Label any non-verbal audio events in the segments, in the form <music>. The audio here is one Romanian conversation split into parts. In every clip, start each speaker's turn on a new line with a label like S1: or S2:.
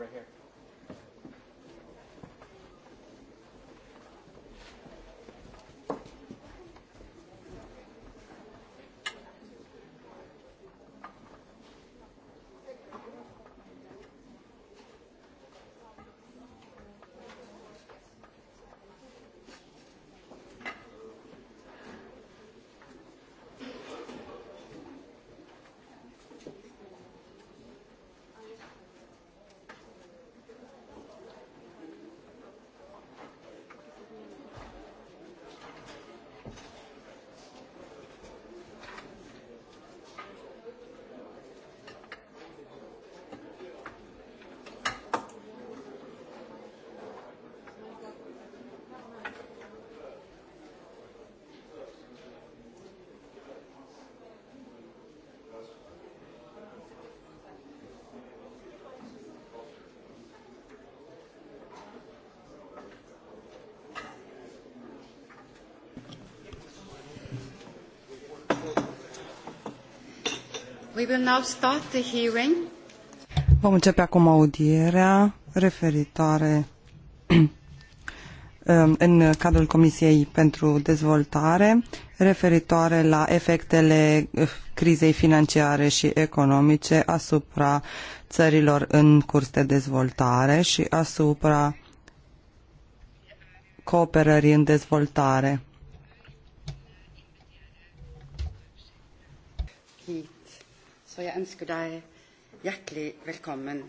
S1: right here.
S2: Vom începe acum audierea referitoare <clears throat> um, în cadrul Comisiei pentru Dezvoltare referitoare la efectele uh, crizei financiare și economice asupra țărilor în curs de dezvoltare și asupra cooperării în dezvoltare. ønsker deg hjertelig velkommen.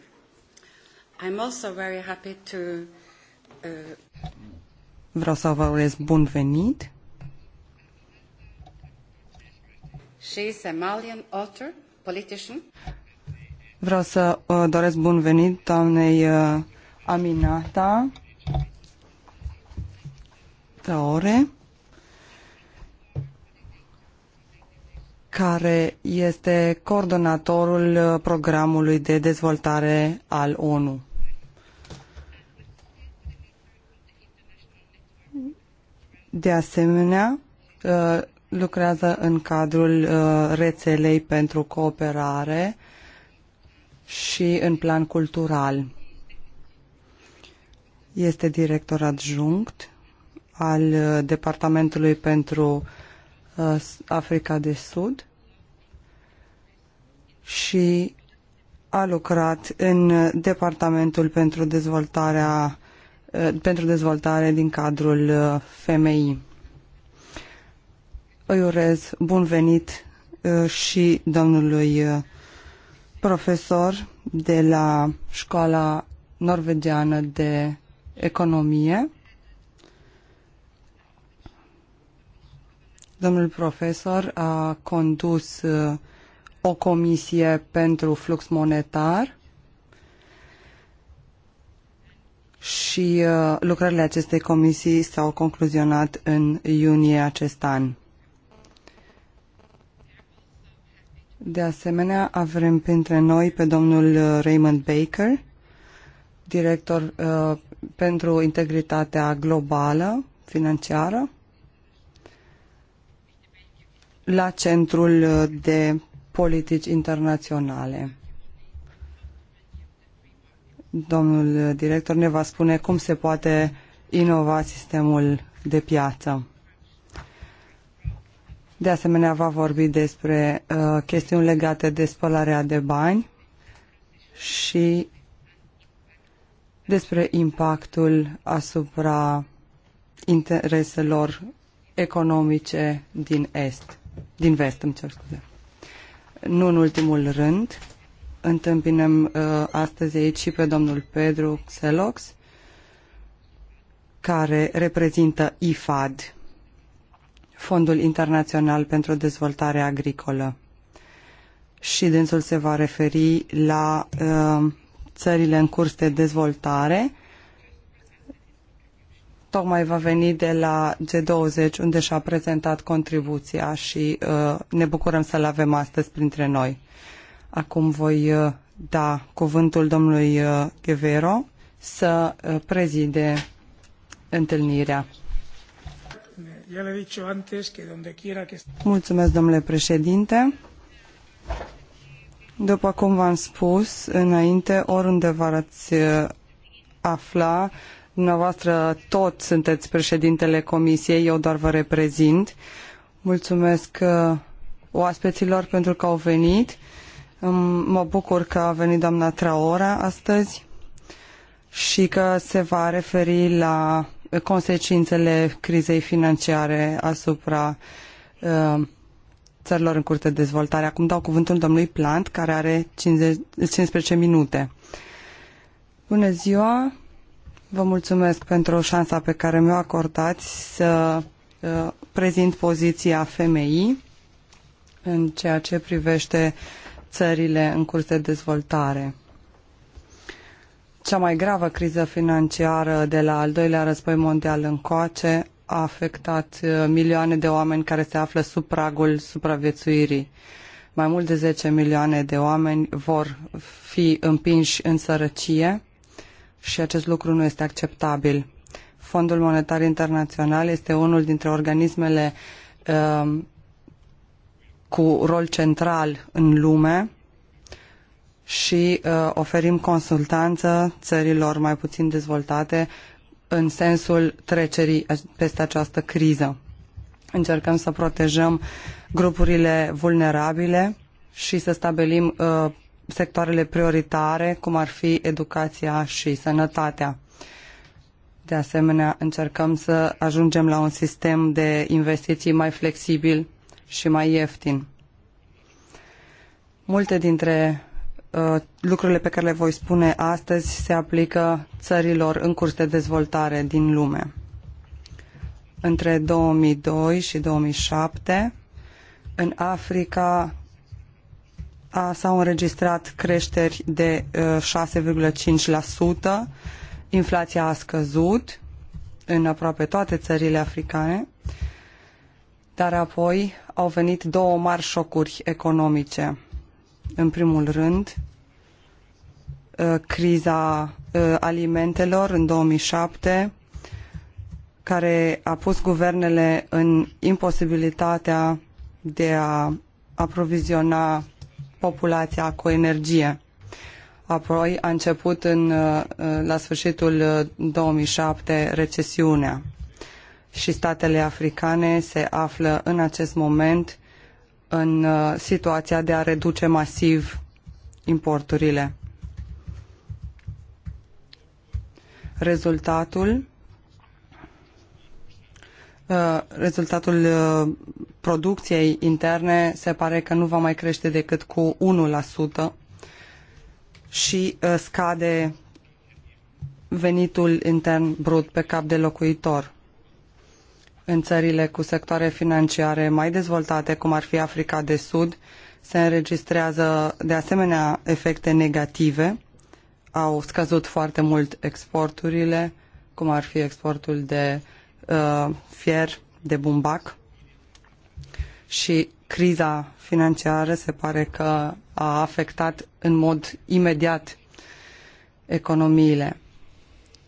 S2: I'm also very happy to uh... Vreau să vă urez bun venit. She is a Malian author, politician. Vreau să uh, doresc bun venit doamnei uh, Aminata Traore. care este coordonatorul programului de dezvoltare al ONU. De asemenea, uh, lucrează în cadrul uh, rețelei pentru cooperare și în plan cultural. Este director adjunct al uh, Departamentului pentru Uh, Africa de Sud și a lucrat în Departamentul pentru, dezvoltarea, uh, pentru Dezvoltare din cadrul uh, FMI. Îi urez bun venit și domnului profesor de la Școala Norvegiană de Economie Domnul profesor a condus uh, o comisie pentru flux monetar și uh, lucrările acestei comisii s-au concluzionat în iunie acest an. De asemenea, avem printre noi pe domnul uh, Raymond Baker, director uh, pentru integritatea globală financiară la Centrul de Politici Internaționale. Domnul director ne va spune cum se poate inova sistemul de piață. De asemenea, va vorbi despre uh, chestiuni legate de spălarea de bani și despre impactul asupra intereselor economice din Est din vest, îmi cer scuze. Nu în ultimul rând, întâmpinăm uh, astăzi aici și pe domnul Pedro Xelox, care reprezintă IFAD, Fondul Internațional pentru Dezvoltare Agricolă. Și dânsul se va referi la uh, țările în curs de dezvoltare tocmai va veni de la G20, unde și-a prezentat contribuția și uh, ne bucurăm să-l avem astăzi printre noi. Acum voi uh, da cuvântul domnului uh, Guevero să uh, prezide întâlnirea. Mulțumesc, domnule președinte. După cum v-am spus înainte, oriunde v-ați uh, afla, Dumneavoastră tot sunteți președintele comisiei, eu doar vă reprezint. Mulțumesc uh, oaspeților pentru că au venit. Mă bucur că a venit doamna Traora astăzi și că se va referi la consecințele crizei financiare asupra uh, țărilor în curte de dezvoltare. Acum dau cuvântul domnului Plant, care are 15 minute. Bună ziua! Vă mulțumesc pentru șansa pe care mi-o acordați să uh, prezint poziția femeii în ceea ce privește țările în curs de dezvoltare. Cea mai gravă criză financiară de la al doilea război mondial încoace a afectat uh, milioane de oameni care se află sub pragul supraviețuirii. Mai mult de 10 milioane de oameni vor fi împinși în sărăcie și acest lucru nu este acceptabil. Fondul Monetar Internațional este unul dintre organismele um, cu rol central în lume și uh, oferim consultanță țărilor mai puțin dezvoltate în sensul trecerii peste această criză. Încercăm să protejăm grupurile vulnerabile și să stabilim uh, sectoarele prioritare, cum ar fi educația și sănătatea. De asemenea, încercăm să ajungem la un sistem de investiții mai flexibil și mai ieftin. Multe dintre uh, lucrurile pe care le voi spune astăzi se aplică țărilor în curs de dezvoltare din lume. Între 2002 și 2007, în Africa s-au înregistrat creșteri de 6,5%, inflația a scăzut în aproape toate țările africane, dar apoi au venit două mari șocuri economice. În primul rând, criza alimentelor în 2007, care a pus guvernele în imposibilitatea de a aproviziona populația cu energie. Apoi a început în, uh, uh, la sfârșitul 2007 uh, recesiunea și statele africane se află în acest moment în situația de a reduce masiv importurile. Rezultatul rezultatul uh, producției interne se pare că nu va mai crește decât cu 1% și uh, scade venitul intern brut pe cap de locuitor. În țările cu sectoare financiare mai dezvoltate, cum ar fi Africa de Sud, se înregistrează de asemenea efecte negative. Au scăzut foarte mult exporturile, cum ar fi exportul de uh, Uh, fier, de bumbac și criza financiară se pare că a afectat în mod imediat economiile.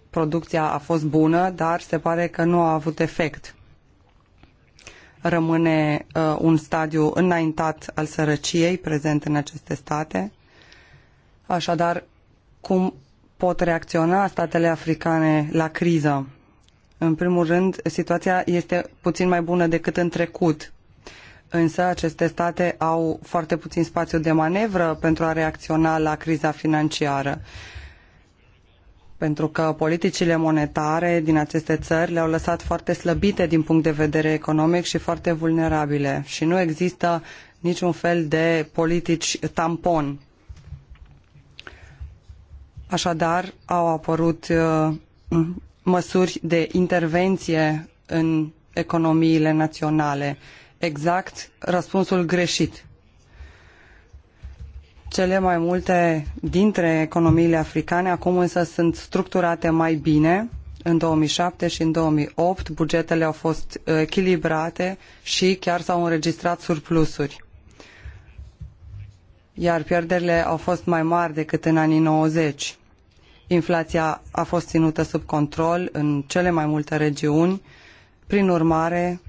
S2: Producția a fost bună, dar se pare că nu a avut efect. Rămâne uh, un stadiu înaintat al sărăciei prezent în aceste state. Așadar, cum pot reacționa statele africane la criză? În primul rând, situația este puțin mai bună decât în trecut, însă aceste state au foarte puțin spațiu de manevră pentru a reacționa la criza financiară pentru că politicile monetare din aceste țări le-au lăsat foarte slăbite din punct de vedere economic și foarte vulnerabile și nu există niciun fel de politici tampon. Așadar, au apărut uh, măsuri de intervenție în economiile naționale. Exact răspunsul greșit. Cele mai multe dintre economiile africane acum însă sunt structurate mai bine. În 2007 și în 2008 bugetele au fost echilibrate și chiar s-au înregistrat surplusuri. Iar pierderile au fost mai mari decât în anii 90. Inflația a fost ținută sub control în cele mai multe regiuni. Prin urmare,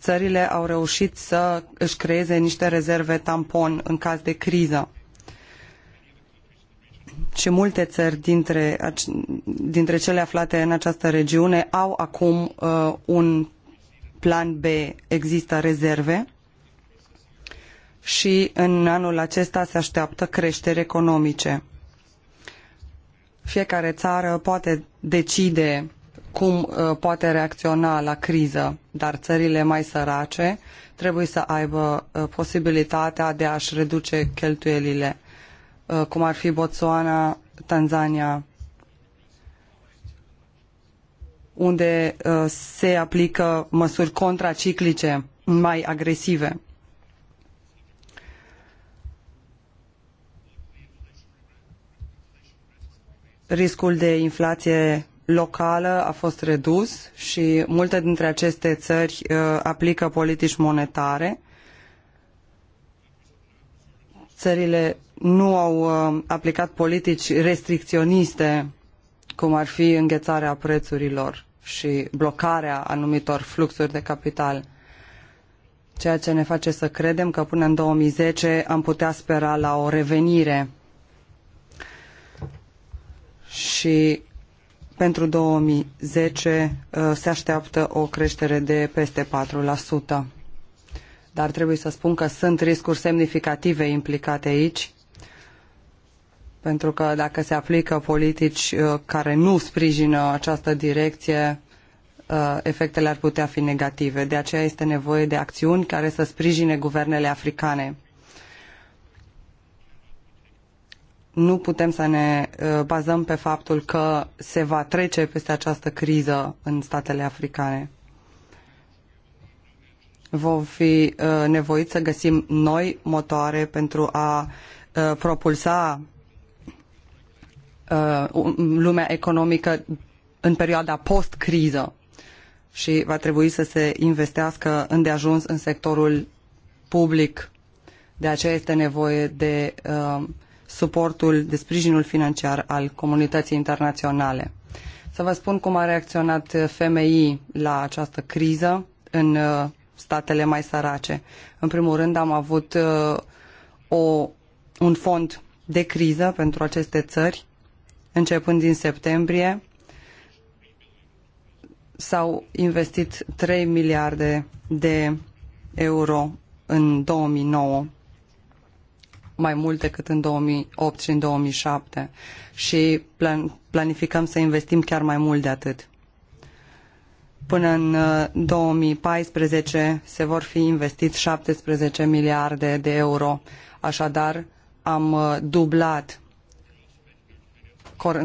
S2: țările au reușit să își creeze niște rezerve tampon în caz de criză. Și multe țări dintre, dintre cele aflate în această regiune au acum uh, un plan B, există rezerve și în anul acesta se așteaptă creșteri economice. Fiecare țară poate decide cum uh, poate reacționa la criză, dar țările mai sărace trebuie să aibă uh, posibilitatea de a-și reduce cheltuielile, uh, cum ar fi Botswana, Tanzania, unde se aplică măsuri contraciclice mai agresive. riscul de inflație locală a fost redus și multe dintre aceste țări uh, aplică politici monetare. Țările nu au uh, aplicat politici restricționiste, cum ar fi înghețarea prețurilor și blocarea anumitor fluxuri de capital ceea ce ne face să credem că până în 2010 am putea spera la o revenire și pentru 2010 uh, se așteaptă o creștere de peste 4%. Dar trebuie să spun că sunt riscuri semnificative implicate aici, pentru că dacă se aplică politici uh, care nu sprijină această direcție, uh, efectele ar putea fi negative. De aceea este nevoie de acțiuni care să sprijine guvernele africane. Nu putem să ne uh, bazăm pe faptul că se va trece peste această criză în statele africane. Vom fi uh, nevoiți să găsim noi motoare pentru a uh, propulsa lumea economică în perioada post-criză și va trebui să se investească îndeajuns în sectorul public. De aceea este nevoie de uh, suportul de sprijinul financiar al comunității internaționale. Să vă spun cum a reacționat FMI la această criză în uh, statele mai sărace. În primul rând am avut uh, o, un fond de criză pentru aceste țări, începând din septembrie, s-au investit 3 miliarde de euro în 2009 mai mult decât în 2008 și în 2007 și plan planificăm să investim chiar mai mult de atât. Până în 2014 uh, se vor fi investit 17 miliarde de euro, așadar am uh, dublat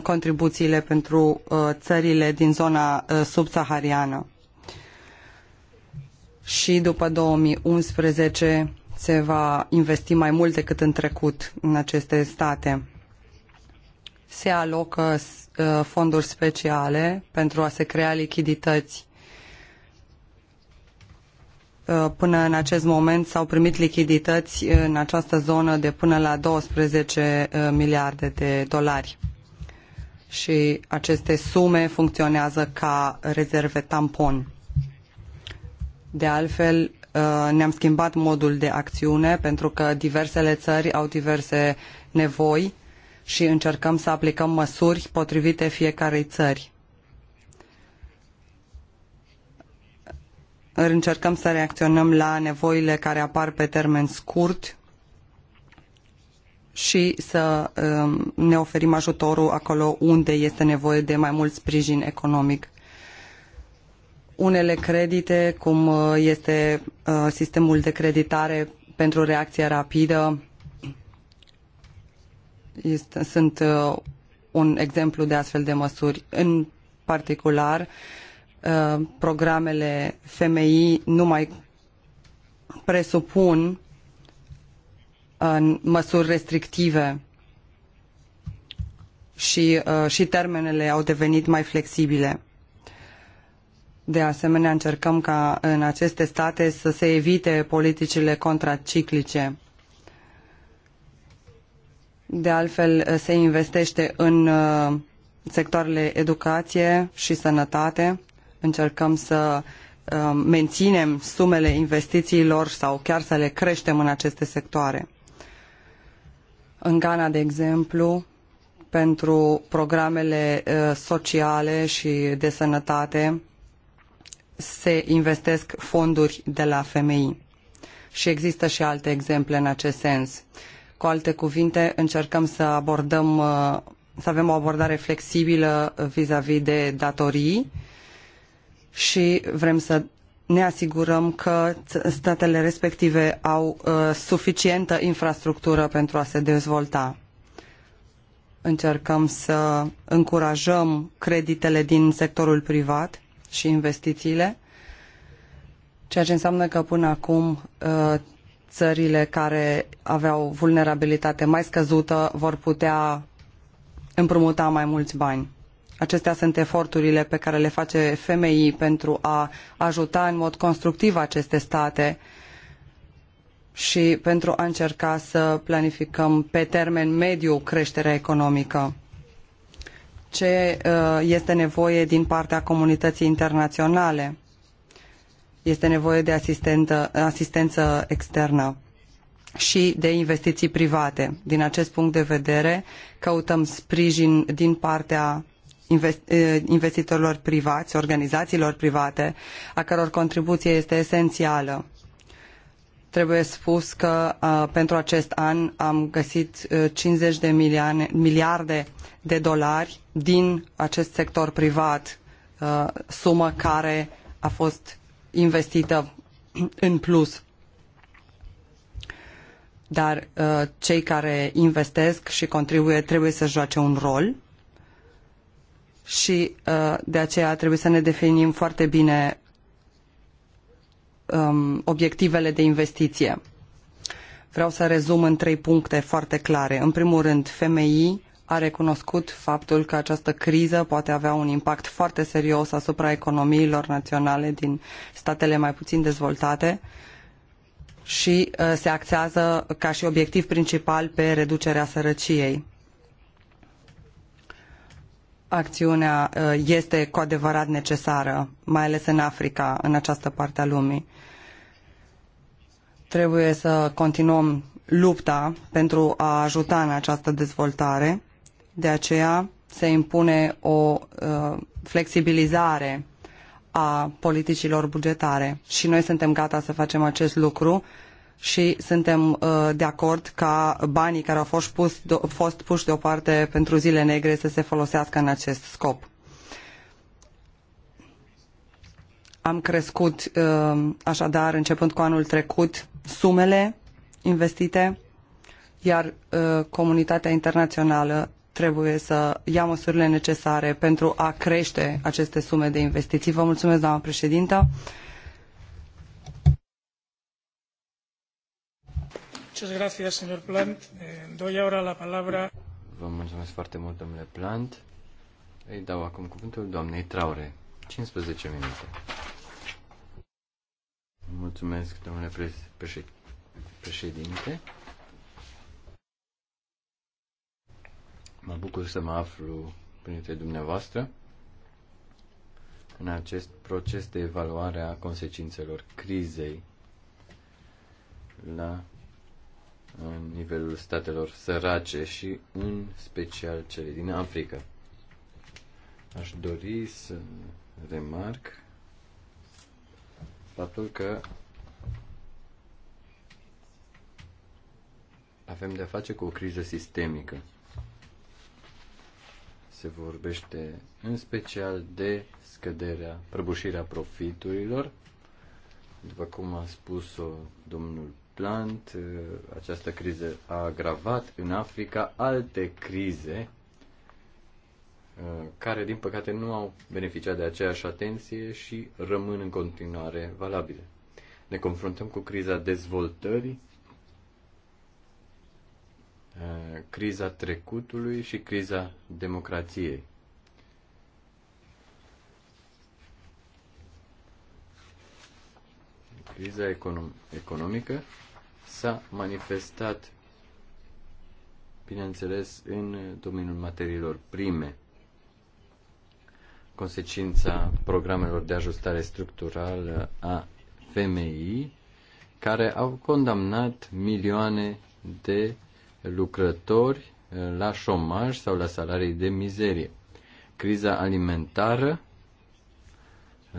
S2: contribuțiile pentru uh, țările din zona subsahariană. Și după 2011 se va investi mai mult decât în trecut în aceste state. Se alocă uh, fonduri speciale pentru a se crea lichidități. Uh, până în acest moment s-au primit lichidități în această zonă de până la 12 uh, miliarde de dolari și aceste sume funcționează ca rezerve tampon. De altfel, Uh, ne-am schimbat modul de acțiune pentru că diversele țări au diverse nevoi și încercăm să aplicăm măsuri potrivite fiecarei țări. Încercăm să reacționăm la nevoile care apar pe termen scurt și să um, ne oferim ajutorul acolo unde este nevoie de mai mult sprijin economic unele credite, cum uh, este uh, sistemul de creditare pentru reacție rapidă, este, sunt uh, un exemplu de astfel de măsuri. În particular, programele FMI nu mai presupun măsuri restrictive și, și termenele au devenit mai flexibile. De asemenea, încercăm ca în aceste state să se evite politicile contraciclice. De altfel, se investește în uh, sectoarele educație și sănătate. Încercăm să uh, menținem sumele investițiilor sau chiar să le creștem în aceste sectoare. În Ghana, de exemplu, pentru programele uh, sociale și de sănătate, se investesc fonduri de la femei. Și există și alte exemple în acest sens. Cu alte cuvinte, încercăm să abordăm, uh, să avem o abordare flexibilă vis-a-vis -vis de datorii și vrem să ne asigurăm că statele respective au uh, suficientă infrastructură pentru a se dezvolta. Încercăm să încurajăm creditele din sectorul privat și investițiile, ceea ce înseamnă că până acum uh, țările care aveau vulnerabilitate mai scăzută vor putea împrumuta mai mulți bani. Acestea sunt eforturile pe care le face FMI pentru a ajuta în mod constructiv aceste state și pentru a încerca să planificăm pe termen mediu creșterea economică ce uh, este nevoie din partea comunității internaționale. Este nevoie de asistență externă și de investiții private. Din acest punct de vedere, căutăm sprijin din partea uh, investitorilor privați, organizațiilor private, a căror contribuție este esențială Trebuie spus că uh, pentru acest an am găsit uh, 50 de miliarde de dolari din acest sector privat, uh, sumă care a fost investită <clears throat> în plus. Dar uh, cei care investesc și contribuie trebuie să joace un rol și uh, de aceea trebuie să ne definim foarte bine um, obiectivele de investiție. Vreau să rezum în trei puncte foarte clare. În primul rând, FMI a recunoscut faptul că această criză poate avea un impact foarte serios asupra economiilor naționale din statele mai puțin dezvoltate și uh, se axează ca și obiectiv principal pe reducerea sărăciei acțiunea uh, este cu adevărat necesară, mai ales în Africa, în această parte a lumii trebuie să continuăm lupta pentru a ajuta în această dezvoltare. De aceea se impune o uh, flexibilizare a politicilor bugetare și noi suntem gata să facem acest lucru și suntem uh, de acord ca banii care au fost, pus, do, fost puși deoparte pentru zile negre să se folosească în acest scop. Am crescut uh, așadar, începând cu anul trecut, sumele investite, iar uh, comunitatea internațională trebuie să ia măsurile necesare pentru a crește aceste sume de investiții. Vă mulțumesc, doamna președintă.
S1: Eh,
S3: Vă mulțumesc foarte mult, domnule Plant. Îi dau acum cuvântul doamnei Traure. 15 minute. Mulțumesc, domnule președinte. Mă bucur să mă aflu printre dumneavoastră în acest proces de evaluare a consecințelor crizei la nivelul statelor sărace și în special cele din Africa. Aș dori să remarc faptul că avem de-a face cu o criză sistemică. Se vorbește în special de scăderea, prăbușirea profiturilor. După cum a spus-o domnul Plant, această criză a agravat în Africa alte crize Uh, care, din păcate, nu au beneficiat de aceeași atenție și rămân în continuare valabile. Ne confruntăm cu criza dezvoltării, uh, criza trecutului și criza democrației. Criza econom- economică s-a manifestat, bineînțeles, în domeniul materiilor prime consecința programelor de ajustare structurală a FMI, care au condamnat milioane de lucrători eh, la șomaj sau la salarii de mizerie. Criza alimentară,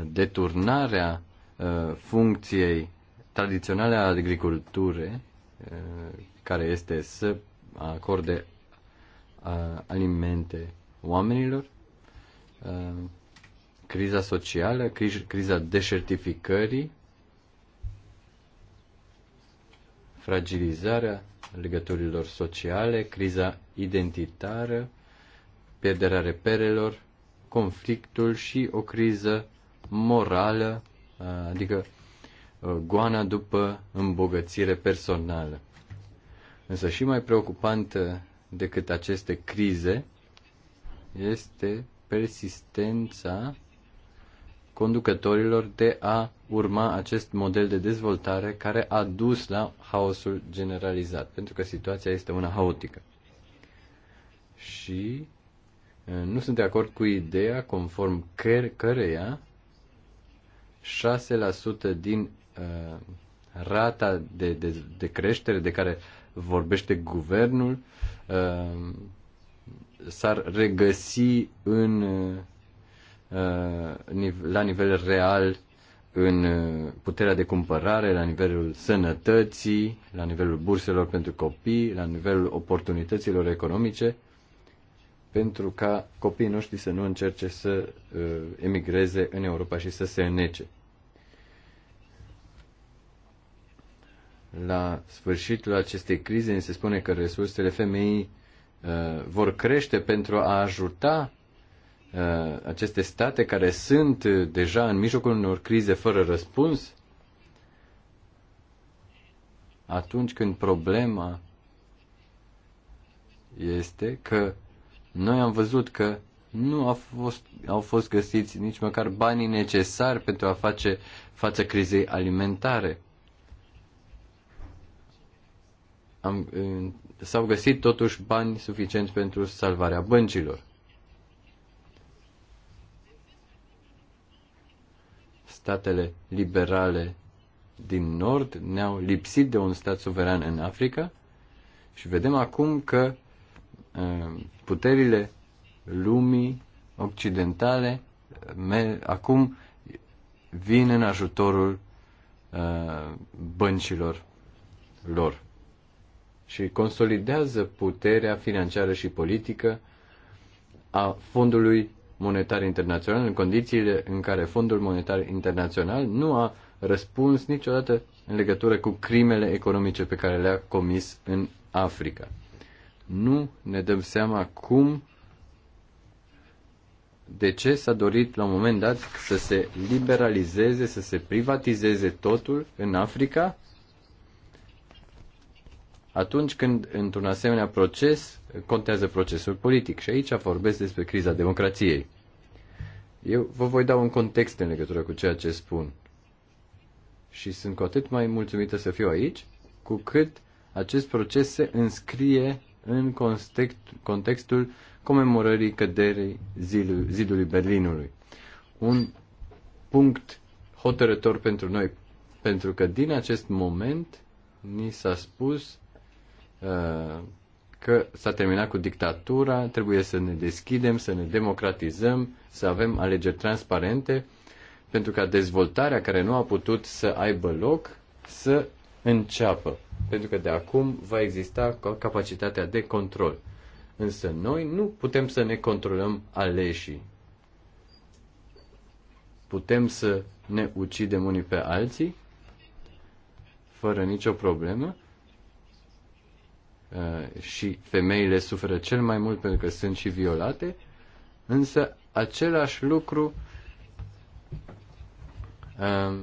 S3: deturnarea eh, funcției tradiționale a agriculturii, eh, care este să acorde alimente oamenilor, Uh, criza socială, criza deșertificării, fragilizarea legăturilor sociale, criza identitară, pierderea reperelor, conflictul și o criză morală, uh, adică uh, goana după îmbogățire personală. Însă și mai preocupant decât aceste crize este persistența conducătorilor de a urma acest model de dezvoltare care a dus la haosul generalizat, pentru că situația este una haotică. Și nu sunt de acord cu ideea conform căr- căreia 6% din uh, rata de, de, de creștere de care vorbește guvernul uh, s-ar regăsi în, uh, la nivel real în uh, puterea de cumpărare, la nivelul sănătății, la nivelul burselor pentru copii, la nivelul oportunităților economice, pentru ca copiii noștri să nu încerce să uh, emigreze în Europa și să se înnece. La sfârșitul acestei crize, se spune că resursele femeii Uh, vor crește pentru a ajuta uh, aceste state care sunt uh, deja în mijlocul unor crize fără răspuns, atunci când problema este că noi am văzut că nu au fost, au fost găsiți nici măcar banii necesari pentru a face față crizei alimentare. am, s-au găsit totuși bani suficienți pentru salvarea băncilor. Statele liberale din Nord ne-au lipsit de un stat suveran în Africa și vedem acum că ă, puterile lumii occidentale acum vin în ajutorul ă, băncilor lor și consolidează puterea financiară și politică a Fondului Monetar Internațional în condițiile în care Fondul Monetar Internațional nu a răspuns niciodată în legătură cu crimele economice pe care le-a comis în Africa. Nu ne dăm seama cum, de ce s-a dorit la un moment dat să se liberalizeze, să se privatizeze totul în Africa, atunci când, într-un asemenea proces, contează procesul politic. Și aici vorbesc despre criza democrației. Eu vă voi da un context în legătură cu ceea ce spun. Și sunt cu atât mai mulțumită să fiu aici, cu cât acest proces se înscrie în context, contextul comemorării căderii zilului, zidului Berlinului. Un punct hotărător pentru noi, pentru că din acest moment ni s-a spus Uh, că s-a terminat cu dictatura, trebuie să ne deschidem, să ne democratizăm, să avem alegeri transparente, pentru ca dezvoltarea care nu a putut să aibă loc să înceapă. Pentru că de acum va exista capacitatea de control. Însă noi nu putem să ne controlăm aleșii. Putem să ne ucidem unii pe alții fără nicio problemă Uh, și femeile suferă cel mai mult pentru că sunt și violate, însă același lucru um,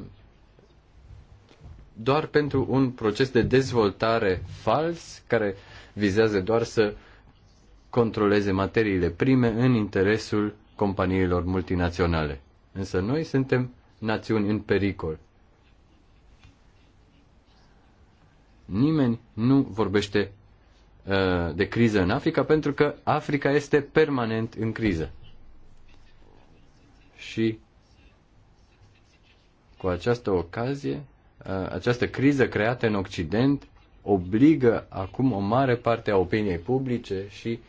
S3: doar pentru un proces de dezvoltare fals care vizează doar să controleze materiile prime în interesul companiilor multinaționale. Însă noi suntem națiuni în pericol. Nimeni nu vorbește Uh, de criză în Africa pentru că Africa este permanent în criză. Și cu această ocazie, uh, această criză creată în Occident obligă acum o mare parte a opiniei publice și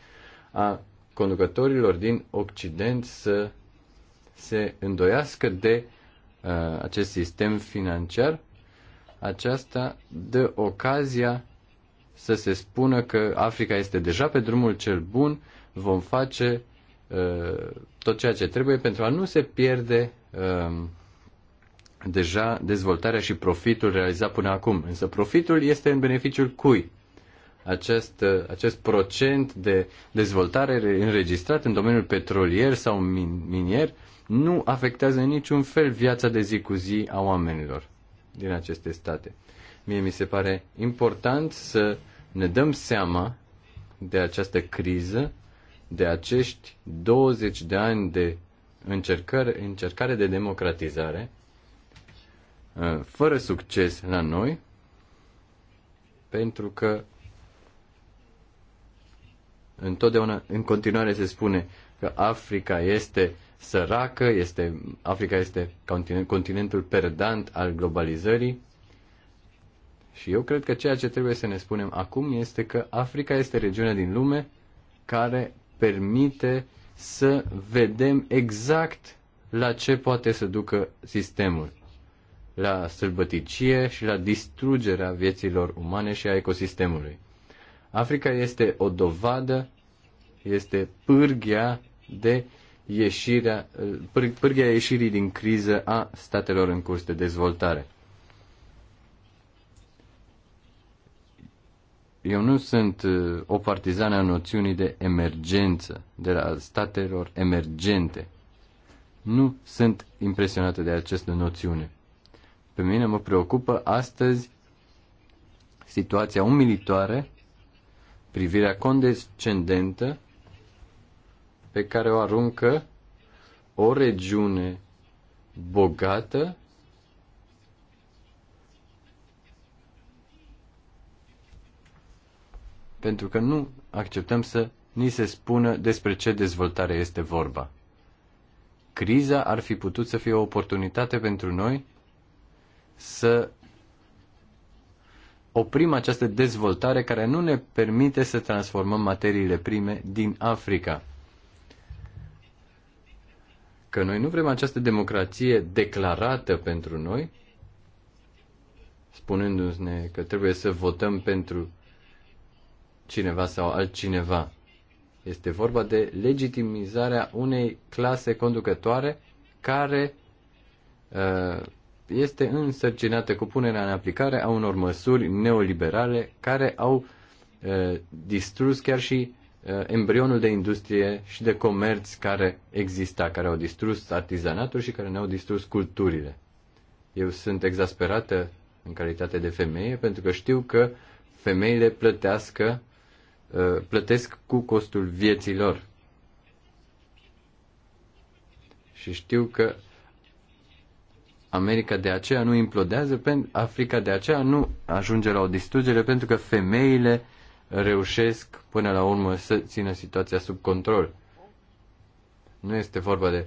S3: a conducătorilor din Occident să se îndoiască de uh, acest sistem financiar. Aceasta dă ocazia să se spună că Africa este deja pe drumul cel bun, vom face uh, tot ceea ce trebuie pentru a nu se pierde uh, deja dezvoltarea și profitul realizat până acum. Însă profitul este în beneficiul cui? Acest, uh, acest procent de dezvoltare înregistrat în domeniul petrolier sau min- minier nu afectează în niciun fel viața de zi cu zi a oamenilor din aceste state. Mie mi se pare important să uh, ne dăm seama de această criză, de acești 20 de ani de încercare, încercare de democratizare, uh, fără succes la noi, pentru că întotdeauna, în continuare se spune că Africa este săracă, este, Africa este continent, continentul perdant al globalizării, și eu cred că ceea ce trebuie să ne spunem acum este că Africa este regiunea din lume care permite să vedem exact la ce poate să ducă sistemul. La sălbăticie și la distrugerea vieților umane și a ecosistemului. Africa este o dovadă, este pârghia de ieșirea, pârghia ieșirii din criză a statelor în curs de dezvoltare. eu nu sunt uh, o partizană a noțiunii de emergență, de la statelor emergente. Nu sunt impresionată de această noțiune. Pe mine mă preocupă astăzi situația umilitoare, privirea condescendentă pe care o aruncă o regiune bogată pentru că nu acceptăm să ni se spună despre ce dezvoltare este vorba. Criza ar fi putut să fie o oportunitate pentru noi să oprim această dezvoltare care nu ne permite să transformăm materiile prime din Africa. Că noi nu vrem această democrație declarată pentru noi, spunându-ne că trebuie să votăm pentru cineva sau altcineva. Este vorba de legitimizarea unei clase conducătoare care uh, este însărcinată cu punerea în aplicare a unor măsuri neoliberale care au uh, distrus chiar și uh, embrionul de industrie și de comerț care exista, care au distrus artizanatul și care ne-au distrus culturile. Eu sunt exasperată în calitate de femeie pentru că știu că femeile plătească Uh, plătesc cu costul vieților. Și știu că America de aceea nu implodează, Africa de aceea nu ajunge la o distrugere, pentru că femeile reușesc până la urmă să țină situația sub control. Nu este vorba de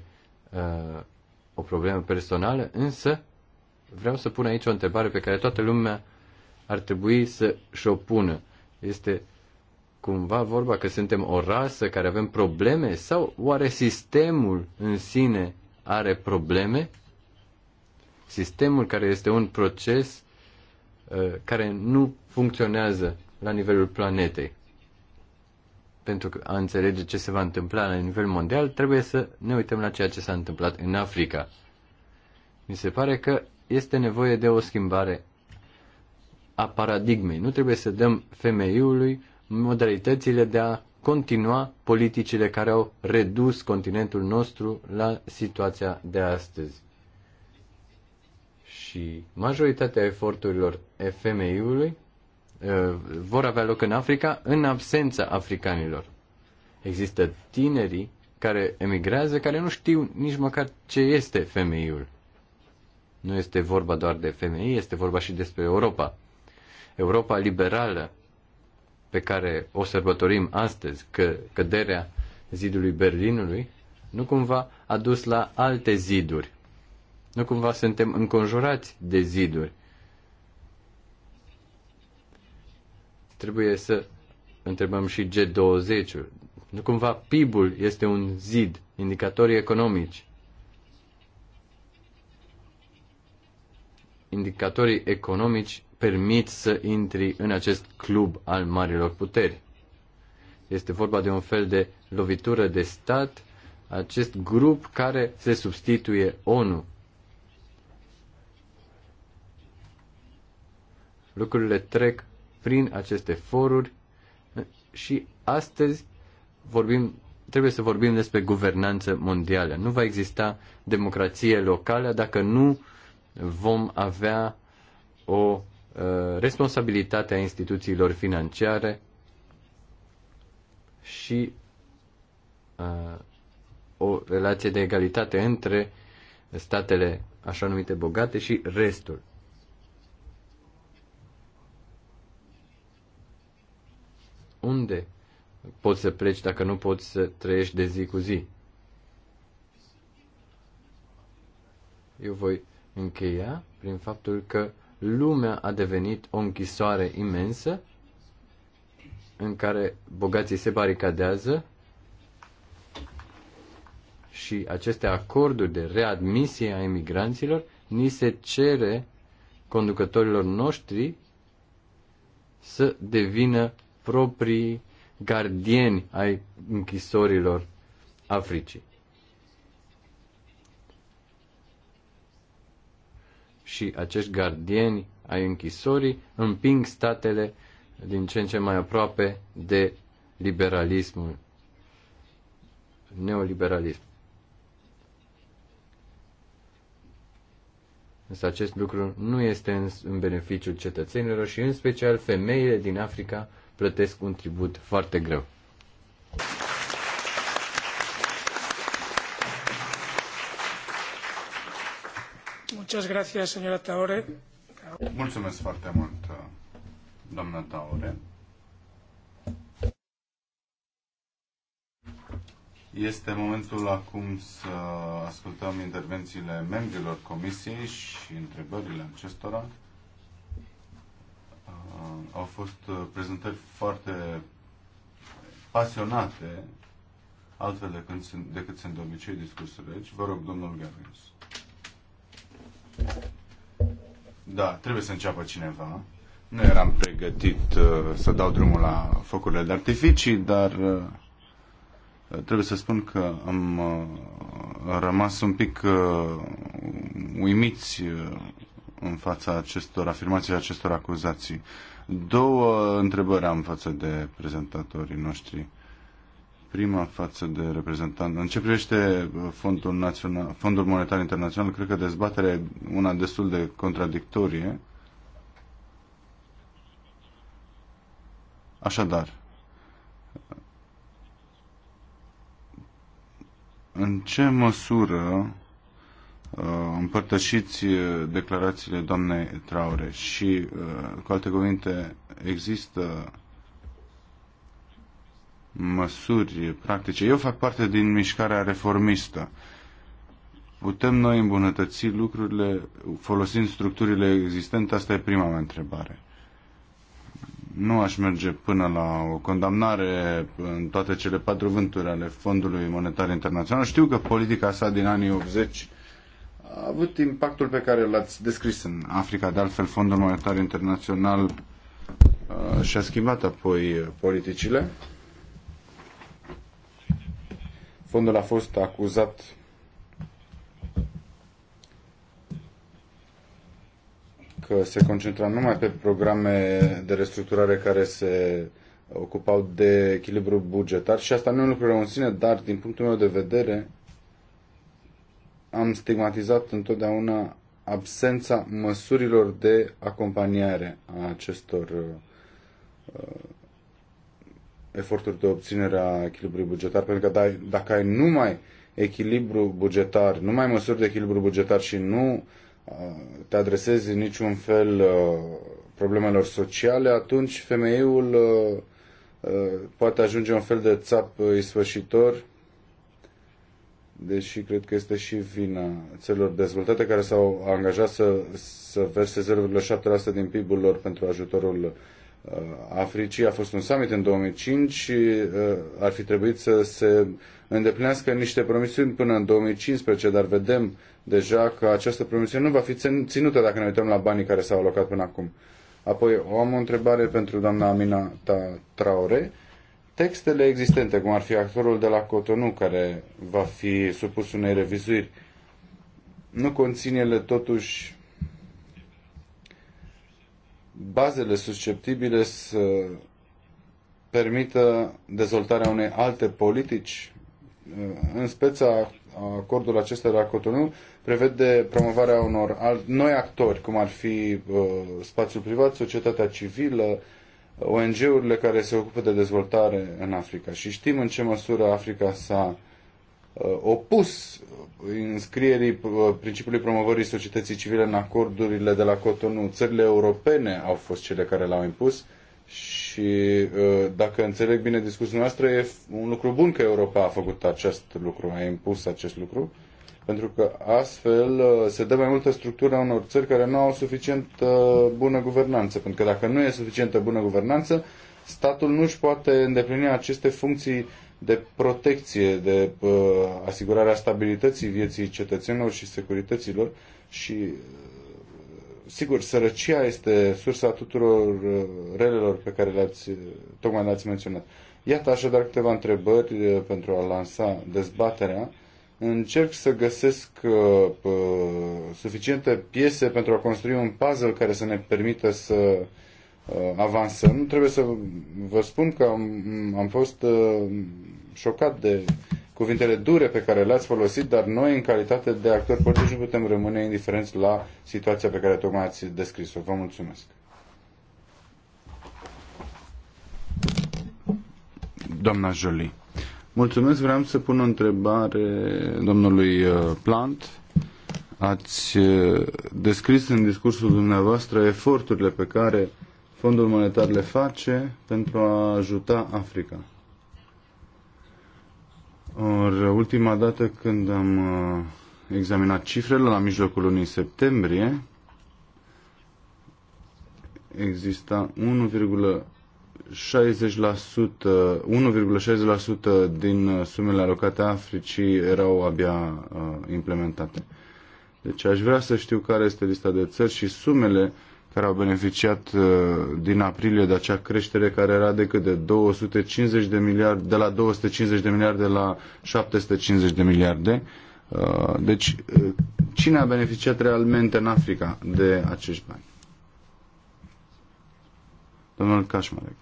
S3: uh, o problemă personală, însă vreau să pun aici o întrebare pe care toată lumea ar trebui să și-o pună. Este cumva vorba că suntem o rasă care avem probleme sau oare sistemul în sine are probleme? Sistemul care este un proces uh, care nu funcționează la nivelul planetei. Pentru că a înțelege ce se va întâmpla la nivel mondial, trebuie să ne uităm la ceea ce s-a întâmplat în Africa. Mi se pare că este nevoie de o schimbare a paradigmei. Nu trebuie să dăm femeiului modalitățile de a continua politicile care au redus continentul nostru la situația de astăzi. Și majoritatea eforturilor FMI-ului uh, vor avea loc în Africa în absența africanilor. Există tinerii care emigrează, care nu știu nici măcar ce este femeiul. Nu este vorba doar de femei, este vorba și despre Europa. Europa liberală, pe care o sărbătorim astăzi, că căderea zidului Berlinului, nu cumva a dus la alte ziduri. Nu cumva suntem înconjurați de ziduri. Trebuie să întrebăm și G20. -ul. Nu cumva PIB-ul este un zid, indicatorii economici. Indicatorii economici permit să intri în acest club al marilor puteri. Este vorba de un fel de lovitură de stat, acest grup care se substituie ONU. Lucrurile trec prin aceste foruri și astăzi vorbim, trebuie să vorbim despre guvernanță mondială. Nu va exista democrație locală dacă nu vom avea o Uh, responsabilitatea instituțiilor financiare și uh, o relație de egalitate între statele așa numite bogate și restul. Unde poți să pleci dacă nu poți să trăiești de zi cu zi? Eu voi încheia prin faptul că lumea a devenit o închisoare imensă în care bogații se baricadează și aceste acorduri de readmisie a emigranților, ni se cere conducătorilor noștri să devină proprii gardieni ai închisorilor Africii. și acești gardieni ai închisorii împing statele din ce în ce mai aproape de liberalismul, neoliberalism. Însă acest lucru nu este în, în beneficiul cetățenilor și în special femeile din Africa plătesc un tribut foarte greu.
S4: Mulțumesc foarte mult, Este momentul acum să ascultăm intervențiile membrilor comisiei și
S1: întrebările
S4: acestora. Uh, au fost prezentări foarte pasionate, altfel decât sunt, de obicei discursurile aici. Deci, vă rog, domnul Gavins. Da, trebuie să înceapă cineva. Nu eram pregătit uh, să dau drumul la focurile de artificii, dar uh, trebuie să spun că am uh, rămas un pic uh, uimiți uh, în fața acestor afirmații, acestor acuzații. Două întrebări am față de prezentatorii noștri. Uh, prima față de reprezentant. În ce privește uh, Fondul, Național, Fondul Monetar Internațional, cred că dezbaterea e una destul de contradictorie. Așadar, în ce măsură uh, împărtășiți uh, declarațiile doamnei Traure și, cu alte cuvinte, există măsuri practice. Eu fac parte din mișcarea reformistă. Putem noi îmbunătăți lucrurile folosind structurile existente? Asta e prima mea întrebare. Nu aș merge până la o condamnare în toate cele patru vânturi ale Fondului Monetar Internațional. Știu că politica sa din anii 80 a avut impactul pe care l-ați descris în Africa. De altfel, Fondul Monetar Internațional uh, și-a schimbat apoi politicile. Fondul a fost acuzat că se concentra numai pe programe de restructurare care se ocupau de echilibru bugetar și asta nu e un lucru rău în sine, dar din punctul meu de vedere am stigmatizat întotdeauna absența măsurilor de acompaniare a acestor uh, eforturi de obținere a echilibrului bugetar, pentru că dacă ai numai echilibru bugetar, numai măsuri de echilibru bugetar și nu uh, te adresezi în niciun fel uh, problemelor sociale, atunci femeiul uh, poate ajunge un fel de țap isfășitor, deși cred că este și vina țărilor dezvoltate care s-au angajat să, să verse 0,7% din PIB-ul lor pentru ajutorul Uh, Africii a fost un summit în 2005 și uh, ar fi trebuit să se îndeplinească niște promisiuni până în 2015, dar vedem deja că această promisiune nu va fi ținută dacă ne uităm la banii care s-au alocat până acum. Apoi am o întrebare pentru doamna Amina Traore. Textele existente, cum ar fi actorul de la Cotonou, care va fi supus unei revizuiri, nu conțin ele totuși bazele susceptibile să permită dezvoltarea unei alte politici. Uh, în speța acordul acesta de la Cotonou prevede promovarea unor alt, noi actori, cum ar fi uh, spațiul privat, societatea civilă, ONG-urile care se ocupă de dezvoltare în Africa. Și știm în ce măsură Africa s-a uh, Uh, opus înscrierii uh, principiului promovării societății civile în acordurile de la Cotonou. Țările europene au fost cele care l-au impus și uh, dacă înțeleg bine discursul noastră, e un lucru bun că Europa a făcut acest lucru, a impus acest lucru, pentru că astfel se dă mai multă structură unor țări care nu au suficient bună guvernanță, pentru că dacă nu e suficientă bună guvernanță, statul nu își poate îndeplini aceste funcții de protecție, de uh, asigurarea stabilității vieții cetățenilor și securităților și uh, sigur, sărăcia este sursa tuturor uh, relelor pe care le-ați, uh, tocmai le-ați menționat. Iată așadar câteva întrebări uh, pentru a lansa dezbaterea. Încerc să găsesc uh, uh suficiente piese pentru a construi un puzzle care să ne permită să uh, avansăm. Trebuie să vă spun că am, am fost șocat de cuvintele dure pe care le-ați folosit, dar noi, în calitate de actori politici, nu putem rămâne indiferenți la situația pe care tocmai ați descris-o. Vă mulțumesc. Doamna Jolie. Mulțumesc, vreau să pun o întrebare domnului uh, Plant. Ați uh, descris în discursul dumneavoastră eforturile pe care Fondul Monetar le face pentru a ajuta Africa. Or, ultima dată când am uh, examinat cifrele la mijlocul lunii septembrie, exista 1,60%, 1,60% din uh, sumele alocate Africii erau abia uh, implementate. Deci aș vrea să știu care este lista de țări și sumele uh, care au beneficiat uh, din aprilie de acea creștere care era decât de 250 de miliarde, de la 250 de miliarde la 750 de miliarde. Uh, deci, uh, cine a beneficiat realmente în Africa de acești bani? Domnul Kaczmarek.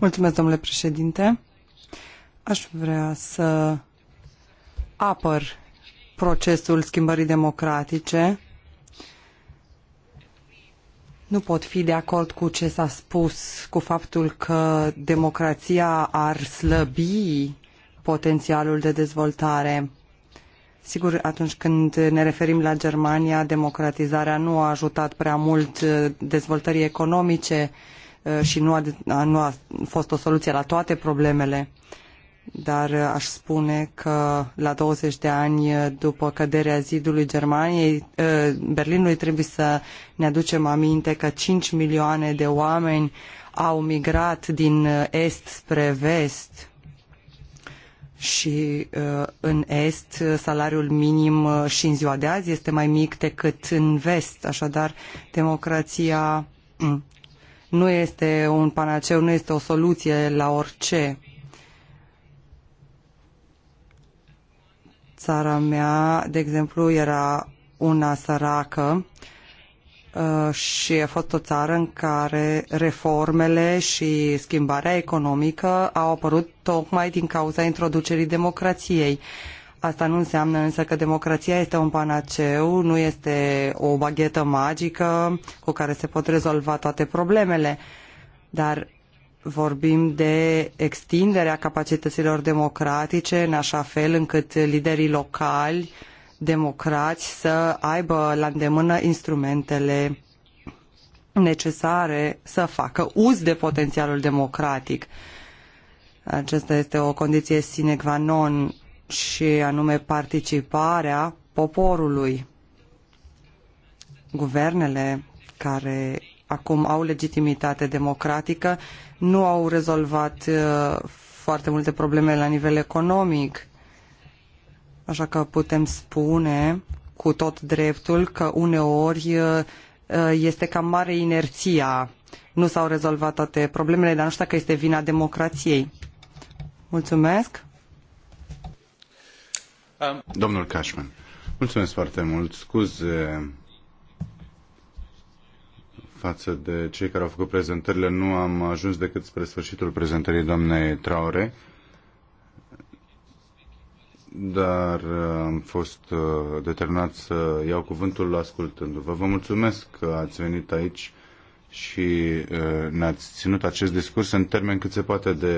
S2: Mulțumesc, domnule președinte. Aș vrea să apăr procesul schimbării democratice. Nu pot fi de acord cu ce s-a spus, cu faptul că democrația ar slăbi potențialul de dezvoltare. Sigur, atunci când ne referim la Germania, democratizarea nu a ajutat prea mult uh, dezvoltării economice uh, și nu a, nu a fost o soluție la toate problemele dar aș spune că la 20 de ani după căderea zidului Germaniei, ă, Berlinului trebuie să ne aducem aminte că 5 milioane de oameni au migrat din est spre vest și ă, în est salariul minim ă, și în ziua de azi este mai mic decât în vest, așadar democrația hm, nu este un panaceu, nu este o soluție la orice Țara mea, de exemplu, era una săracă uh, și a fost o țară în care reformele și schimbarea economică au apărut tocmai din cauza introducerii democrației. Asta nu înseamnă însă că democrația este un panaceu, nu este o baghetă magică cu care se pot rezolva toate problemele. Dar vorbim de extinderea capacităților democratice în așa fel încât liderii locali democrați să aibă la îndemână instrumentele necesare să facă uz de potențialul democratic. Aceasta este o condiție sine qua non și anume participarea poporului. Guvernele care acum au legitimitate democratică nu au rezolvat uh, foarte multe probleme la nivel economic. Așa că putem spune cu tot dreptul că uneori uh, uh, este cam mare inerția. Nu s-au rezolvat toate problemele, dar nu știu dacă este vina democrației. Mulțumesc.
S4: Domnul Cashman, mulțumesc foarte mult. Scuze față de cei care au făcut prezentările. Nu am ajuns decât spre sfârșitul prezentării doamnei Traore, dar uh, am fost uh, determinat să iau cuvântul ascultându-vă. Vă mulțumesc că ați venit aici și uh, ne-ați ținut acest discurs în termeni cât se poate de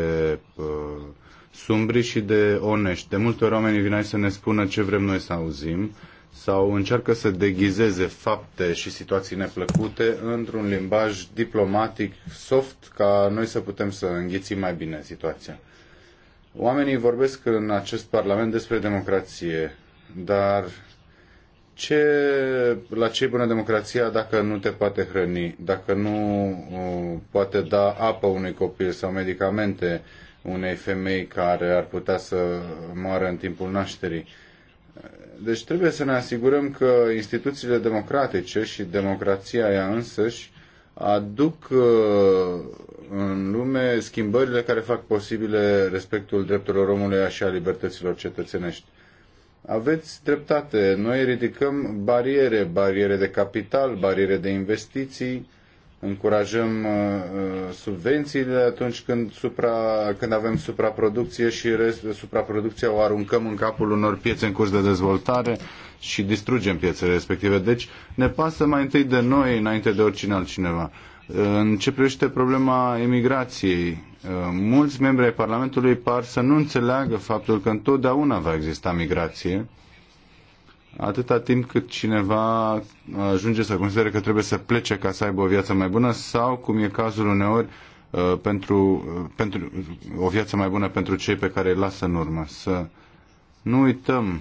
S4: sumbri și de onești. De multe ori oamenii vin aici să ne spună ce vrem noi să auzim, sau încearcă să deghizeze fapte și situații neplăcute într-un limbaj diplomatic soft ca noi să putem să înghițim mai bine situația. Oamenii vorbesc în acest Parlament despre democrație, dar ce, la ce e bună democrația dacă nu te poate hrăni, dacă nu uh, poate da apă unui copil sau medicamente unei femei care ar putea să moară în timpul nașterii? Deci trebuie să ne asigurăm că instituțiile democratice și democrația ea însăși aduc uh, în lume schimbările care fac posibile respectul drepturilor omului și a libertăților cetățenești. Aveți dreptate, noi ridicăm bariere, bariere de capital, bariere de investiții, încurajăm uh, uh, subvențiile atunci când, supra, când avem supraproducție și rest, supraproducția o aruncăm în capul unor piețe în curs de dezvoltare și distrugem piețele respective. Deci ne pasă mai întâi de noi înainte de oricine altcineva. Uh, în ce privește problema emigrației, mulți membri ai Parlamentului par să nu înțeleagă faptul că întotdeauna va exista migrație atâta timp cât cineva ajunge să considere că trebuie să plece ca să aibă o viață mai bună sau, cum e cazul uneori, uh, pentru, uh, pentru o viață mai bună pentru cei pe care îi lasă în urmă. Să nu uităm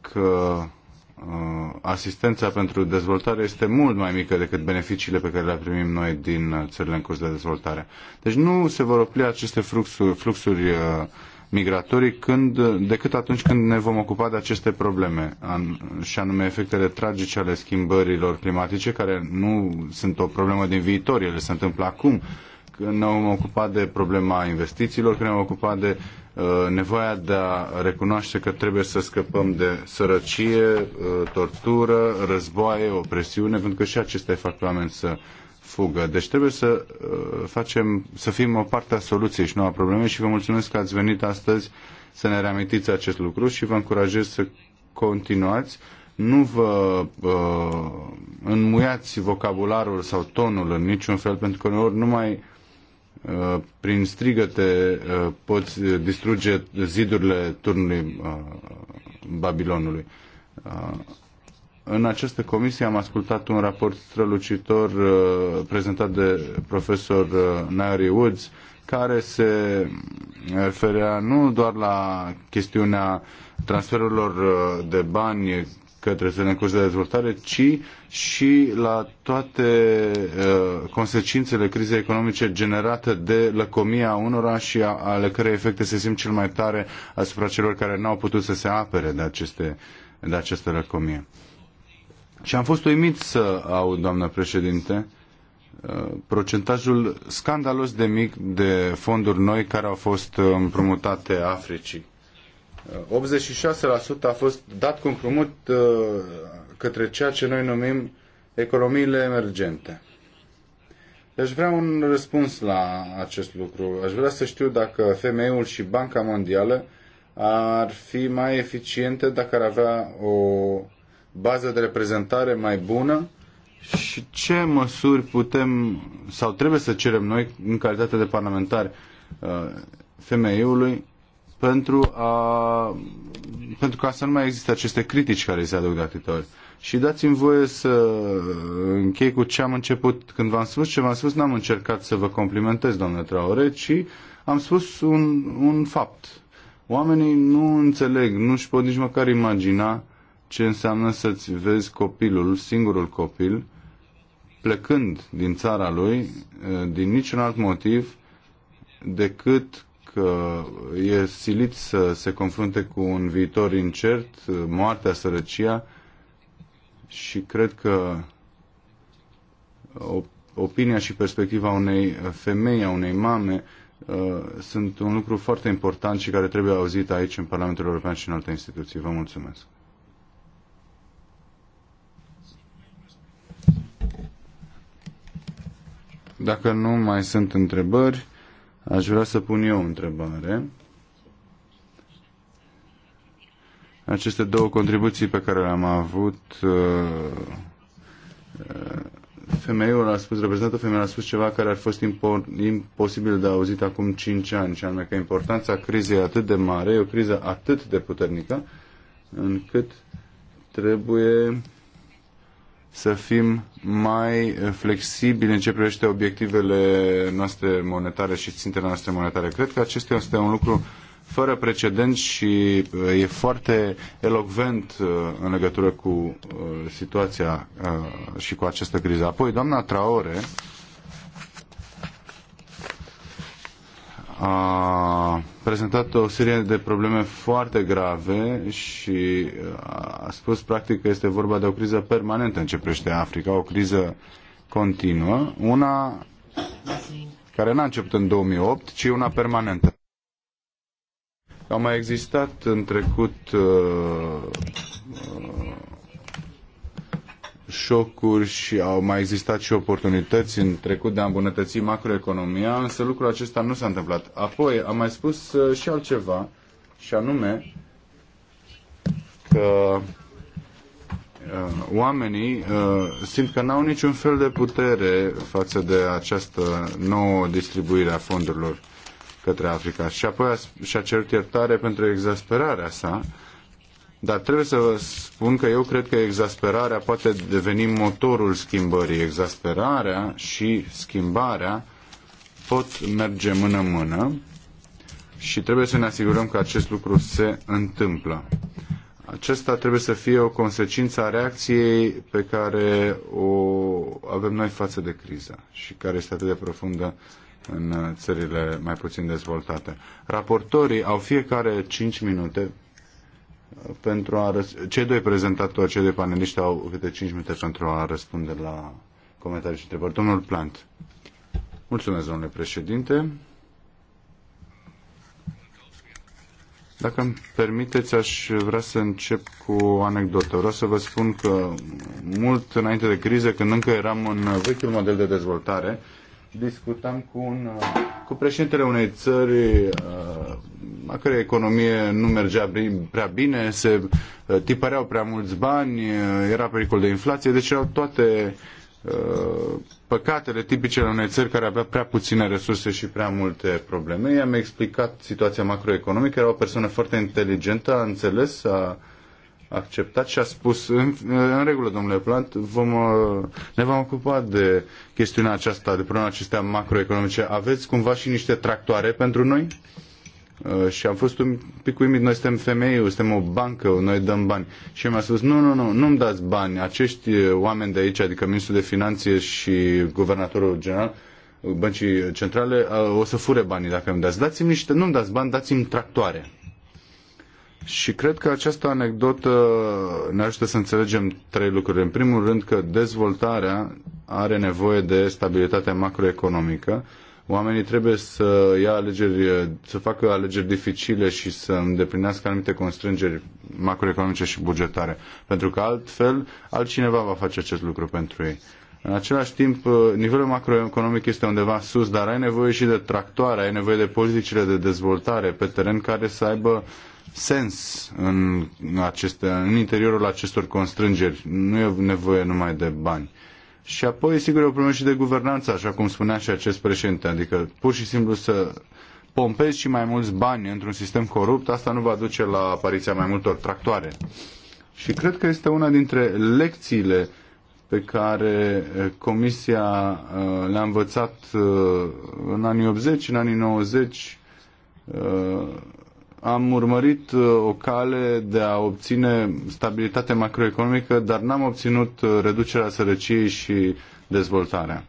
S4: că uh, asistența pentru dezvoltare este mult mai mică decât beneficiile pe care le primim noi din țările în curs de dezvoltare. Deci nu se vor opri aceste fluxuri, fluxuri migratorii când, decât atunci când ne vom ocupa de aceste probleme, an, și anume efectele tragice ale schimbărilor climatice, care nu sunt o problemă din viitor, ele se întâmplă acum. Când ne vom ocupa de problema investițiilor, când ne vom ocupa de uh, nevoia de a recunoaște că trebuie să scăpăm de sărăcie, uh, tortură, războaie, opresiune, pentru că și acestea fac oameni să fugă. Deci trebuie să uh, facem, să fim o parte a soluției și nu a problemei și vă mulțumesc că ați venit astăzi să ne reamintiți acest lucru și vă încurajez să continuați. Nu vă uh, înmuiați vocabularul sau tonul în niciun fel, pentru că uneori numai uh, prin strigăte uh, poți distruge zidurile turnului Babilonului. În această comisie am ascultat un raport strălucitor uh, prezentat de profesor uh, Nairi Woods, care se referea nu doar la chestiunea transferurilor uh, de bani către zonele în curs de dezvoltare, ci și la toate uh, consecințele crizei economice generate de lăcomia unora și a, ale cărei efecte se simt cel mai tare asupra celor care n-au putut să se apere de, aceste, de această lăcomie. Uh, și am fost uimit să aud, doamnă președinte, uh, procentajul scandalos de mic de fonduri noi care au fost împrumutate Africii. 86% uh, a fost dat cu împrumut uh, către ceea ce noi numim economiile emergente. Deci vreau un răspuns la acest lucru. Aș vrea să știu dacă FMI-ul și Banca Mondială ar fi mai eficiente dacă ar avea o bază de reprezentare mai bună și ce măsuri putem sau trebuie să cerem noi în calitate de parlamentari uh, femeiului pentru, a, pentru ca să nu mai există aceste critici care se aduc de atâtea ori. Și dați-mi voie să închei cu ce am început. Când v-am spus ce v-am spus, n-am încercat să vă complimentez, domnule Traore, ci am spus un, un fapt. Oamenii nu înțeleg, nu-și pot nici măcar imagina ce înseamnă să-ți vezi copilul, singurul copil, plecând din țara lui, eh, din niciun alt motiv decât că e silit să se confrunte cu un viitor incert, eh, moartea, sărăcia și cred că opinia și perspectiva unei femei, a unei mame, eh, sunt un lucru foarte important și care trebuie auzit aici în Parlamentul European și în alte instituții. Vă mulțumesc. Dacă nu mai sunt întrebări, aș vrea să pun eu o întrebare. Aceste două contribuții pe care le-am avut, uh, uh, femeiul a spus, reprezentantul femeii, a spus ceva care ar fost imposibil de auzit acum 5 ani, și anume că importanța crizei e atât de mare, e o criză atât de puternică, încât trebuie să fim mai flexibili în ce privește obiectivele noastre monetare și țintele noastre monetare. Cred că acesta este un lucru fără precedent și uh, e foarte elocvent uh, în legătură cu uh, situația și cu această criză. Apoi, doamna Traore a prezentat o serie de probleme foarte grave și uh, a spus practic că este vorba de o criză permanentă în ce privește Africa, o criză continuă, una care n-a început în 2008, ci una permanentă. Au mai existat în trecut uh, șocuri și au mai existat și oportunități în trecut de a îmbunătăți macroeconomia, însă lucrul acesta nu s-a întâmplat. Apoi am mai spus uh, și altceva, și anume că uh, oamenii uh, simt că n-au niciun fel de putere față de această nouă distribuire a fondurilor către Africa. Și apoi și-a cerut iertare pentru exasperarea sa, dar trebuie să vă spun că eu cred că exasperarea poate deveni motorul schimbării. Exasperarea și schimbarea pot merge mână-mână și trebuie să ne asigurăm că acest lucru se întâmplă. Acesta trebuie să fie o consecință a reacției pe care o avem noi față de criză și care este atât de profundă în țările mai puțin dezvoltate. Raportorii au fiecare 5 minute pentru a răs- cei doi prezentatori, cei doi paneliști au câte 5 minute pentru a răspunde la comentarii și întrebări. Domnul Plant. Mulțumesc, domnule președinte. Dacă îmi permiteți, aș vrea să încep cu o anecdotă. Vreau să vă spun că mult înainte de criză, când încă eram în vechiul model de dezvoltare, discutam cu, un, uh, cu președintele unei țări uh, a cărei economie nu mergea prea bine, se uh, tipăreau prea mulți bani, era pericol de inflație, deci erau toate păcatele tipice ale unei țări care avea prea puține resurse și prea multe probleme. I-am explicat situația macroeconomică, era o persoană foarte inteligentă, a înțeles, a acceptat și a spus în, în regulă, domnule Plant, vom, uh, ne vom ocupa de chestiunea aceasta, de problema acestea macroeconomice. Aveți cumva și niște tractoare pentru noi? Uh, și am fost un pic uimit, noi suntem femei, suntem o bancă, noi dăm bani. Și mi-a spus, nu, nu, nu, nu-mi dați bani, acești uh, oameni de aici, adică ministrul de finanțe și guvernatorul general, băncii centrale, o să fure banii dacă îmi dați. Dați-mi niște, nu-mi dați bani, dați-mi tractoare. Și cred că această anecdotă ne ajută să înțelegem trei lucruri. În primul rând că dezvoltarea are nevoie de stabilitate macroeconomică. Oamenii trebuie să ia alegeri, să facă alegeri dificile și să îndeplinească anumite constrângeri macroeconomice și bugetare. Pentru că altfel, altcineva va face acest lucru pentru ei. În același timp, nivelul macroeconomic este undeva sus, dar ai nevoie și de tractoare, ai nevoie de politicile de dezvoltare pe teren care să aibă uh, sens în, aceste, în interiorul acestor constrângeri. Nu e nevoie numai de bani. Și apoi, sigur, e o problemă și de guvernanță, așa cum spunea și acest președinte. Adică, pur și simplu să pompezi și mai mulți bani într-un sistem corupt, asta nu va duce la apariția mai multor tractoare. Și cred că este una dintre lecțiile pe care eh, Comisia eh, le-a învățat eh, în anii 80, în anii 90, am urmărit uh, o cale de a obține stabilitate macroeconomică, dar n-am obținut uh, reducerea sărăciei și dezvoltarea.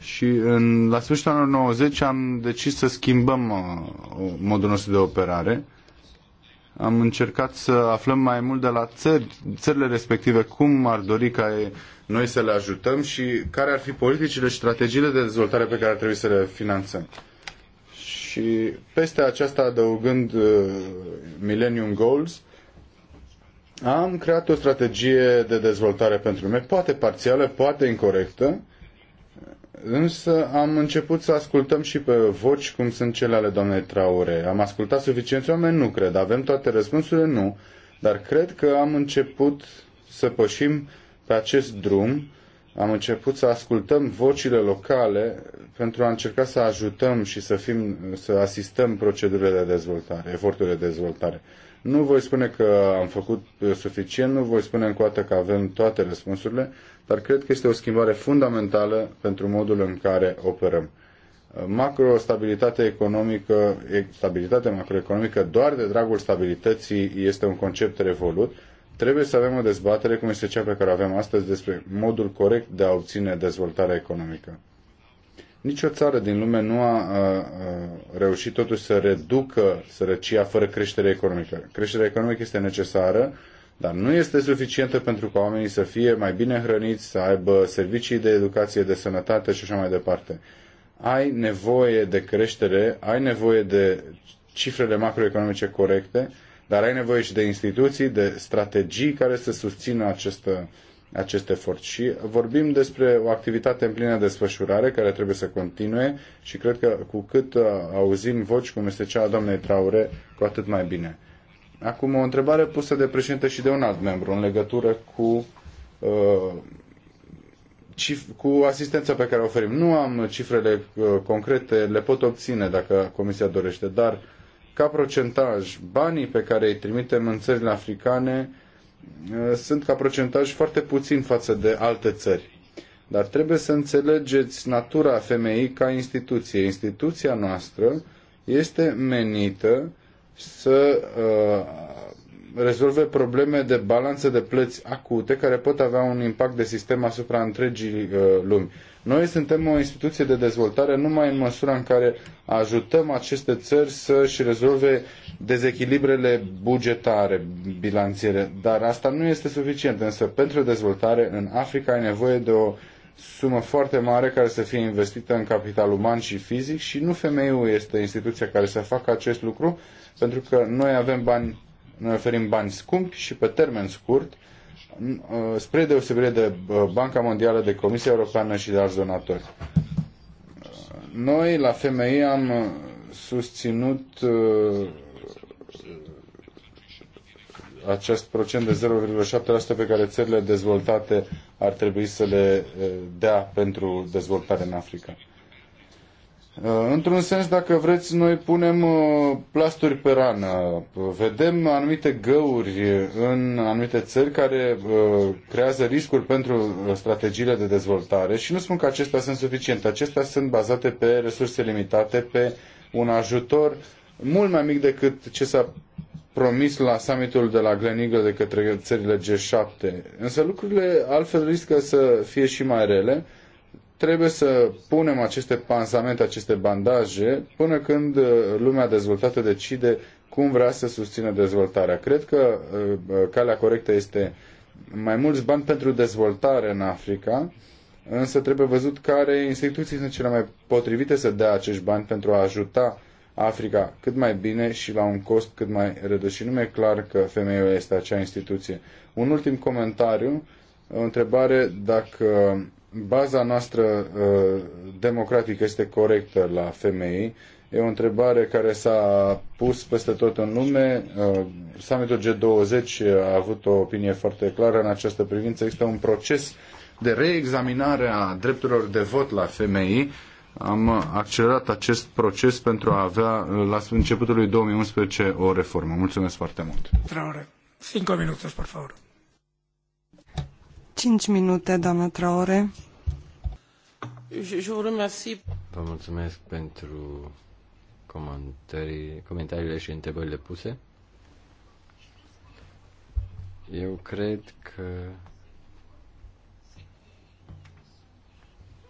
S4: Și în, la sfârșitul anului 90 am decis să schimbăm uh, modul nostru de operare. Am încercat să aflăm mai mult de la țări, țările respective cum ar dori ca noi să le ajutăm și care ar fi politicile și strategiile de dezvoltare pe care ar trebui să le finanțăm și peste aceasta adăugând uh, Millennium Goals, am creat o strategie de dezvoltare pentru lume, poate parțială, poate incorrectă, însă am început să ascultăm și pe voci cum sunt cele ale doamnei Traore. Am ascultat suficienți oameni? Nu cred. Avem toate răspunsurile? Nu. Dar cred că am început să pășim pe acest drum, am început să ascultăm vocile locale pentru a încerca să ajutăm și să, fim, să asistăm procedurile de dezvoltare, eforturile de dezvoltare. Nu voi spune că am făcut uh, suficient, nu voi spune încă o dată că avem toate răspunsurile, dar cred că este o schimbare fundamentală pentru modul în care operăm. Uh, stabilitate economică, stabilitatea macroeconomică doar de dragul stabilității este un concept revolut. Trebuie să avem o dezbatere cum este cea pe care o avem astăzi despre modul corect de a obține dezvoltarea economică. Nicio țară din lume nu a, a, a reușit totuși să reducă sărăcia fără creștere economică. Creșterea economică este necesară, dar nu este suficientă pentru ca oamenii să fie mai bine hrăniți, să aibă servicii de educație, de sănătate și așa mai departe. Ai nevoie de creștere, ai nevoie de cifrele macroeconomice corecte, dar ai nevoie și de instituții, de strategii care să susțină această uh, acest efort și vorbim despre o activitate în plină desfășurare care trebuie să continue și cred că cu cât uh, auzim voci cum este cea a doamnei Traure, cu atât mai bine. Acum o întrebare pusă de președinte și de un alt membru în legătură cu uh, cu asistența pe care o oferim. Nu am cifrele uh, concrete, le pot obține dacă Comisia dorește, dar ca procentaj, banii pe care îi trimitem în țările africane Eh, sunt ca procentaj foarte puțin față de alte țări. Dar trebuie să înțelegeți natura femeii ca instituție. Instituția noastră este menită să uh, rezolve probleme de balanță de plăți acute care pot avea un impact de sistem asupra întregii uh, lumi. Noi suntem o instituție de dezvoltare numai în măsura în care ajutăm aceste țări să-și rezolve dezechilibrele bugetare, bilanțiere, dar asta nu este suficient, însă pentru dezvoltare în Africa ai nevoie de o sumă foarte mare care să fie investită în capital uman și fizic și nu femeiul este instituția care să facă acest lucru, pentru că noi avem bani noi oferim bani scumpi și pe termen scurt, uh, spre deosebire de uh, Banca Mondială, de Comisia Europeană și de alți donatori. Uh, noi, la FMI, am susținut acest procent de 0,7% pe care țările dezvoltate ar trebui să le dea pentru dezvoltare în Africa. Uh, într-un sens, dacă vreți, noi punem uh, plasturi pe rană. Uh, vedem anumite găuri în anumite țări care creează riscuri pentru strategiile de dezvoltare și nu spun că acestea sunt suficiente. Acestea sunt bazate pe resurse limitate, pe un ajutor mult mai mic decât ce s-a promis la summitul de la Glen Eagle de către țările G7. Însă lucrurile altfel riscă să fie și mai rele trebuie să punem aceste pansamente, aceste bandaje, până când uh, lumea dezvoltată decide cum vrea să susțină dezvoltarea. Cred că uh, uh, calea corectă este mai mulți bani pentru dezvoltare în Africa, însă trebuie văzut care instituții sunt cele mai potrivite să dea acești bani pentru a ajuta Africa cât mai bine și la un cost cât mai redus. Și nu mi-e clar că femeia este acea instituție. Un ultim comentariu, o întrebare dacă baza noastră uh, democratică este corectă la femei. E o întrebare care s-a pus peste tot în lume. Uh, summitul G20 a avut o opinie foarte clară în această privință. Există un proces de reexaminare a drepturilor de vot la femei. Am accelerat acest proces pentru a avea uh, la începutul lui 2011 o reformă. Mulțumesc foarte mult.
S1: Traore, 5 minute, por favor.
S2: 5 minute, doamna Traore.
S3: Vă mulțumesc pentru comentarii, comentariile și întrebările puse. Eu cred că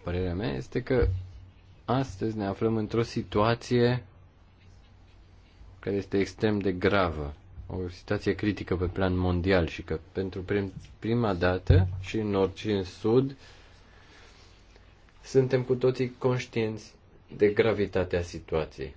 S3: părerea mea este că astăzi ne aflăm într-o situație care este extrem de gravă o situație critică pe plan mondial și că pentru prim, prima dată și în nord și în sud suntem cu toții conștienți de gravitatea situației.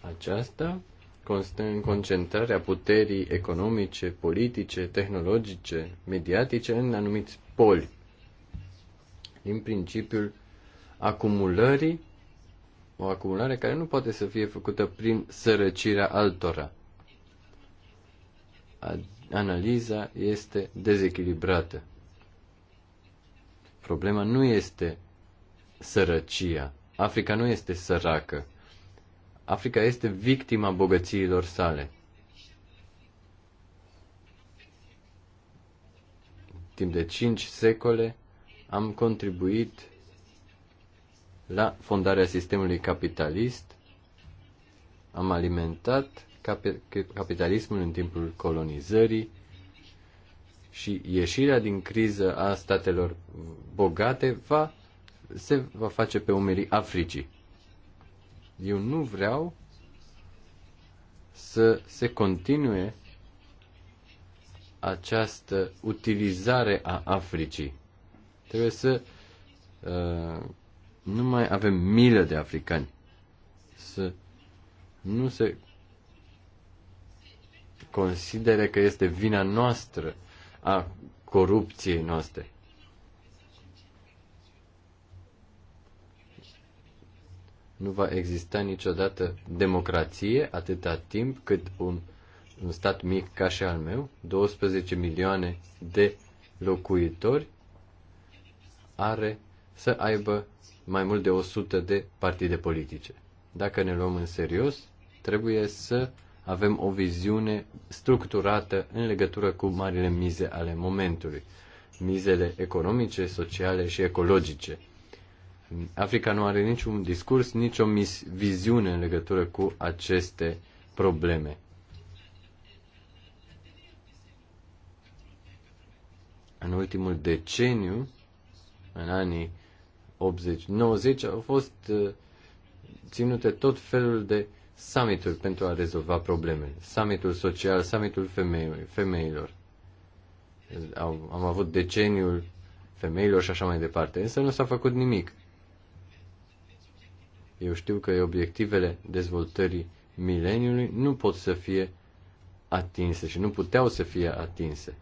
S3: Aceasta constă în concentrarea puterii economice, politice, tehnologice, mediatice în anumiți poli, din principiul acumulării o acumulare care nu poate să fie făcută prin sărăcirea altora. Analiza este dezechilibrată. Problema nu este sărăcia. Africa nu este săracă. Africa este victima bogățiilor sale. Timp de cinci secole am contribuit la fondarea sistemului capitalist, am alimentat capitalismul în timpul colonizării și ieșirea din criză a statelor bogate va, se va face pe umerii Africii. Eu nu vreau să se continue această utilizare a Africii. Trebuie să uh, nu mai avem milă de africani. Să nu se considere că este vina noastră a corupției noastre. Nu va exista niciodată democrație atâta timp cât un, un stat mic ca și al meu, 12 milioane de locuitori, are să aibă mai mult de 100 de partide politice. Dacă ne luăm în serios, trebuie să avem o viziune structurată în legătură cu marile mize ale momentului, mizele economice, sociale și ecologice. Africa nu are niciun discurs, nicio viziune în legătură cu aceste probleme. În ultimul deceniu, în anii 80-90 au fost uh, ținute tot felul de summituri pentru a rezolva problemele. Summitul social, summitul femeilor. Au, am avut deceniul femeilor și așa mai departe, însă nu s-a făcut nimic. Eu știu că obiectivele dezvoltării mileniului nu pot să fie atinse și nu puteau să fie atinse.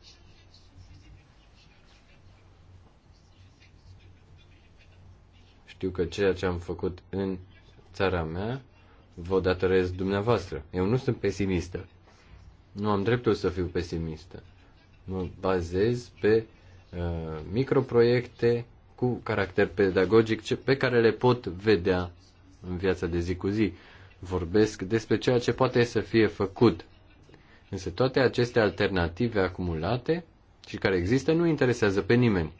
S3: știu că ceea ce am făcut în țara mea vă datorez dumneavoastră. Eu nu sunt pesimistă. Nu am dreptul să fiu pesimistă. Mă bazez pe uh, microproiecte cu caracter pedagogic pe care le pot vedea în viața de zi cu zi. Vorbesc despre ceea ce poate să fie făcut. Însă toate aceste alternative acumulate și care există nu interesează pe nimeni.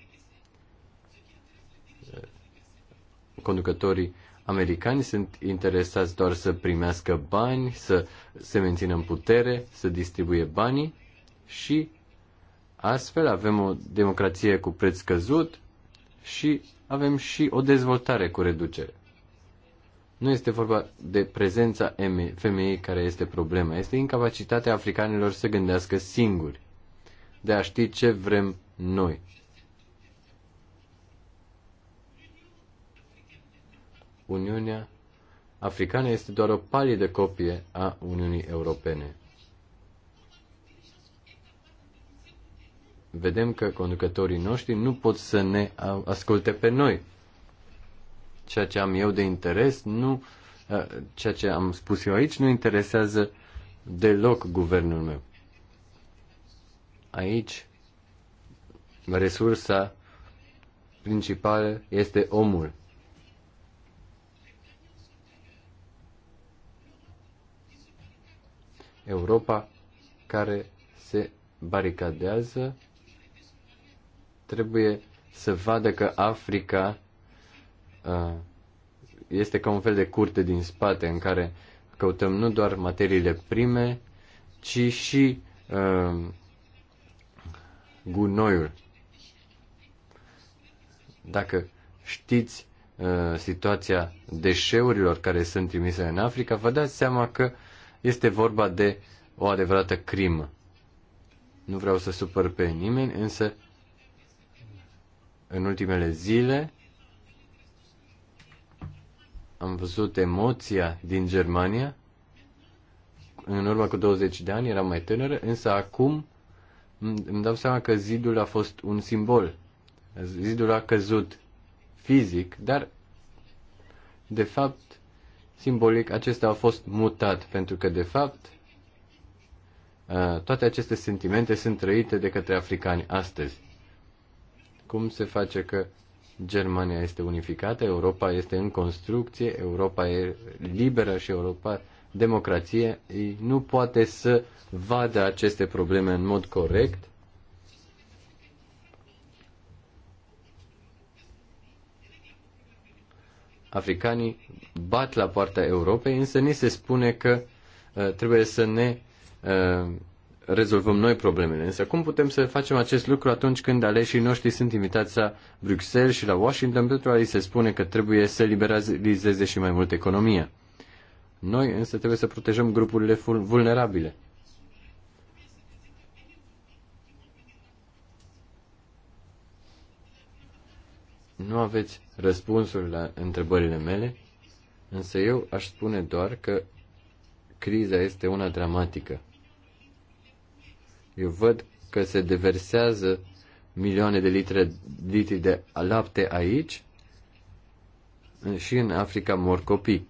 S3: conducătorii americani sunt interesați doar să primească bani, să se mențină în putere, să distribuie banii și astfel avem o democrație cu preț scăzut și avem și o dezvoltare cu reducere. Nu este vorba de prezența femeii care este problema, este incapacitatea africanilor să gândească singuri, de a ști ce vrem noi, Uniunea Africană este doar o palidă copie a Uniunii Europene. Vedem că conducătorii noștri nu pot să ne asculte pe noi. Ceea ce am eu de interes nu ceea ce am spus eu aici nu interesează deloc guvernul meu. Aici resursa principală este omul. Europa care se baricadează trebuie să vadă că Africa uh, este ca un fel de curte din spate în care căutăm nu doar materiile prime, ci și uh, gunoiul. Dacă știți uh, situația deșeurilor care sunt trimise în Africa, vă dați seama că este vorba de o adevărată crimă. Nu vreau să supăr pe nimeni, însă în ultimele zile am văzut emoția din Germania. În urmă cu 20 de ani eram mai tânără, însă acum îmi dau seama că zidul a fost un simbol. Zidul a căzut fizic, dar de fapt simbolic acesta a fost mutat, pentru că, de fapt, toate aceste sentimente sunt trăite de către africani astăzi. Cum se face că Germania este unificată, Europa este în construcție, Europa e liberă și Europa democrație nu poate să vadă aceste probleme în mod corect africanii bat la poarta Europei, însă ni se spune că uh, trebuie să ne uh, rezolvăm noi problemele. Însă cum putem să facem acest lucru atunci când aleșii noștri sunt invitați la Bruxelles și la Washington pentru a li se spune că trebuie să liberalizeze și mai mult economia? Noi însă trebuie să protejăm grupurile vulnerabile. Nu aveți răspunsuri la întrebările mele, însă eu aș spune doar că criza este una dramatică. Eu văd că se deversează milioane de litri, litri de lapte aici și în Africa mor copii.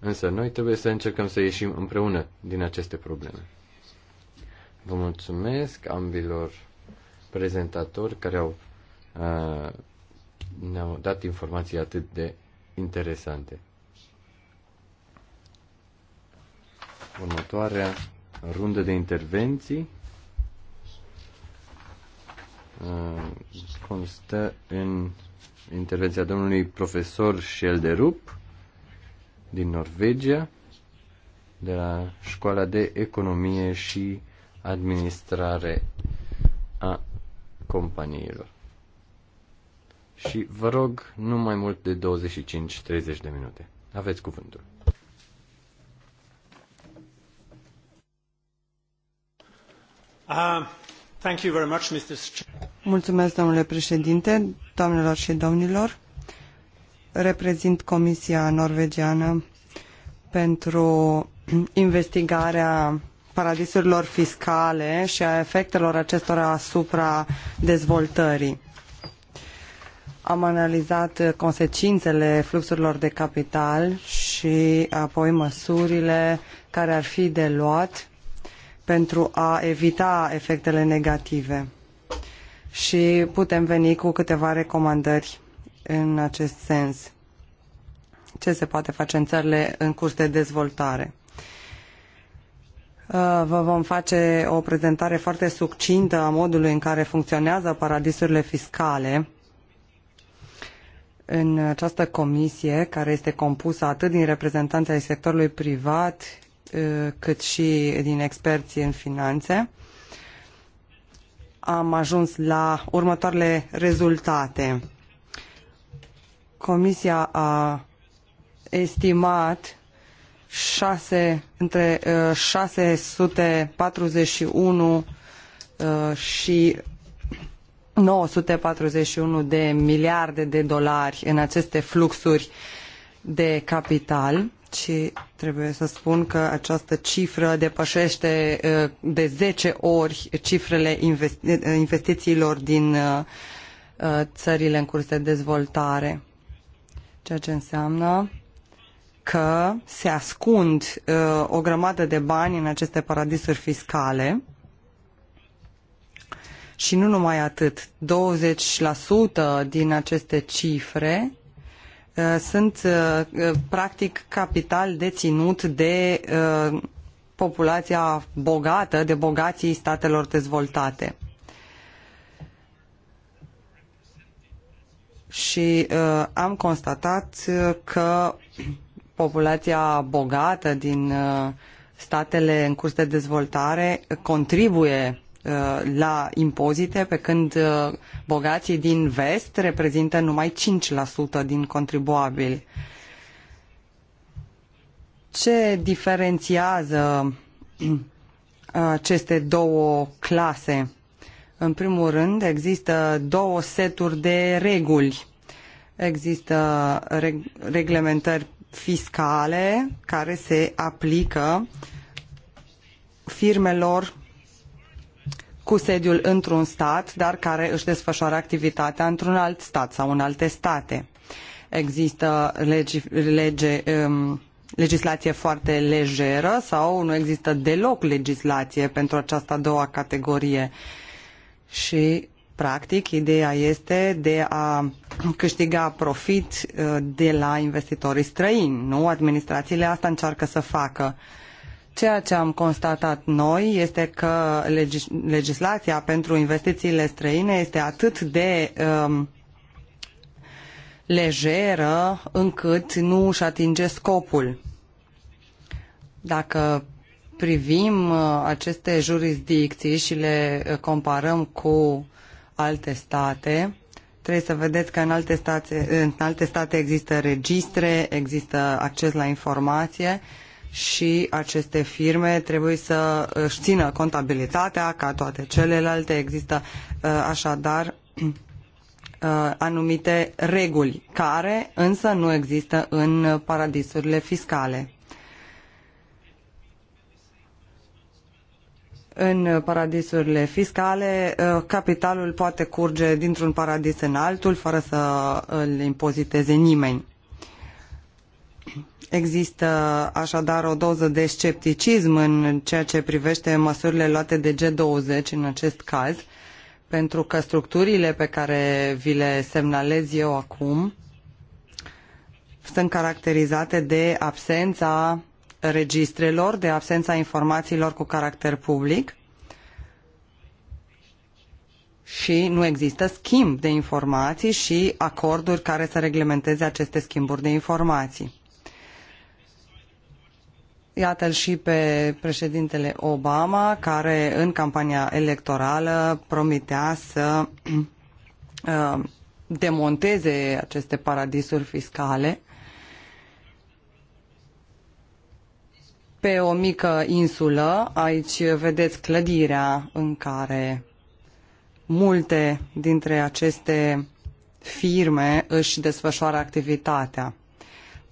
S3: Însă noi trebuie să încercăm să ieșim împreună din aceste probleme. Vă mulțumesc ambilor prezentatori care au Uh, ne-au dat informații atât de interesante. Următoarea rundă de intervenții uh, constă în intervenția domnului profesor Schelderup din Norvegia, de la Școala de Economie și Administrare a Companiilor și vă rog nu mai mult de 25-30 de minute. Aveți cuvântul.
S1: Uh,
S2: Mulțumesc, domnule președinte, doamnelor și domnilor. Reprezint Comisia Norvegiană pentru investigarea paradisurilor fiscale și a efectelor acestora asupra dezvoltării. Am analizat uh, consecințele fluxurilor de capital și apoi măsurile care ar fi de luat pentru a evita efectele negative. Și putem veni cu câteva recomandări în acest sens. Ce se poate face în țările în curs de dezvoltare? Uh, vă vom face o prezentare foarte succintă a modului în care funcționează paradisurile fiscale în această comisie, care este compusă atât din reprezentanți ai sectorului privat, uh, cât și din experții în finanțe, am ajuns la următoarele rezultate. Comisia a estimat 6, între 641 uh, și uh, 941 de miliarde de dolari în aceste fluxuri de capital și trebuie să spun că această cifră depășește uh, de zece ori cifrele uh, investițiilor din uh, țările în curs de dezvoltare, ceea ce înseamnă că se ascund o grămadă de bani în aceste paradisuri fiscale și nu numai atât, 20% din aceste cifre uh, sunt uh, uh, practic capital deținut de populația bogată, de bogații statelor dezvoltate. Și am constatat că populația bogată din statele în curs de dezvoltare contribuie Uh, la impozite, pe când uh, bogații din vest reprezintă numai 5% din contribuabili. Ce diferențiază uh, aceste două clase? În primul rând, există două seturi de reguli. Există reglementări fiscale care se aplică firmelor cu sediul într-un stat, dar care își desfășoară activitatea într-un alt stat sau în alte state. Există legi, lege, um, legislație foarte lejeră sau nu există deloc legislație pentru această a doua categorie. Și practic, ideea este de a câștiga profit uh, de la investitorii străini, nu? Administrațiile asta încearcă să facă. Uh, Ceea ce am constatat noi este că legis legislația pentru investițiile străine este atât de um, lejeră încât nu își atinge scopul. Dacă privim uh, aceste jurisdicții și le uh, comparăm cu alte state, trebuie să vedeți că în alte state, în alte state există registre, există acces la informație, și aceste firme trebuie să își țină contabilitatea ca toate celelalte. Există uh, așadar <clears throat> uh, anumite reguli care însă nu există în paradisurile fiscale. în paradisurile fiscale, uh, capitalul poate curge dintr-un paradis în altul fără să îl impoziteze nimeni. Există așadar o doză de scepticism în ceea ce privește măsurile luate de G20 în acest caz, pentru că structurile pe care vi le semnalez eu acum sunt caracterizate de absența registrelor, de absența informațiilor cu caracter public și nu există schimb de informații și acorduri care să reglementeze aceste schimburi de informații. Iată-l și pe președintele Obama, care în campania electorală promitea să <clears throat> uh, demonteze aceste paradisuri fiscale pe o mică insulă. Aici vedeți clădirea în care multe dintre aceste firme își desfășoară activitatea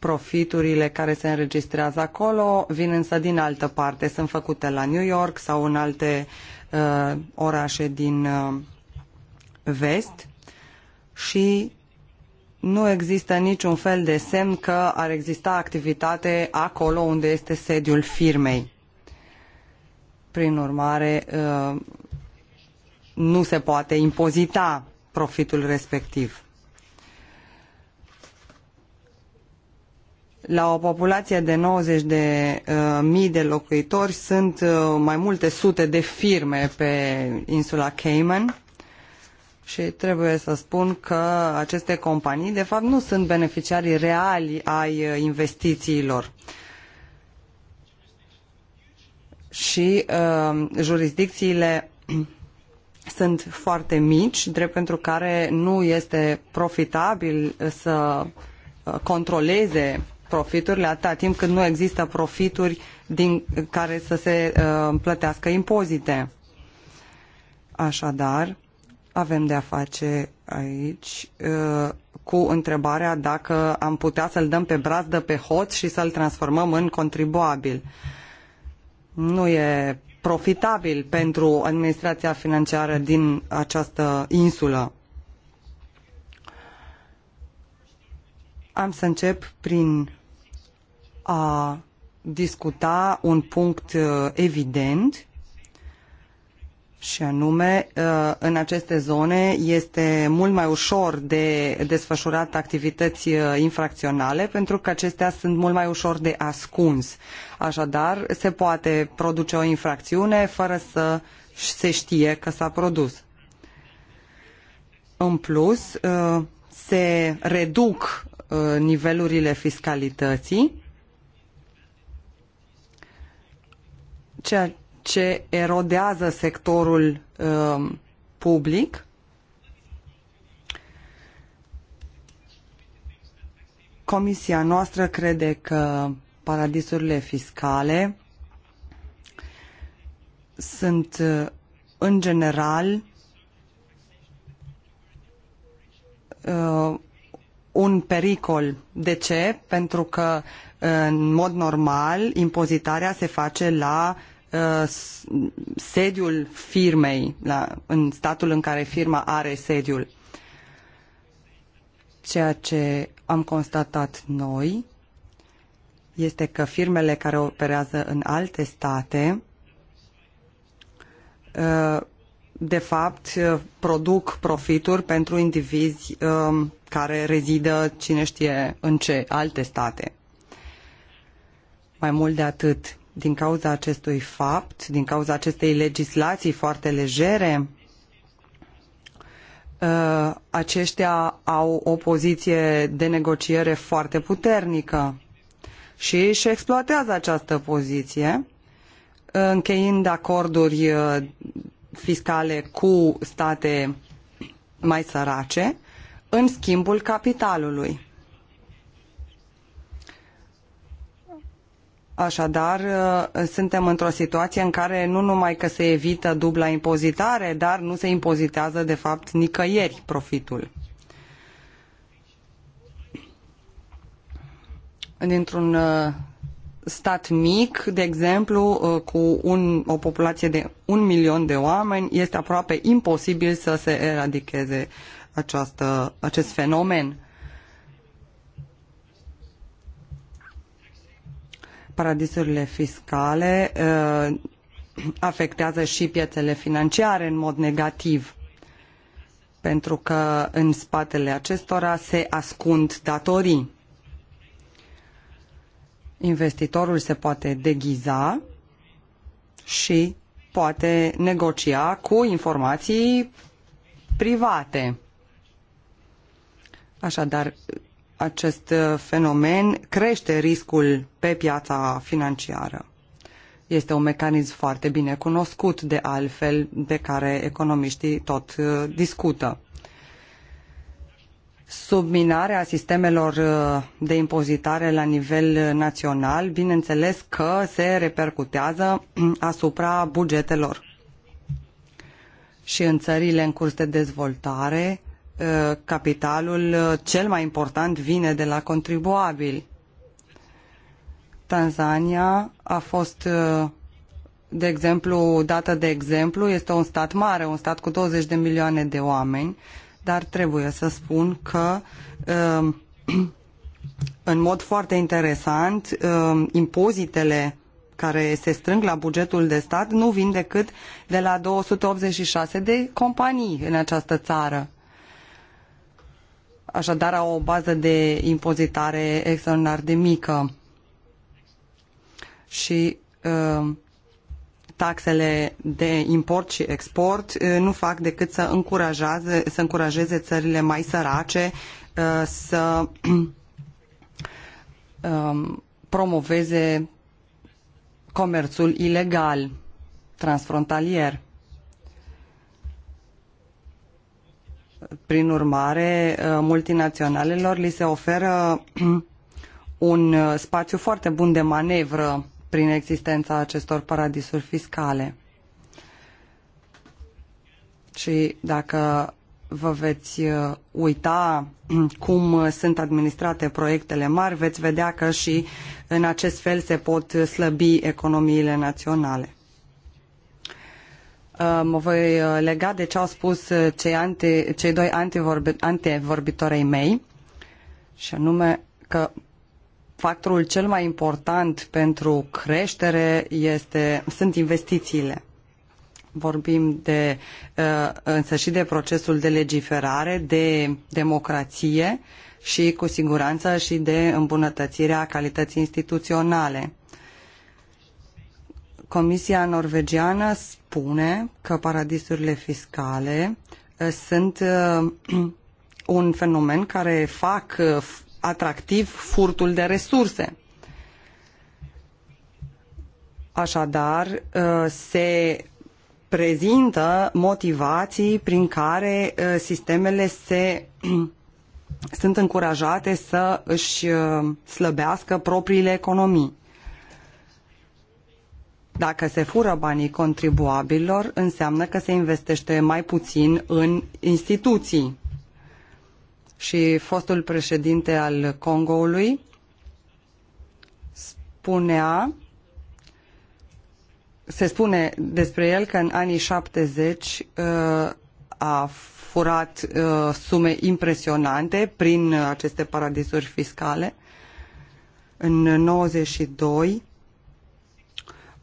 S2: profiturile care se înregistrează acolo vin însă din altă parte, sunt făcute la New York sau în alte uh, orașe din uh, vest și nu există niciun fel de semn că ar exista activitate acolo unde este sediul firmei. Prin urmare, uh, nu se poate impozita profitul respectiv. la o populație de 90 de uh, mii de locuitori sunt uh, mai multe sute de firme pe insula Cayman și trebuie să spun că aceste companii de fapt nu sunt beneficiarii reali ai uh, investițiilor. Și uh, jurisdicțiile <clears throat> sunt foarte mici, drept pentru care nu este profitabil să uh, controleze profiturile atâta timp cât nu există profituri din care să se uh, plătească impozite. Așadar, avem de a face aici uh, cu întrebarea dacă am putea să-l dăm pe brazdă pe hoț și să-l transformăm în contribuabil. Nu e profitabil pentru administrația financiară din această insulă. Am să încep prin a discuta un punct uh, evident și anume, uh, în aceste zone este mult mai ușor de desfășurat activități uh, infracționale pentru că acestea sunt mult mai ușor de ascuns. Așadar, se poate produce o infracțiune fără să se știe că s-a produs. În plus, se reduc nivelurile fiscalității ceea ce erodează sectorul uh, public. Comisia noastră crede că paradisurile fiscale sunt uh, în general uh, un pericol. De ce? Pentru că uh, în mod normal impozitarea se face la uh, Uh, sediul firmei la, în statul în care firma are sediul. Ceea ce am constatat noi este că firmele care operează în alte state uh, de fapt uh, produc profituri pentru indivizi um, care rezidă cine știe în ce alte state. Mai mult de atât, din cauza acestui fapt, din cauza acestei legislații foarte legere, uh, aceștia au o poziție de negociere foarte puternică și își exploatează această poziție, încheind acorduri uh, fiscale cu state mai sărace, în schimbul capitalului. Așadar, ă, suntem într-o situație în care nu numai că se evită dubla impozitare, dar nu se impozitează, de fapt, nicăieri profitul. Dintr-un ă, stat mic, de exemplu, ă, cu un, o populație de un milion de oameni, este aproape imposibil să se eradicheze această, acest fenomen. paradisurile fiscale uh, afectează și piețele financiare în mod negativ, pentru că în spatele acestora se ascund datorii. Investitorul se poate deghiza și poate negocia cu informații private. Așadar, acest uh, fenomen crește riscul pe piața financiară. Este un mecanism foarte bine cunoscut, de altfel, de care economiștii tot uh, discută. Subminarea sistemelor uh, de impozitare la nivel național, bineînțeles că se repercutează asupra bugetelor. Și în țările în curs de dezvoltare, Uh, capitalul uh, cel mai important vine de la contribuabili. Tanzania a fost, uh, de exemplu, dată de exemplu, este un stat mare, un stat cu 20 de milioane de oameni, dar trebuie să spun că um, <clears throat> în mod foarte interesant, um, impozitele care se strâng la bugetul de stat nu vin decât de la 286 de companii în această țară. Așadar, au o bază de impozitare extraordinar de mică și uh, taxele de import și export uh, nu fac decât să, încurajeze, să încurajeze țările mai sărace uh, să <clears throat> um, promoveze comerțul ilegal transfrontalier. Prin urmare, uh, multinaționalelor li se oferă <clears throat> un uh, spațiu foarte bun de manevră prin existența acestor paradisuri fiscale. Și dacă vă veți uh, uita <clears throat> cum sunt administrate proiectele mari, veți vedea că și în acest fel se pot slăbi economiile naționale mă voi uh, lega de ce au spus uh, cei, anti, cei doi antivorbi, antivorbitorii mei, și anume că factorul cel mai important pentru creștere este, sunt investițiile. Vorbim de, uh, însă și de procesul de legiferare, de democrație și cu siguranță și de îmbunătățirea calității instituționale Comisia norvegiană spune că paradisurile fiscale uh, sunt uh, <clears throat> un fenomen care fac uh, atractiv furtul de resurse. Așadar, se prezintă motivații prin care sistemele se, <clears throat> sunt încurajate să își slăbească propriile economii. Dacă se fură banii contribuabililor, înseamnă că se investește mai puțin în instituții. Și fostul președinte al Congoului spunea, se spune despre el că în anii 70 uh, a furat uh, sume impresionante prin uh, aceste paradisuri fiscale. În 92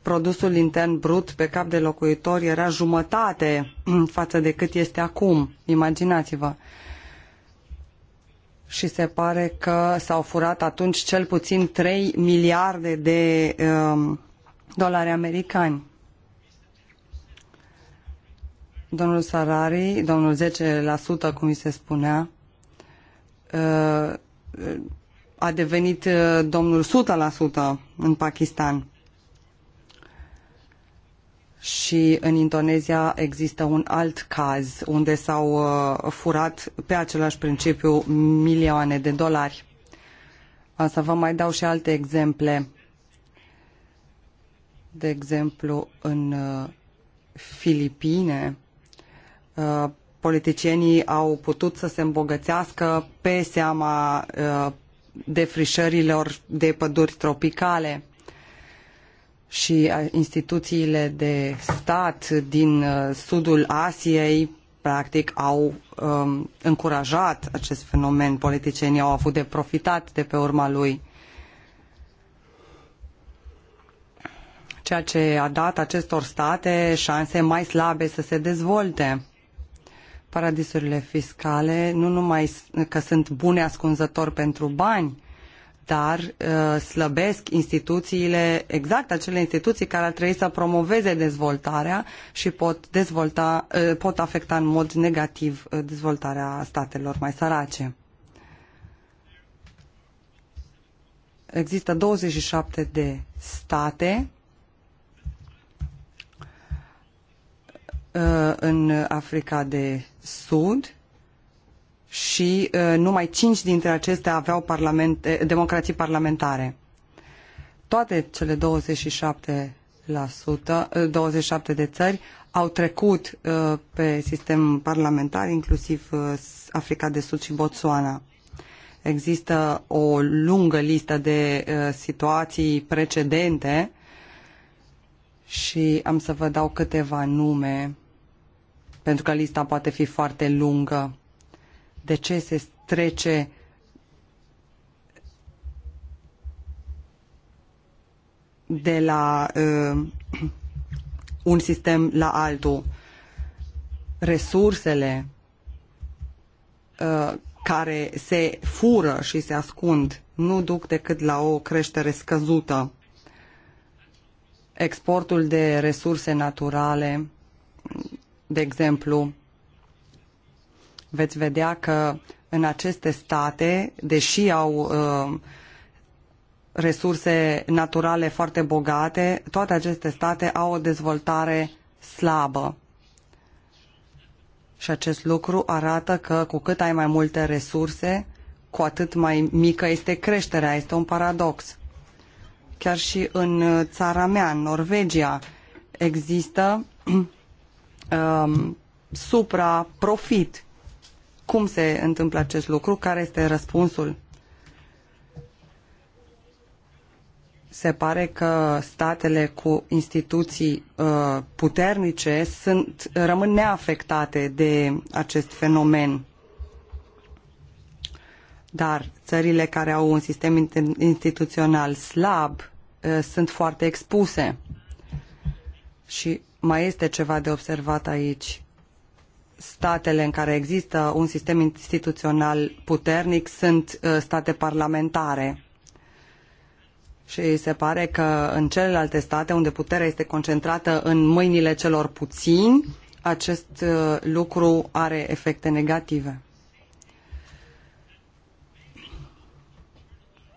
S2: produsul intern brut pe cap de locuitor era jumătate <clears throat> față de cât este acum. Imaginați-vă. Și se pare că s-au furat atunci cel puțin 3 miliarde de um, dolari americani. Domnul Sarari, domnul 10%, cum mi se spunea, uh, a devenit uh, domnul 100% în Pakistan și în Indonezia există un alt caz unde s-au uh, furat pe același principiu milioane de dolari. să vă mai dau și alte exemple. De exemplu, în uh, Filipine, uh, politicienii au putut să se îmbogățească pe seama defrișărilor de păduri tropicale și instituțiile de stat din uh, sudul Asiei practic au um, încurajat acest fenomen. Politicienii au avut de profitat de pe urma lui. Ceea ce a dat acestor state șanse mai slabe să se dezvolte. Paradisurile fiscale nu numai că sunt bune ascunzători pentru bani, dar uh, slăbesc instituțiile, exact acele instituții care ar trebui să promoveze dezvoltarea și pot, dezvolta, uh, pot afecta în mod negativ uh, dezvoltarea statelor mai sărace. Există 27 de state în Africa de Sud și uh, numai cinci dintre acestea aveau parlamente, eh, democrații parlamentare. Toate cele 27 27 eh, de țări au trecut uh, pe sistem parlamentar, inclusiv uh, Africa de Sud și Botswana. Există o lungă listă de situații precedente și am să vă dau câteva nume, pentru că lista poate fi foarte lungă de ce se trece de la uh, un sistem la altul. Resursele uh, care se fură și se ascund nu duc decât la o creștere scăzută. Exportul de resurse naturale, de exemplu, veți vedea că în aceste state, deși au uh, resurse naturale foarte bogate, toate aceste state au o dezvoltare slabă. Și acest lucru arată că cu cât ai mai multe resurse, cu atât mai mică este creșterea. Este un paradox. Chiar și în uh, țara mea, în Norvegia, există <clears throat> um, supraprofit cum se întâmplă acest lucru, care este răspunsul. Se pare că statele cu instituții uh, puternice sunt, rămân neafectate de acest fenomen. Dar țările care au un sistem instituțional slab uh, sunt foarte expuse. Și mai este ceva de observat aici statele în care există un sistem instituțional puternic sunt uh, state parlamentare. Și se pare că în celelalte state unde puterea este concentrată în mâinile celor puțini, acest uh, lucru are efecte negative.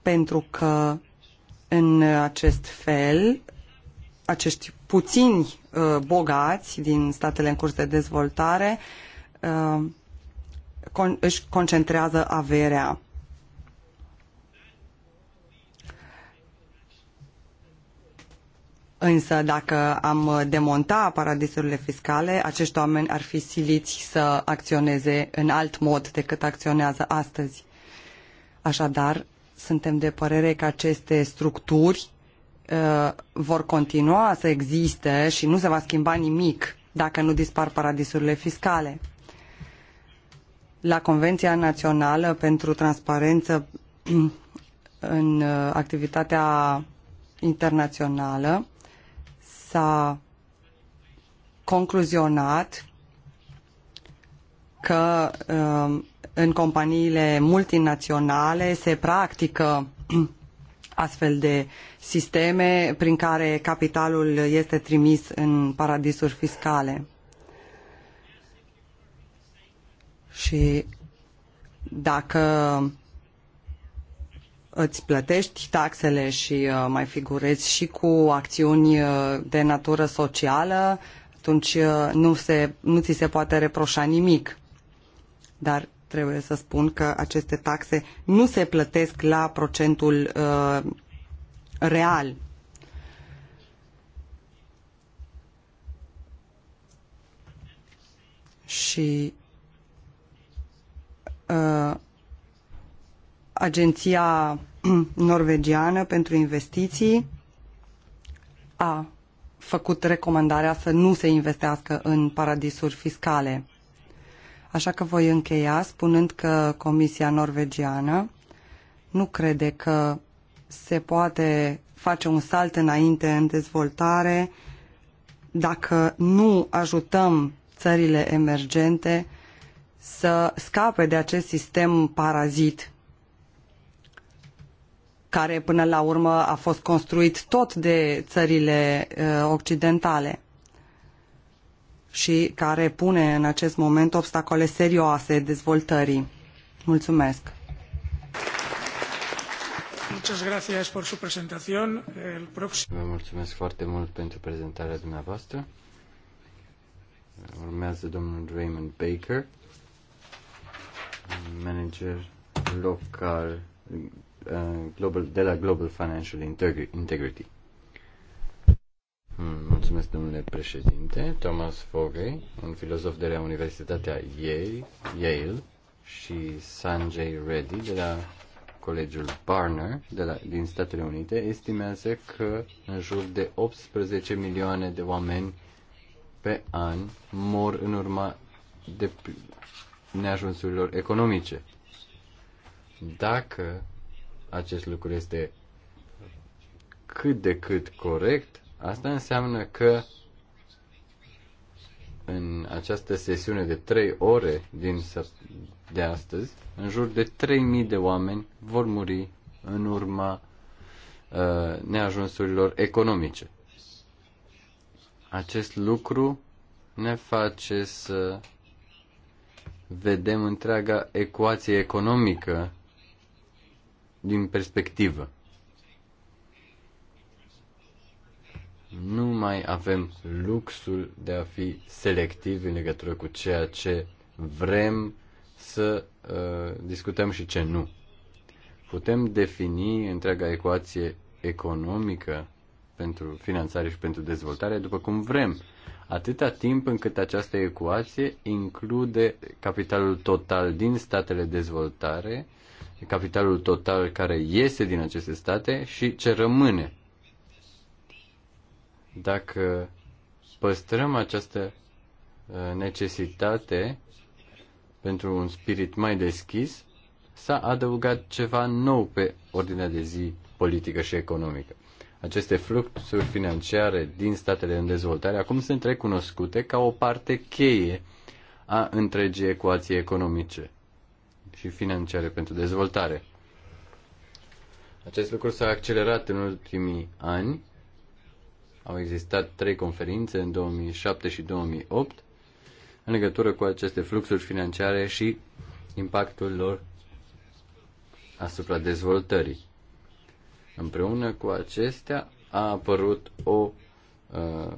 S2: Pentru că în acest fel acești puțini uh, bogați din statele în curs de dezvoltare uh, își concentrează averea. Însă dacă am demonta paradisurile fiscale, acești oameni ar fi siliți să acționeze în alt mod decât acționează astăzi. Așadar, suntem de părere că aceste structuri Uh, vor continua să existe și nu se va schimba nimic dacă nu dispar paradisurile fiscale. La Convenția Națională pentru Transparență <clears throat> în uh, activitatea internațională s-a concluzionat că uh, în companiile multinaționale se practică <clears throat> astfel de uh, sisteme prin care capitalul este trimis în paradisuri fiscale. Și dacă îți plătești taxele și uh, mai figurezi și cu acțiuni uh, de natură socială, atunci uh, nu, se, nu ți se poate reproșa nimic. Dar trebuie să spun că aceste taxe nu se plătesc la procentul uh, real. Și uh, Agenția <clears throat> Norvegiană pentru Investiții a făcut recomandarea să nu se investească în paradisuri fiscale. Așa că voi încheia spunând că Comisia Norvegiană nu crede că se poate face un salt înainte în dezvoltare dacă nu ajutăm țările emergente să scape de acest sistem parazit care până la urmă a fost construit tot de țările uh, occidentale și care pune în acest moment obstacole serioase dezvoltării. Mulțumesc!
S1: Muchas gracias por su presentación. El próximo...
S3: Vă mulțumesc foarte mult pentru prezentarea dumneavoastră. Urmează domnul Raymond Baker, manager local uh, global, de la Global Financial Integrity. Hmm, mulțumesc, domnule președinte. Thomas Fogey, un filozof de la Universitatea Yale, Yale și Sanjay Reddy de la Colegiul Barner de la, din Statele Unite estimează că în jur de 18 milioane de oameni pe an mor în urma de neajunsurilor economice. Dacă acest lucru este cât de cât corect, asta înseamnă că în această sesiune de 3 ore din de astăzi, în jur de 3000 de oameni vor muri în urma uh, neajunsurilor economice. Acest lucru ne face să vedem întreaga ecuație economică din perspectivă. nu mai avem luxul de a fi selectivi în legătură cu ceea ce vrem să uh, discutăm și ce nu. Putem defini întreaga ecuație economică pentru finanțare și pentru dezvoltare după cum vrem, atâta timp încât această ecuație include capitalul total din statele dezvoltare, capitalul total care iese din aceste state și ce rămâne dacă păstrăm această uh, necesitate pentru un spirit mai deschis, s-a adăugat ceva nou pe ordinea de zi politică și economică. Aceste fluxuri financiare din statele în dezvoltare acum sunt recunoscute ca o parte cheie a întregii ecuații economice și financiare pentru dezvoltare. Acest lucru s-a accelerat în ultimii ani au existat trei conferințe în 2007 și 2008 în legătură cu aceste fluxuri financiare și impactul lor asupra dezvoltării. Împreună cu acestea a apărut o uh,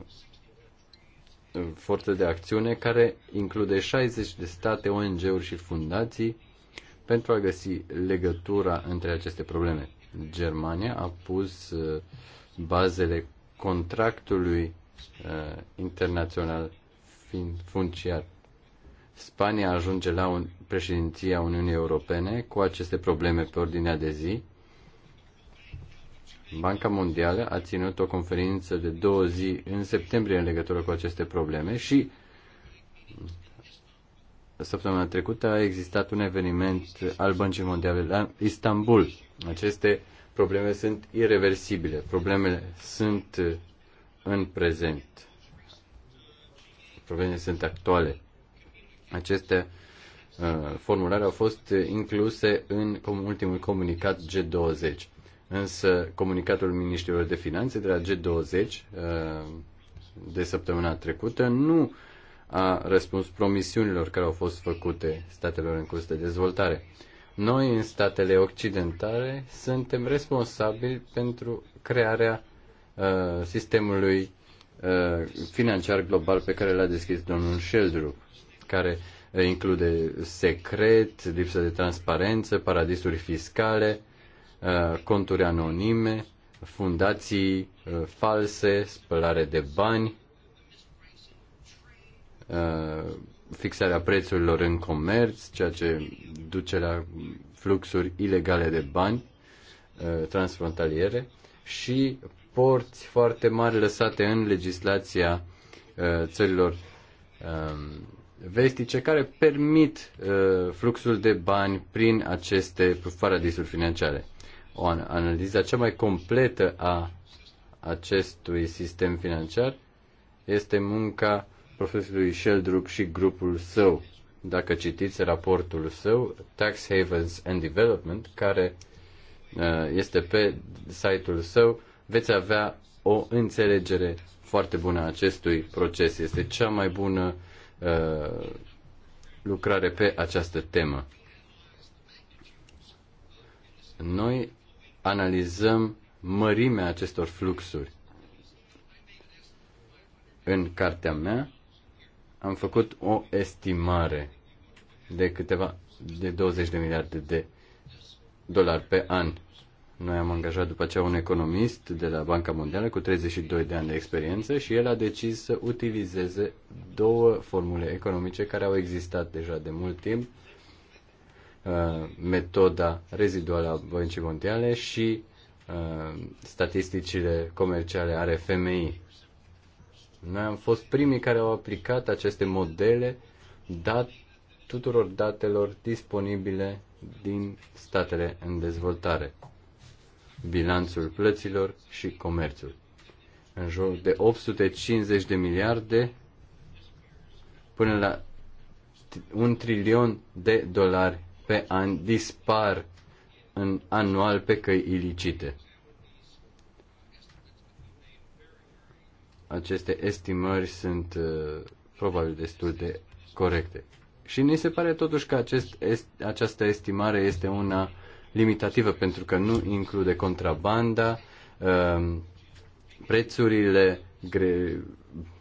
S3: forță de acțiune care include 60 de state, ONG-uri și fundații pentru a găsi legătura între aceste probleme. Germania a pus uh, bazele contractului uh, internațional funciar. Spania ajunge la un, președinția Uniunii Europene cu aceste probleme pe ordinea de zi. Banca Mondială a ținut o conferință de două zi în septembrie în legătură cu aceste probleme și săptămâna trecută a existat un eveniment al Băncii Mondiale la Istanbul. Aceste uh, Problemele sunt irreversibile. Problemele sunt uh, în prezent. Problemele sunt actuale. Aceste uh, formulare au fost incluse în ultimul comunicat G20. Însă comunicatul Ministrilor de Finanțe de la G20 uh, de săptămâna trecută nu a răspuns promisiunilor care au fost făcute statelor în curs de dezvoltare. Noi, în statele occidentale, suntem responsabili pentru crearea uh, sistemului uh, financiar global pe care l-a deschis domnul Sheldrup, care uh, include secret, lipsă de transparență, paradisuri fiscale, uh, conturi anonime, fundații uh, false, spălare de bani, uh, fixarea prețurilor în comerț, ceea ce duce la fluxuri ilegale de bani uh, transfrontaliere și porți foarte mari lăsate în legislația uh, țărilor um, vestice care permit uh, fluxul de bani prin aceste paradisuri financiare. O analiză cea mai completă a acestui sistem financiar este munca profesorului Sheldrup și grupul său. Dacă citiți raportul său, Tax Havens and Development, care uh, este pe site-ul său, veți avea o înțelegere foarte bună a acestui proces. Este cea mai bună uh, lucrare pe această temă. Noi analizăm mărimea acestor fluxuri. În cartea mea am făcut o estimare de câteva, de 20 de miliarde de dolari pe an. Noi am angajat după aceea un economist de la Banca Mondială cu 32 de ani de experiență și el a decis să utilizeze două formule economice care au existat deja de mult timp, uh, metoda reziduală a Băncii Mondiale și uh, statisticile comerciale ale FMI. Noi am fost primii care au aplicat aceste modele dat tuturor datelor disponibile din statele în dezvoltare, bilanțul plăților și comerțul. În jur de 850 de miliarde până la un trilion de dolari pe an dispar în anual pe căi ilicite. aceste estimări sunt uh, probabil destul de corecte. Și ni se pare totuși că acest est, această estimare este una limitativă pentru că nu include contrabanda, uh, prețurile gre,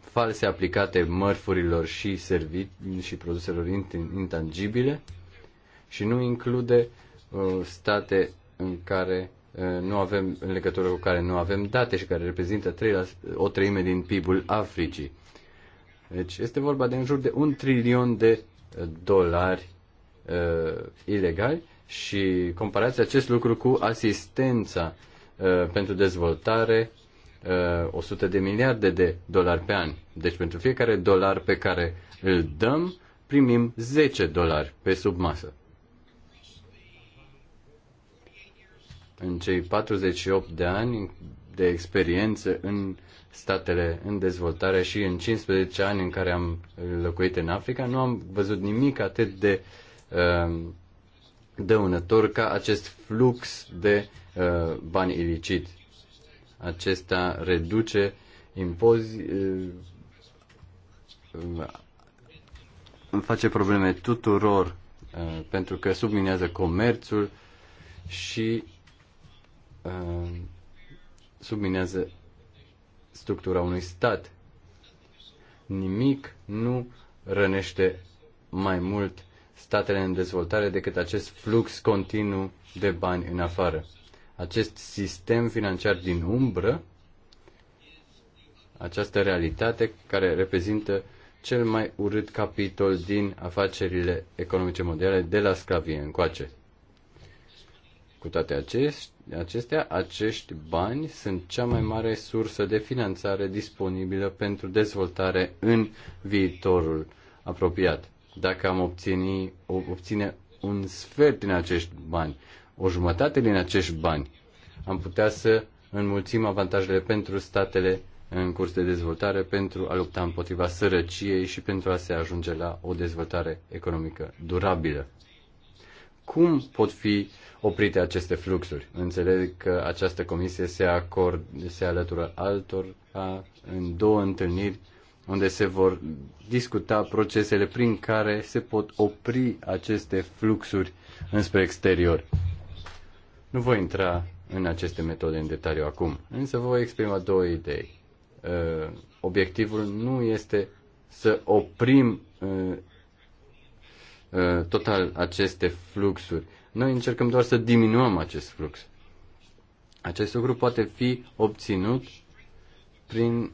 S3: false aplicate mărfurilor și, servi- și produselor intangibile și nu include uh, state în care Uh, nu avem, în legătură cu care nu avem date și care reprezintă la, o treime din PIB-ul Africii. Deci este vorba de în jur de un trilion de uh, dolari uh, ilegali și comparați acest lucru cu asistența uh, pentru dezvoltare uh, 100 de miliarde de dolari pe an. Deci pentru fiecare dolar pe care îl dăm, primim 10 dolari pe sub masă. în cei 48 de ani de experiență în statele în dezvoltare și în 15 ani în care am locuit în Africa, nu am văzut nimic atât de uh, dăunător ca acest flux de uh, bani ilicit. Acesta reduce impozi, uh, uh, face probleme tuturor uh, pentru că subminează comerțul și Uh, subminează structura unui stat. Nimic nu rănește mai mult statele în dezvoltare decât acest flux continuu de bani în afară. Acest sistem financiar din umbră, această realitate care reprezintă cel mai urât capitol din afacerile economice mondiale de la sclavie încoace. Cu toate acestea, acești bani sunt cea mai mare sursă de finanțare disponibilă pentru dezvoltare în viitorul apropiat. Dacă am obține, obține un sfert din acești bani, o jumătate din acești bani, am putea să înmulțim avantajele pentru statele în curs de dezvoltare pentru a lupta împotriva sărăciei și pentru a se ajunge la o dezvoltare economică durabilă. Cum pot fi oprite aceste fluxuri. Înțeleg că această comisie se, acord, se alătură altor în două întâlniri unde se vor discuta procesele prin care se pot opri aceste fluxuri înspre exterior. Nu voi intra în aceste metode în detaliu acum, însă voi exprima două idei. Ă, obiectivul nu este să oprim ă, ă, total aceste fluxuri, noi încercăm doar să diminuăm acest flux. Acest lucru poate fi obținut prin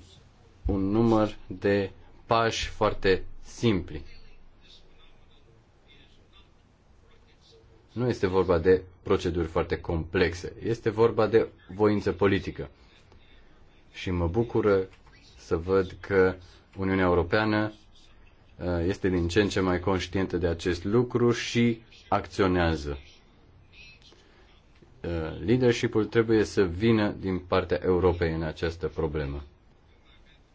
S3: un număr de pași foarte simpli. Nu este vorba de proceduri foarte complexe, este vorba de voință politică. Și mă bucură să văd că Uniunea Europeană uh, este din ce în ce mai conștientă de acest lucru și acționează. Uh, leadership-ul trebuie să vină din partea Europei în această problemă.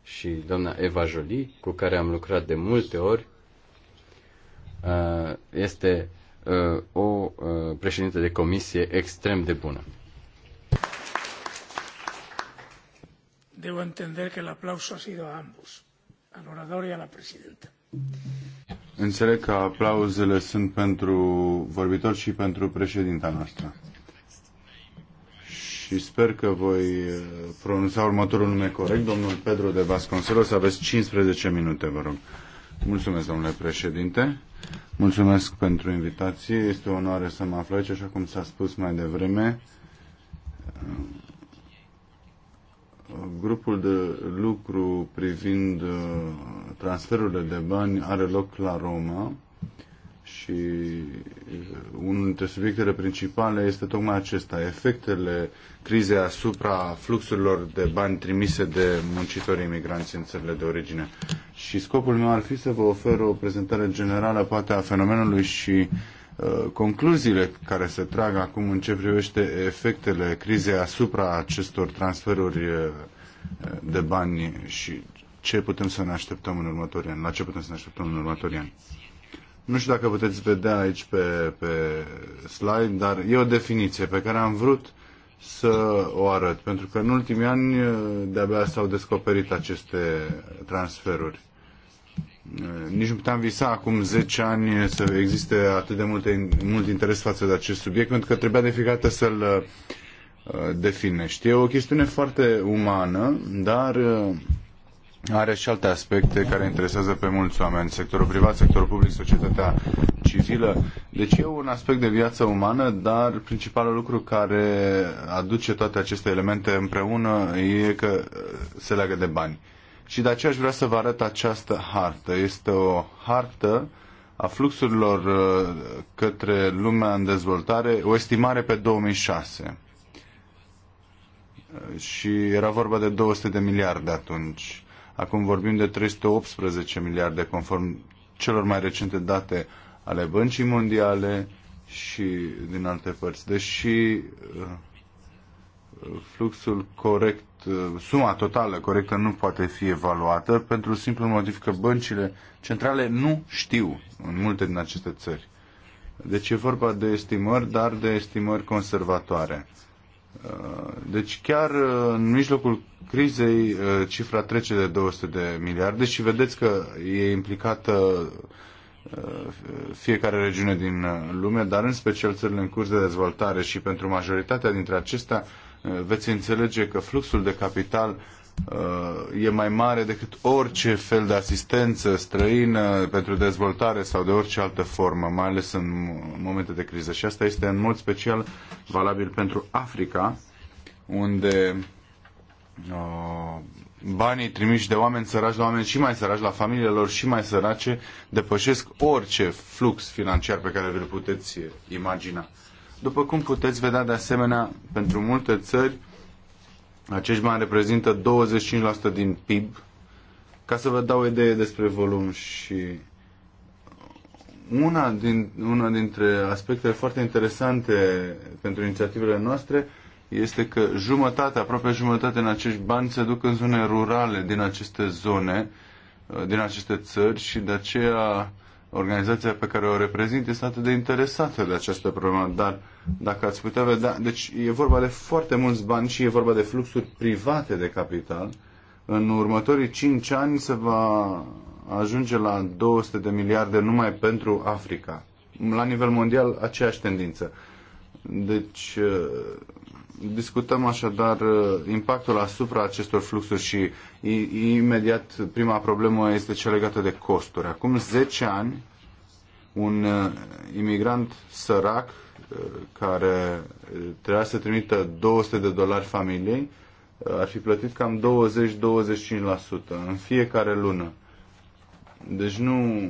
S3: Și doamna Eva Jolie, cu care am lucrat de multe ori, uh, este uh, o președintă de comisie extrem de bună.
S1: Debo entender que el aplauso ha sido a ambos, al orador y a la presidenta.
S4: Înțeleg că aplauzele sunt pentru vorbitor și pentru președinta noastră și sper că voi uh, pronunța următorul nume corect, domnul Pedro de Vasconcelos, aveți 15 minute, vă rog. Mulțumesc, domnule președinte. Mulțumesc pentru invitație. Este o onoare să mă aflu aici, așa cum s-a spus mai devreme. Grupul de lucru privind uh, transferurile de bani are loc la Roma și uh, unul dintre subiectele principale este tocmai acesta, efectele crizei asupra fluxurilor de bani trimise de muncitorii imigranți în țările de origine. Și scopul meu ar fi să vă ofer o prezentare generală poate a fenomenului și uh, concluziile care se trag acum în ce privește efectele crizei asupra acestor transferuri uh, de bani și ce putem să ne așteptăm în următorii ani, la ce putem să ne așteptăm în următorii ani. Nu știu dacă puteți vedea aici pe, pe slide, dar e o definiție pe care am vrut să o arăt, pentru că în ultimii ani eh, de-abia s-au descoperit aceste transferuri. Eh, nici nu puteam visa acum 10 ani să existe atât de multe, mult interes față de acest subiect, pentru că trebuia de fiecare dată să-l eh, definești. E o chestiune foarte umană, dar are și alte aspecte care interesează pe mulți oameni, sectorul privat, sectorul public, societatea civilă. Deci e un aspect de viață umană, dar principalul lucru care aduce toate aceste elemente împreună e că se leagă de bani. Și de aceea aș vrea să vă arăt această hartă. Este o hartă a fluxurilor uh, către lumea în dezvoltare, o estimare pe 2006. Și era vorba de 200 de miliarde atunci Acum vorbim de 318 miliarde conform celor mai recente date ale băncii mondiale și din alte părți. Deși uh, fluxul corect, uh, suma totală corectă nu poate fi evaluată pentru simplul motiv că băncile centrale nu știu în multe din aceste țări. Deci e vorba de estimări, dar de estimări conservatoare. Uh, deci chiar uh, în mijlocul crizei uh, cifra trece de 200 de miliarde și vedeți că e implicată fiecare regiune din lume, dar în special țările în curs de dezvoltare și pentru majoritatea dintre acestea veți înțelege că fluxul de capital Uh, e mai mare decât orice fel de asistență străină pentru dezvoltare sau de orice altă formă, mai ales în momente de criză. Și asta este în mod special valabil pentru Africa, unde uh, banii trimiși de oameni săraci la oameni și mai săraci, la familiile lor și mai sărace, depășesc orice flux financiar pe care vi-l puteți imagina. După cum puteți vedea, de asemenea, pentru multe țări, acești bani reprezintă 25% din PIB. Ca să vă dau o idee despre volum și una, din, una dintre aspectele foarte interesante pentru inițiativele noastre este că jumătate, aproape jumătate în acești bani se duc în zone rurale din aceste zone, din aceste țări și de aceea organizația pe care o reprezint este atât de interesată de această problemă, dar dacă ați putea vedea, deci e vorba de foarte mulți bani și e vorba de fluxuri private de capital. În următorii 5 ani se va ajunge la 200 de miliarde numai pentru Africa. La nivel mondial, aceeași tendință. Deci, Discutăm așadar uh, impactul asupra acestor fluxuri și imediat prima problemă este cea legată de costuri. Acum 10 ani, un uh, imigrant sărac uh, care trebuia să trimită 200 de dolari familiei ar fi plătit cam 20-25% în fiecare lună. Deci nu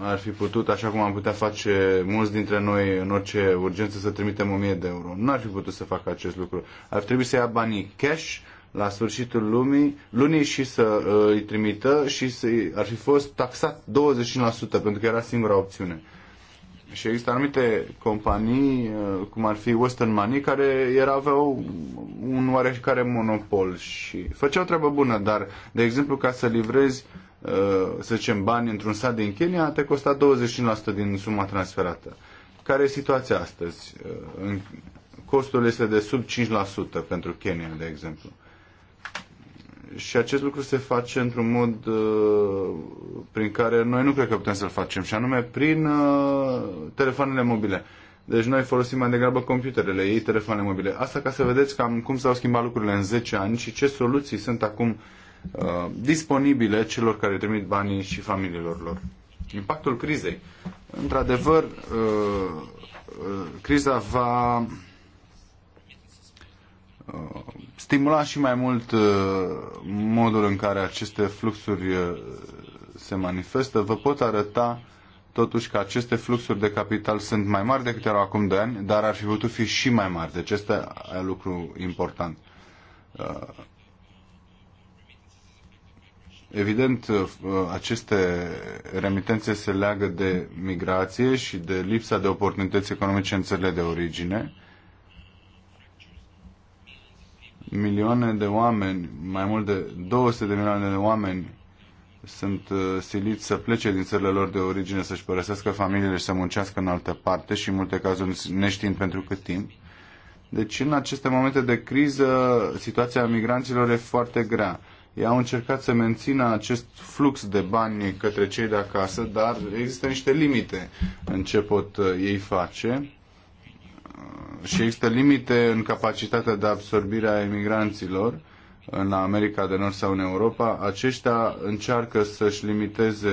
S4: ar fi putut, așa cum am putea face mulți dintre noi în orice urgență, să trimitem 1000 de euro. Nu ar fi putut să facă acest lucru. Ar trebui să ia banii cash la sfârșitul lumii, lunii și să uh, îi trimită și să, ar fi fost taxat 25% pentru că era singura opțiune. Și există anumite companii, uh, cum ar fi Western Money, care era, aveau un oarecare monopol și făceau treabă bună, dar, de exemplu, ca să livrezi uh, Uh, să zicem, bani într-un sat din Kenya, te costa 25% din suma transferată. Care e situația astăzi? Uh, costul este de sub 5% pentru Kenya, de exemplu. Și acest lucru se face într-un mod uh, prin care noi nu cred că putem să-l facem, și anume prin telefoanele mobile. Deci noi folosim mai degrabă computerele, ei telefoanele mobile. Asta ca să vedeți cam cum s-au schimbat lucrurile în 10 ani și ce soluții sunt acum uh, Uh, disponibile celor care trimit banii și familiilor lor. Impactul crizei. Într-adevăr, uh, uh, criza
S2: va
S4: stimula și mai mult modul în care aceste fluxuri se manifestă. Vă pot arăta totuși că aceste fluxuri de capital sunt mai mari decât erau acum 2 ani, dar ar fi putut fi și mai mari. Deci este lucru important. Evident, uh, aceste remitențe se leagă de migrație și de lipsa de oportunități economice în țările de origine. Milioane de oameni, mai mult de 200 de milioane de oameni sunt uh, siliți să plece din țările lor de origine, să-și părăsească familiile și să muncească în altă parte și în multe cazuri neștiind pentru cât timp. Deci în aceste momente de criză situația migranților e foarte grea ei au încercat să mențină acest flux de bani către cei de acasă, dar există niște limite în ce pot uh, ei face uh, și există limite în capacitatea de absorbire a emigranților în America de Nord sau în Europa, aceștia încearcă să-și limiteze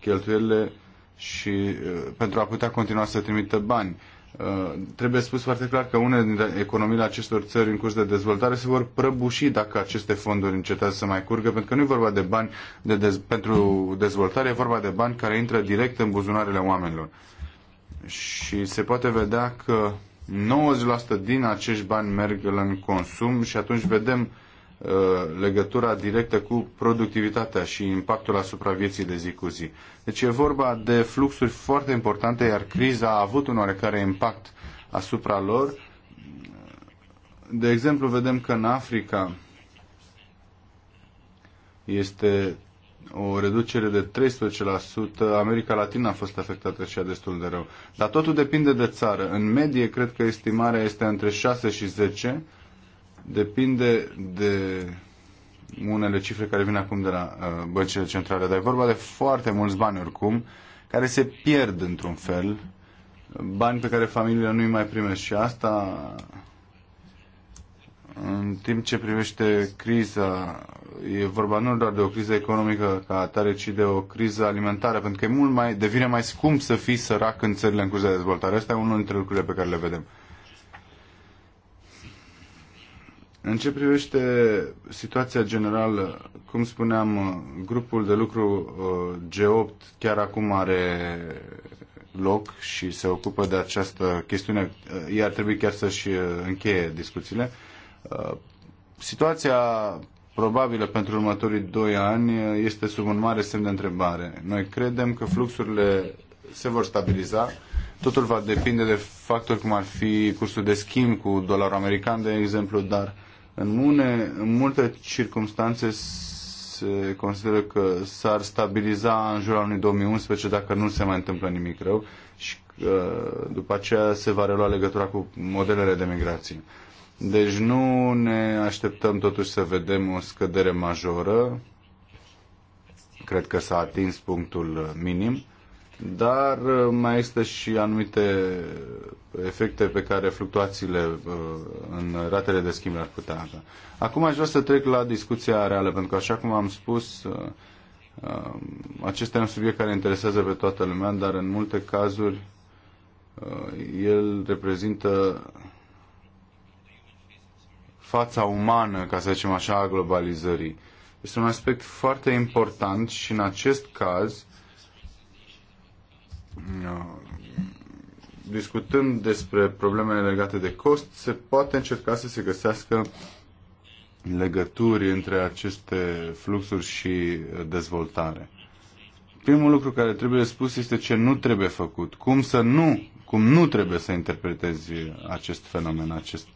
S4: cheltuielile și uh, pentru a putea continua să trimită bani. Uh, trebuie spus foarte clar că unele din economiile acestor țări în curs de dezvoltare se vor prăbuși dacă aceste fonduri încetează să mai curgă, pentru că nu e vorba de bani de dez- pentru dezvoltare, e vorba de bani care intră direct în buzunarele oamenilor. Și se poate vedea că 90% din acești bani merg în consum și atunci vedem uh, Uh, legătura directă cu productivitatea și impactul asupra vieții de zi cu zi. Deci e vorba de fluxuri foarte importante, iar criza a avut un oarecare impact asupra lor. De exemplu, vedem că în Africa este o reducere de 13%, America Latina a fost afectată și a destul de rău. Dar totul depinde de țară. În medie, cred că estimarea este între 6 și 10 depinde de unele cifre care vin acum de la uh, băncile centrale, dar e vorba de foarte mulți bani oricum, care se pierd într-un fel, bani pe care familiile nu-i mai primesc și asta în timp ce privește criza, e vorba nu doar de o criză economică ca atare, ci de o criză alimentară, pentru că e mult mai, devine mai scump să fii sărac în țările în curs de dezvoltare. Asta e unul dintre lucrurile pe care le vedem. În ce privește situația generală, cum spuneam, grupul de lucru uh, G8 chiar acum are loc și se ocupă de această chestiune. Iar uh, trebuie chiar să-și uh, încheie discuțiile. Situația probabilă pentru următorii doi ani este sub un mare semn de întrebare. Noi credem că fluxurile se vor stabiliza. Totul va depinde de factori cum ar fi cursul de schimb cu dolarul american, de exemplu, dar în, mune, în multe circunstanțe se consideră că s-ar stabiliza în jurul anului 2011 dacă nu se mai întâmplă nimic rău și uh, după aceea se va relua legătura cu modelele de migrație. Deci nu ne așteptăm totuși să vedem o scădere majoră. Cred că s-a atins punctul minim dar uh, mai există și anumite efecte pe care fluctuațiile uh, în ratele de schimb ar putea avea. Acum aș vrea să trec la discuția reală, pentru că, așa cum am spus, uh, acesta e un subiect care interesează pe toată lumea, dar în multe cazuri el reprezintă fața umană, ca să zicem așa, a globalizării. Este un aspect foarte important și în acest caz discutând despre problemele legate de cost, se poate încerca să se găsească legături între aceste fluxuri și dezvoltare. Primul lucru care trebuie spus este ce nu trebuie făcut, cum să nu, cum nu trebuie să interpretezi acest fenomen, acest,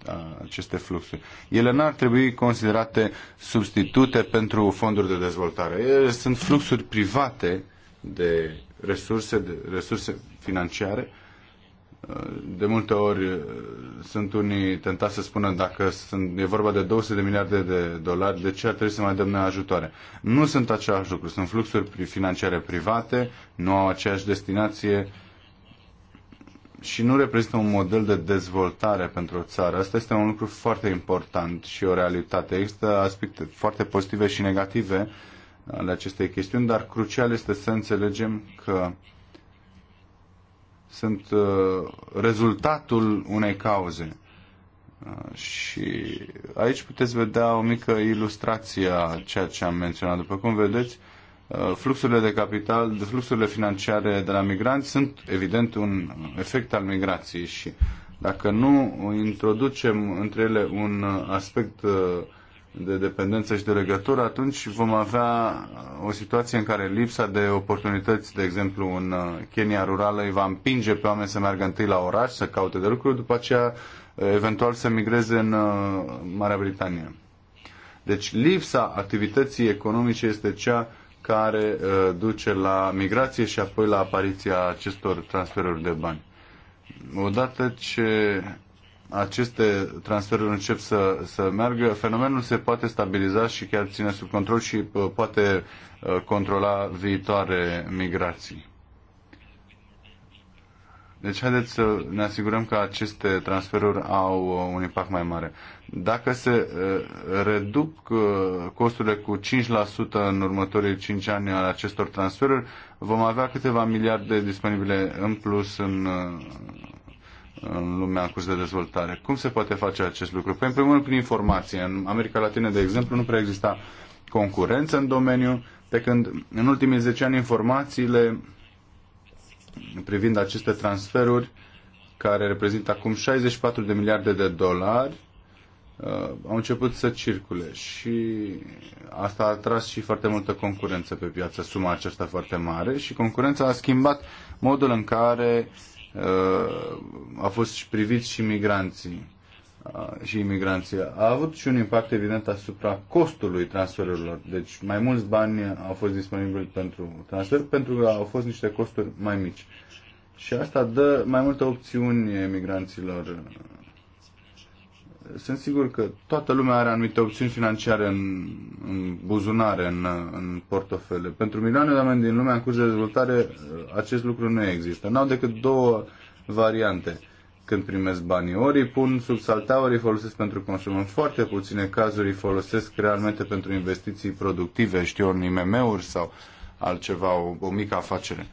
S4: aceste fluxuri. Ele n-ar trebui considerate substitute pentru fonduri de dezvoltare. Ele sunt fluxuri private de resurse, de, resurse financiare. De multe ori uh, sunt unii tentați să spună dacă sunt, e vorba de 200 de miliarde de dolari, de ce ar trebui să mai dăm noi ajutoare? Nu sunt același lucru. Sunt fluxuri financiare private, nu au aceeași destinație și nu reprezintă un model de dezvoltare pentru o țară. Asta este un lucru foarte important și o realitate. Există aspecte foarte pozitive și negative ale acestei chestiuni, dar crucial este să înțelegem că sunt uh, rezultatul unei cauze. Uh, și aici puteți vedea o mică ilustrație a ceea ce am menționat. După cum vedeți, uh, fluxurile de capital, fluxurile financiare de la migranți sunt evident un efect al migrației și dacă nu introducem între ele un aspect de dependență și de legătură, atunci vom avea uh, o situație în care lipsa de oportunități, de exemplu, în uh, Kenya rurală, îi va împinge pe oameni să meargă întâi la oraș, să caute de lucru, după aceea uh, eventual să migreze în Marea Britanie. Deci lipsa activității economice este cea care duce la migrație și apoi la apariția acestor transferuri de bani. Odată ce aceste transferuri încep să, să meargă, fenomenul se poate stabiliza și chiar ține sub control și uh, poate uh, controla viitoare migrații. Deci haideți să ne asigurăm că aceste transferuri au uh, un impact mai mare. Dacă se reduc costurile cu 5% în următorii 5 ani ale acestor transferuri, vom avea câteva miliarde disponibile în plus în în lumea în curs de dezvoltare. Cum se poate face acest lucru? Păi, în primul rând, prin informație. În America Latină, de exemplu, nu prea exista concurență în domeniu, pe când în ultimii 10 ani informațiile privind aceste transferuri, care reprezintă acum 64 de miliarde de dolari, uh, au început să circule și asta a atras și foarte multă concurență pe piață, suma aceasta foarte mare și concurența a schimbat modul în care Uh, a fost și priviți și migranții uh, și imigranții. A avut și un impact evident asupra costului transferurilor. Deci mai mulți bani au fost disponibili pentru transfer pentru că au fost niște costuri mai mici. Și asta dă mai multe opțiuni emigranților uh, sunt sigur că toată lumea are anumite opțiuni financiare în, în buzunare, în, în portofele. Pentru milioane de oameni din lumea în curs de dezvoltare, acest lucru nu există. N-au decât două variante când primesc banii. Ori îi pun sub saltea, ori îi folosesc pentru consum. În foarte puține cazuri îi folosesc realmente pentru investiții productive, știu, în IMM-uri sau altceva, o, o mică afacere.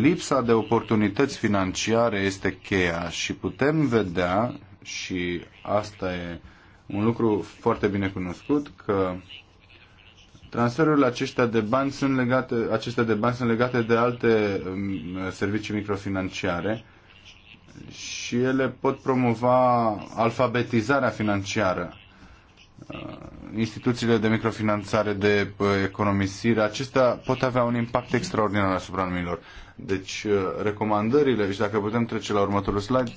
S4: Lipsa de oportunități financiare este cheia și putem vedea și asta e un lucru foarte bine cunoscut, că transferurile acestea de bani sunt legate, acestea de bani sunt legate de alte um, servicii microfinanciare și ele pot promova alfabetizarea financiară uh, instituțiile de microfinanțare, de uh, economisire, acestea pot avea un impact extraordinar asupra anumilor. Deci, uh, recomandările, și dacă putem trece la următorul slide,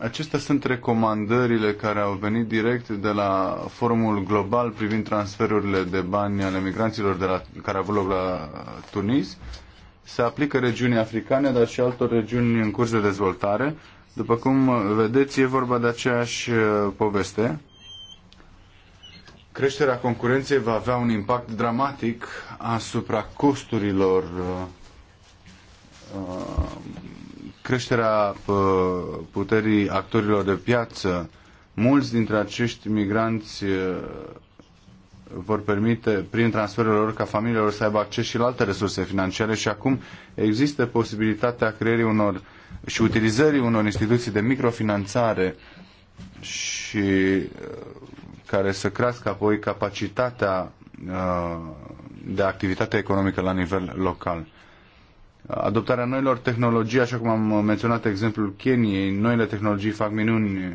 S4: Acestea sunt recomandările care au venit direct de la forumul global privind transferurile de bani ale migranților de la, care au avut loc la Tunis. Se aplică regiunii africane, dar și altor regiuni în curs de dezvoltare. După cum vedeți, e vorba de aceeași uh, poveste. Creșterea concurenței va avea un impact dramatic asupra costurilor uh, uh creșterea uh, puterii actorilor de piață. Mulți dintre acești migranți uh, vor permite, prin transferul lor, ca familiilor să aibă acces și la alte resurse financiare și acum există posibilitatea creierii unor și utilizării unor instituții de microfinanțare și uh, care să crească apoi capacitatea de activitate economică la nivel local adoptarea noilor tehnologii, așa cum am menționat exemplul Keniei, noile tehnologii fac minuni.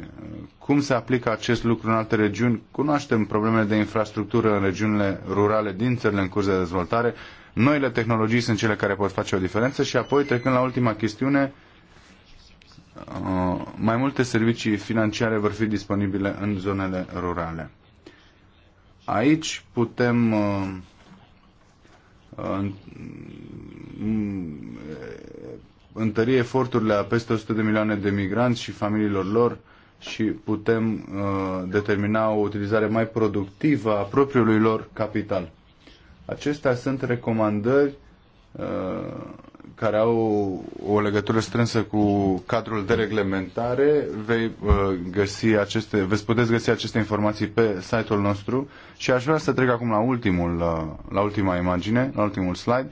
S4: Cum se aplică acest lucru în alte regiuni? Cunoaștem problemele de infrastructură în regiunile rurale din țările în curs de dezvoltare. Noile tehnologii sunt cele care pot face o diferență și apoi, trecând la ultima chestiune, uh, mai multe servicii financiare vor fi disponibile în zonele rurale. Aici putem uh, întări eforturile a peste 100 de milioane de migranți și familiilor lor și putem uh, determina o utilizare mai productivă a propriului lor capital. Acestea sunt recomandări uh, care au o legătură strânsă cu cadrul de reglementare, vei, uh, găsi aceste, veți puteți găsi aceste informații pe site-ul nostru și aș vrea să trec acum la, ultimul, uh, la ultima imagine, la ultimul slide.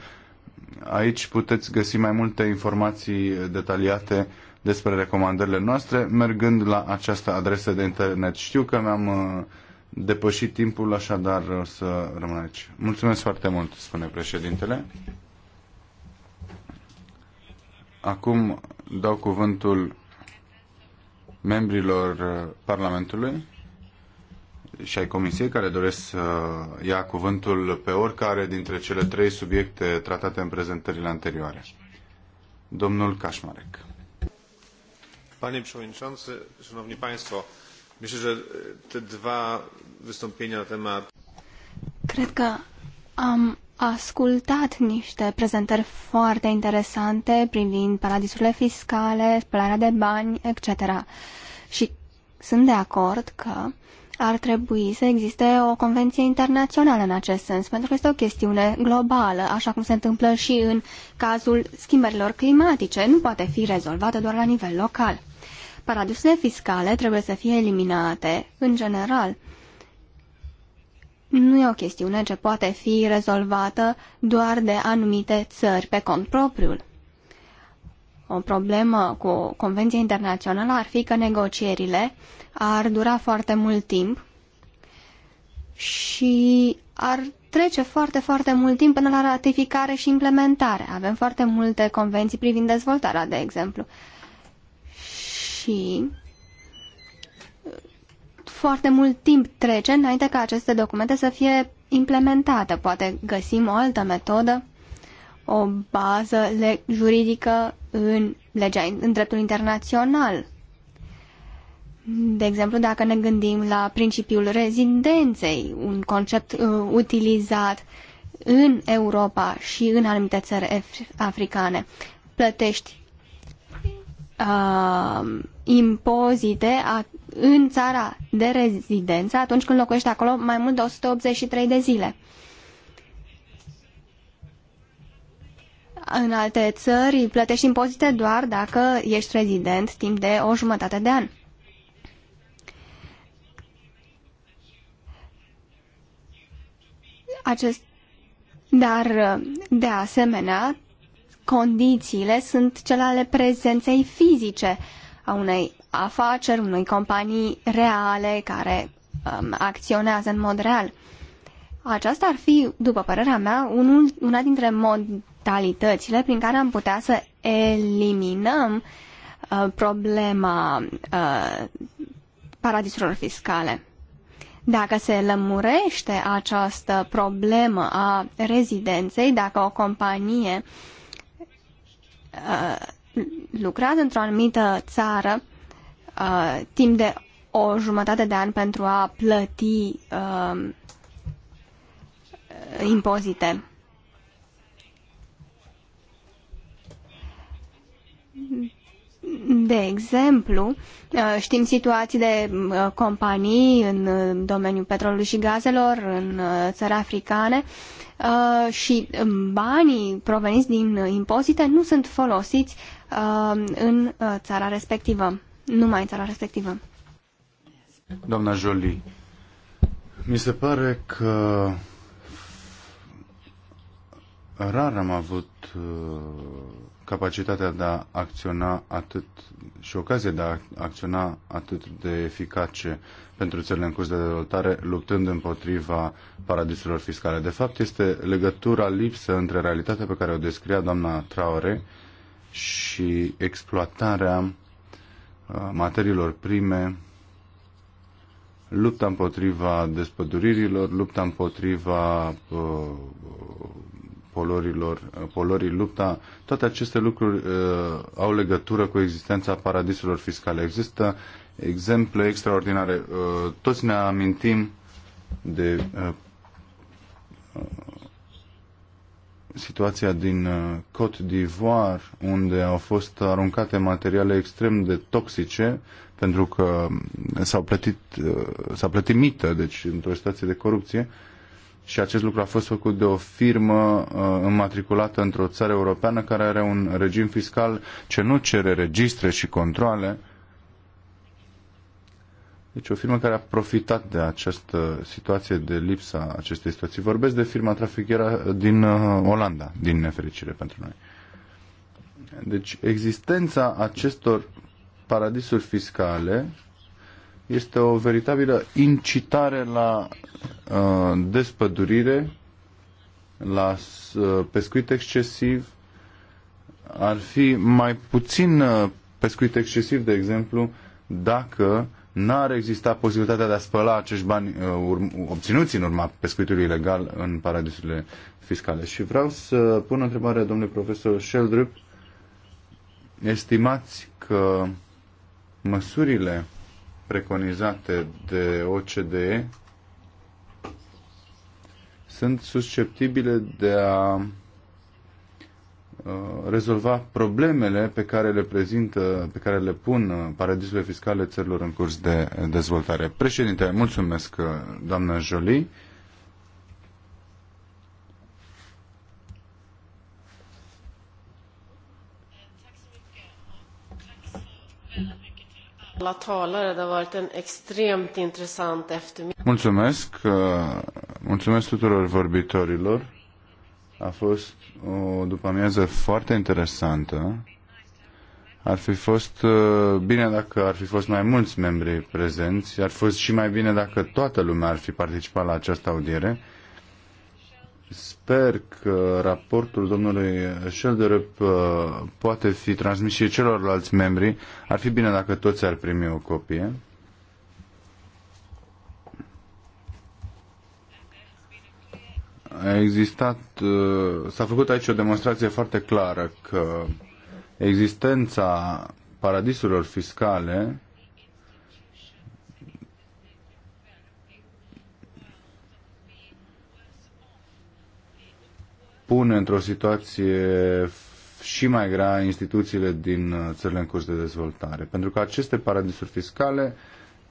S4: Aici puteți găsi mai multe informații detaliate despre recomandările noastre, mergând la această adresă de internet. Știu că mi-am uh, depășit timpul, așadar o să rămân aici. Mulțumesc foarte mult, spune președintele. Acum dau cuvântul membrilor uh, Parlamentului și ai Comisiei care doresc să uh, ia cuvântul pe oricare dintre cele trei subiecte tratate în prezentările anterioare. Domnul Kaczmarek. Panie Przewodniczący, Szanowni Państwo, myślę, że te dwa wystąpienia na temat...
S5: Cred că am ascultat niște prezentări foarte interesante privind paradisurile fiscale, spălarea de bani, etc. Și sunt de acord că ar trebui să existe o convenție internațională în acest sens, pentru că este o chestiune globală, așa cum se întâmplă și în cazul schimbărilor climatice, nu poate fi rezolvată doar la nivel local. Paradisurile fiscale trebuie să fie eliminate în general nu e o chestiune ce poate fi rezolvată doar de anumite țări pe cont propriul. O problemă cu Convenția Internațională ar fi că negocierile ar dura foarte mult timp și ar trece foarte, foarte mult timp până la ratificare și implementare. Avem foarte multe convenții privind dezvoltarea, de exemplu. Și foarte mult timp trece înainte ca aceste documente să fie implementate. Poate găsim o altă metodă, o bază juridică în, legea, în dreptul internațional. De exemplu, dacă ne gândim la principiul rezidenței, un concept uh, utilizat în Europa și în anumite țări africane, plătești uh, impozite a, în țara de rezidență atunci când locuiește acolo mai mult de 183 de zile. În alte țări plătești impozite doar dacă ești rezident timp de o jumătate de an. Acest, dar, de asemenea, condițiile sunt cele ale prezenței fizice a unei afaceri, unei companii reale care um, acționează în mod real. Aceasta ar fi, după părerea mea, unul, una dintre modalitățile prin care am putea să eliminăm uh, problema uh, paradisurilor fiscale. Dacă se lămurește această problemă a rezidenței, dacă o companie uh, lucrat într-o anumită țară uh, timp de o jumătate de an pentru a plăti uh, impozite. De exemplu, uh, știm situații de uh, companii în uh, domeniul petrolului și gazelor, în țări africane și banii proveniți din impozite nu sunt folosiți Uh, în uh, țara respectivă, numai în țara respectivă.
S4: Doamna Jolie, mi se pare că rar am avut uh, capacitatea de a acționa atât și ocazia de a acționa atât de eficace pentru țările în curs de dezvoltare, luptând împotriva paradisurilor fiscale. De fapt, este legătura lipsă între realitatea pe care o descria doamna Traore și exploatarea uh, materiilor prime, lupta împotriva despăduririlor, lupta împotriva uh, polorilor, uh, polorii, lupta, toate aceste lucruri uh, au legătură cu existența paradisurilor fiscale. Există exemple extraordinare. Uh, toți ne amintim de uh, situația din uh, Côte d'Ivoire, unde au fost aruncate materiale extrem de toxice, pentru că s-au plătit, uh, s-a plătit mită, deci într-o situație de corupție, și acest lucru a fost făcut de o firmă uh, înmatriculată într-o țară europeană care are un regim fiscal ce nu cere registre și controle uh, deci o firmă care a profitat de această situație, de lipsa acestei situații. Vorbesc de firma traficheră din uh, Olanda, din nefericire pentru noi. Deci existența acestor paradisuri fiscale este o veritabilă incitare la uh, despădurire, la uh, pescuit excesiv. Ar fi mai puțin uh, pescuit excesiv, de exemplu, dacă uh, n-ar exista posibilitatea de a spăla acești bani uh, obținuți în urma pescuitului ilegal în paradisurile fiscale. Și vreau să pun o întrebare domnului profesor Sheldrup. Estimați că măsurile preconizate de OCDE sunt susceptibile de a Uh, rezolva problemele pe care le prezintă, pe care le pun uh, paradisurile fiscale țărilor în curs de dezvoltare. Președinte, mulțumesc, uh, doamnă Jolie. La talare. a fost un extrem extremt interesant. eftermiddag. Mulțumesc. Mulțumesc tuturor vorbitorilor. A fost o după-amiază foarte interesantă. Ar fi fost uh, bine dacă ar fi fost mai mulți membri prezenți, ar fi fost și mai bine dacă toată lumea ar fi participat la această audiere. Sper că raportul domnului Schelderup uh, poate fi transmis și celorlalți membri. Ar fi bine dacă toți ar primi o copie. a existat, uh, s-a făcut aici o demonstrație foarte clară că existența paradisurilor fiscale pune într-o situație și mai grea instituțiile din uh, țările în curs de dezvoltare. Pentru că aceste paradisuri fiscale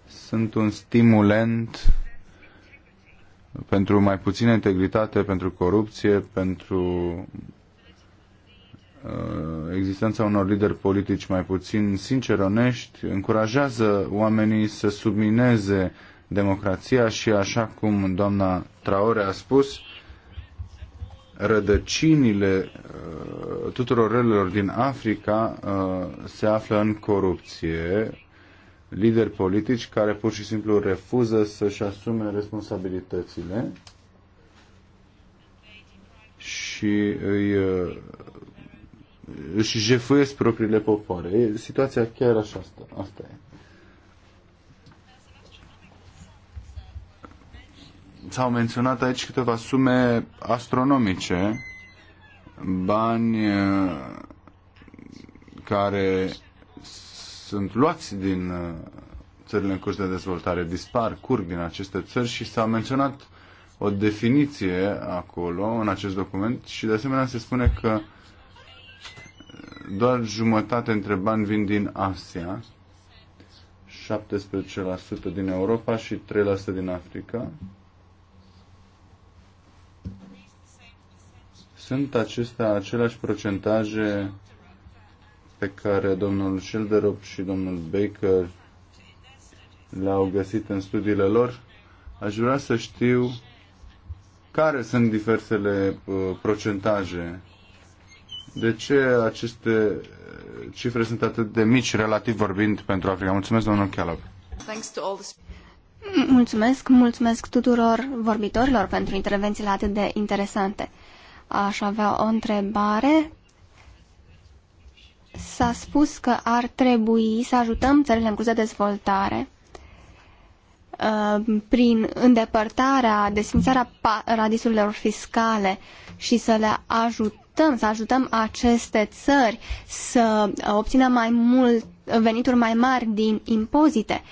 S4: sunt un stimulent pentru mai puțină integritate, pentru corupție, pentru uh, existența unor lideri politici mai puțin sinceri, onești, încurajează oamenii să submineze democrația și, așa cum doamna Traore a spus, rădăcinile uh, tuturor relelor din Africa uh, se află în corupție, lideri politici care pur și simplu refuză să-și asume responsabilitățile și îi, uh, își jefuiesc propriile popoare. E situația chiar așa asta, asta e. S-au menționat aici câteva sume astronomice, bani uh, care sunt luați din uh, țările în curs de dezvoltare, dispar, curg din aceste țări și s-a menționat o definiție acolo, în acest document, și de asemenea se spune că uh, doar jumătate între bani vin din Asia, 17% din Europa și 3% din Africa. Sunt acestea aceleași procentaje pe care domnul Schilderup și domnul Baker le-au găsit în studiile lor, aș vrea să știu care sunt diversele uh, procentaje. De ce aceste uh, cifre sunt atât de mici, relativ vorbind, pentru Africa? Mulțumesc, domnul Chalab.
S5: Mulțumesc, mulțumesc tuturor vorbitorilor pentru intervențiile atât de interesante. Aș avea o întrebare s-a spus că ar trebui să ajutăm țările în curs de dezvoltare uh, prin îndepărtarea, desfințarea paradisurilor fiscale și să le ajutăm, să ajutăm aceste țări să obțină mai mult venituri mai mari din impozite.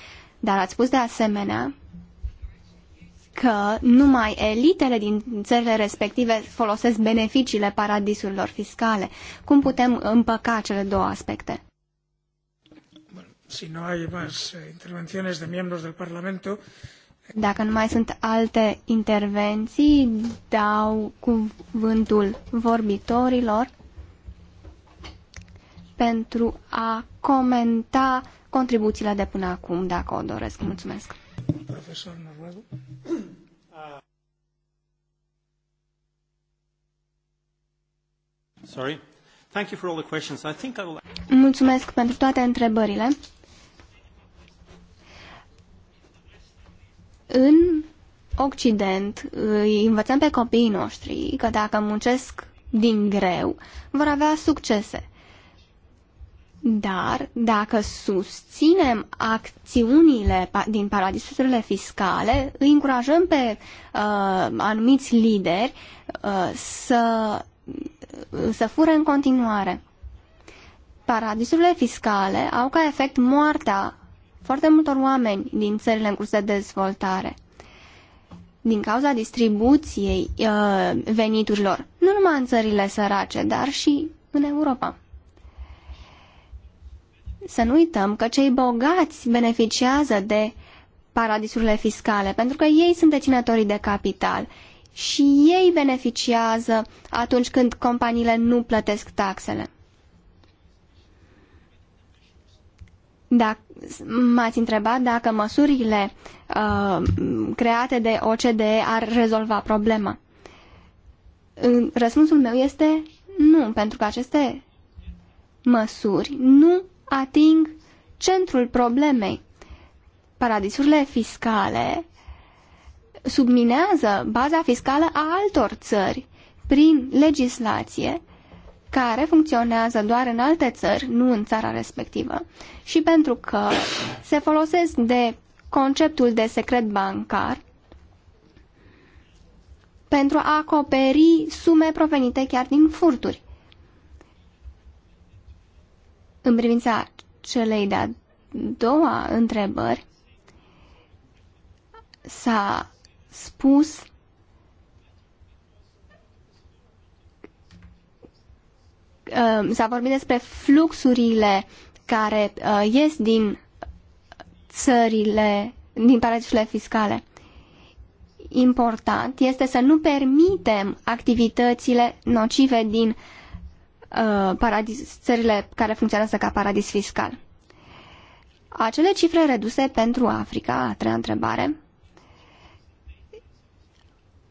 S5: Dar ați spus de asemenea că numai elitele din țările respective folosesc beneficiile paradisurilor fiscale. Cum putem împăca cele două aspecte? Eh, dacă nu mai sunt alte intervenții, dau cuvântul vorbitorilor pentru a comenta contribuțiile de până acum, dacă o doresc. Mulțumesc.
S1: Profesor sorry. Thank you for all the questions. I think I will...
S5: Mulțumesc pentru toate întrebările. În Occident îi învățăm pe copiii noștri că dacă muncesc din greu, vor avea succese. Dar dacă susținem acțiunile din paradisurile fiscale, îi încurajăm pe uh, anumiți lideri uh, să, să fure în continuare. Paradisurile fiscale au ca efect moartea foarte multor oameni din țările în curs de dezvoltare din cauza distribuției uh, veniturilor, nu numai în țările sărace, dar și în Europa să nu uităm că cei bogați beneficiază de paradisurile fiscale, pentru că ei sunt deținătorii de capital și ei beneficiază atunci când companiile nu plătesc taxele. Da, m-ați întrebat dacă măsurile uh, create de OCDE ar rezolva problema. Răspunsul meu este nu, pentru că aceste măsuri nu ating centrul problemei. Paradisurile fiscale subminează baza fiscală a altor țări prin legislație care funcționează doar în alte țări, nu în țara respectivă, și pentru că se folosesc de conceptul de secret bancar pentru a acoperi sume provenite chiar din furturi. În privința celei de-a doua întrebări, s-a spus uh, s-a vorbit despre fluxurile care uh, ies din țările, din paradisurile fiscale. Important este să nu permitem activitățile nocive din uh, Uh, paradis, țările care funcționează ca paradis fiscal. Acele cifre reduse pentru Africa, a treia întrebare,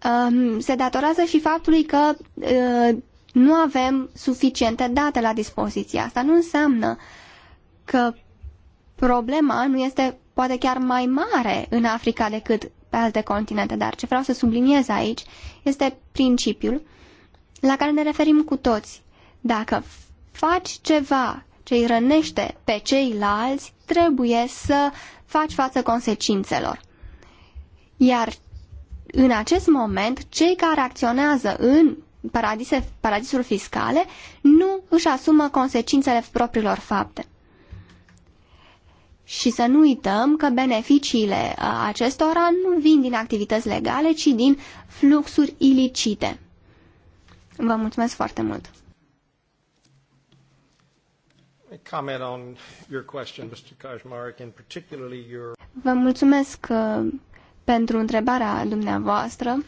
S5: um, se datorează și faptului că uh, nu avem suficiente date la dispoziție. Asta nu înseamnă că problema nu este poate chiar mai mare în Africa decât pe alte continente, dar ce vreau să subliniez aici este principiul la care ne referim cu toți. Dacă faci ceva ce îi rănește pe ceilalți, trebuie să faci față consecințelor. Iar în acest moment, cei care acționează în paradise, paradisuri fiscale nu își asumă consecințele propriilor fapte. Și să nu uităm că beneficiile acestora nu vin din activități legale, ci din fluxuri ilicite. Vă mulțumesc foarte mult!
S1: comment on your question, Mr. Kajmarek, and particularly your...
S5: Vă mulțumesc uh, pentru întrebarea dumneavoastră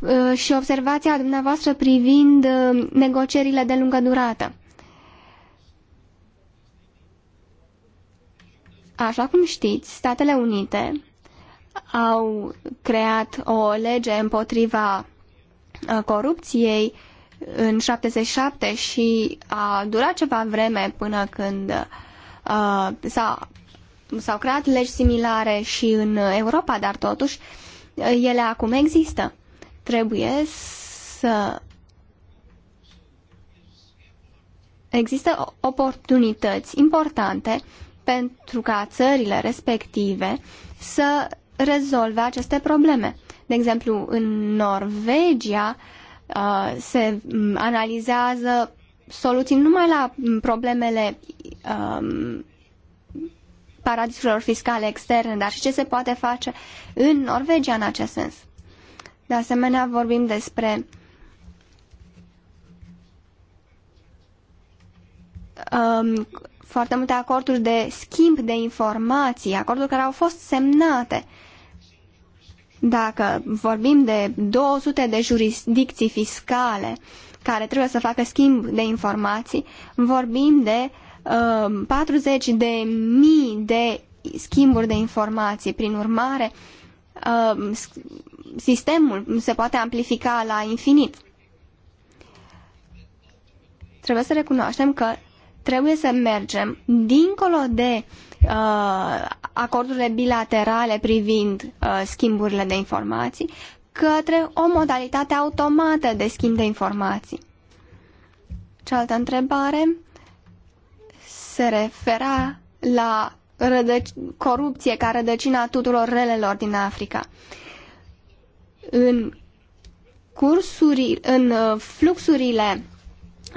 S5: uh, și observația dumneavoastră privind uh, negocierile de lungă durată. Așa cum știți, Statele Unite au creat o lege împotriva uh, corupției în 77 și a durat ceva vreme până când uh, s-a, s-au creat legi similare și în Europa, dar totuși uh, ele acum există. Trebuie să există oportunități importante pentru ca țările respective să rezolve aceste probleme. De exemplu, în Norvegia uh, Uh, se mm, analizează soluții numai la mm, problemele um, paradisurilor fiscale externe, dar și ce se poate face în Norvegia în acest sens. De asemenea, vorbim despre um, foarte multe acorduri de schimb de informații, acorduri care au fost semnate uh, dacă vorbim de 200 de jurisdicții fiscale care trebuie să facă schimb de informații, vorbim de uh, 40 de mii de schimburi de informații. Prin urmare, uh, sistemul se poate amplifica la infinit. Trebuie să recunoaștem că Trebuie să mergem dincolo de uh, acordurile bilaterale privind uh, schimburile de informații către o modalitate automată de schimb de informații. Cealaltă întrebare se refera la corupție ca rădăcina tuturor relelor din Africa. În cursuri, în uh, fluxurile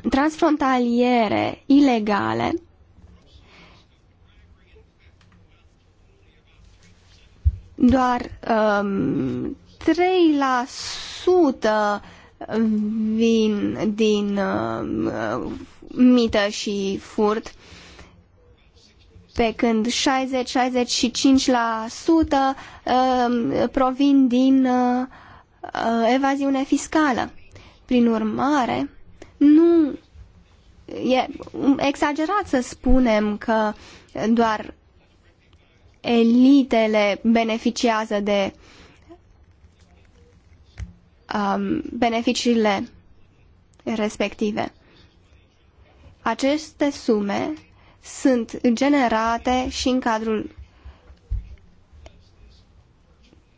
S5: transfrontaliere ilegale doar um, 3% vin din uh, mită și furt, pe când 60-65% uh, um, provin din uh, evaziune fiscală. Prin urmare, nu e exagerat să spunem că doar elitele beneficiază de um, beneficiile respective. Aceste sume sunt generate și în cadrul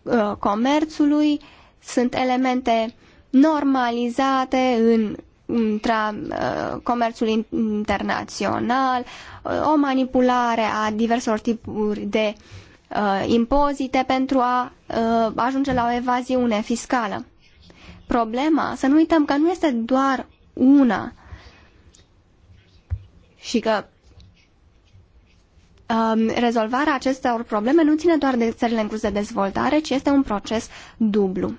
S5: uh, comerțului, sunt elemente normalizate în intra uh, comerțul internațional, uh, o manipulare a diverselor tipuri de uh, impozite pentru a ajunge la o evaziune fiscală. Problema, să nu uităm că nu este doar una și că um, rezolvarea acestor probleme nu ține doar de țările în curs de dezvoltare, ci este un proces dublu.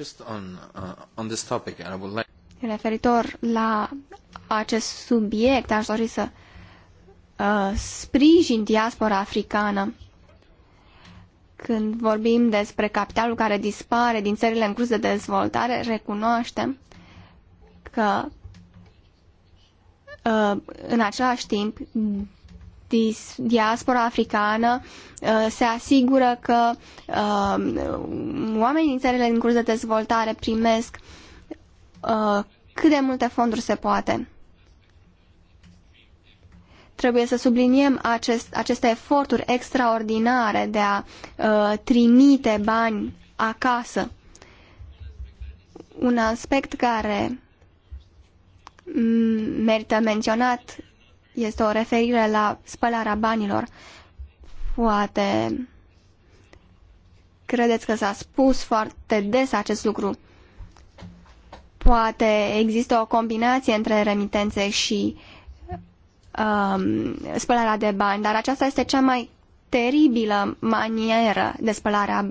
S3: Just on, uh, on this topic, I would like...
S5: Referitor la acest subiect, aș dori să uh, sprijin diaspora africană. Când vorbim despre capitalul care dispare din țările în curs de dezvoltare, recunoaștem că uh, în același timp diaspora africană uh, se asigură că uh, oamenii din țările în curs de dezvoltare primesc uh, cât de multe fonduri se poate. Trebuie să subliniem acest, aceste eforturi extraordinare de a trimite bani acasă. Un aspect care merită menționat este o referire la spălarea banilor. Poate credeți că s-a spus foarte des acest lucru. Poate există o combinație între remitențe și um, spălarea de bani, dar aceasta este cea mai teribilă manieră de spălare a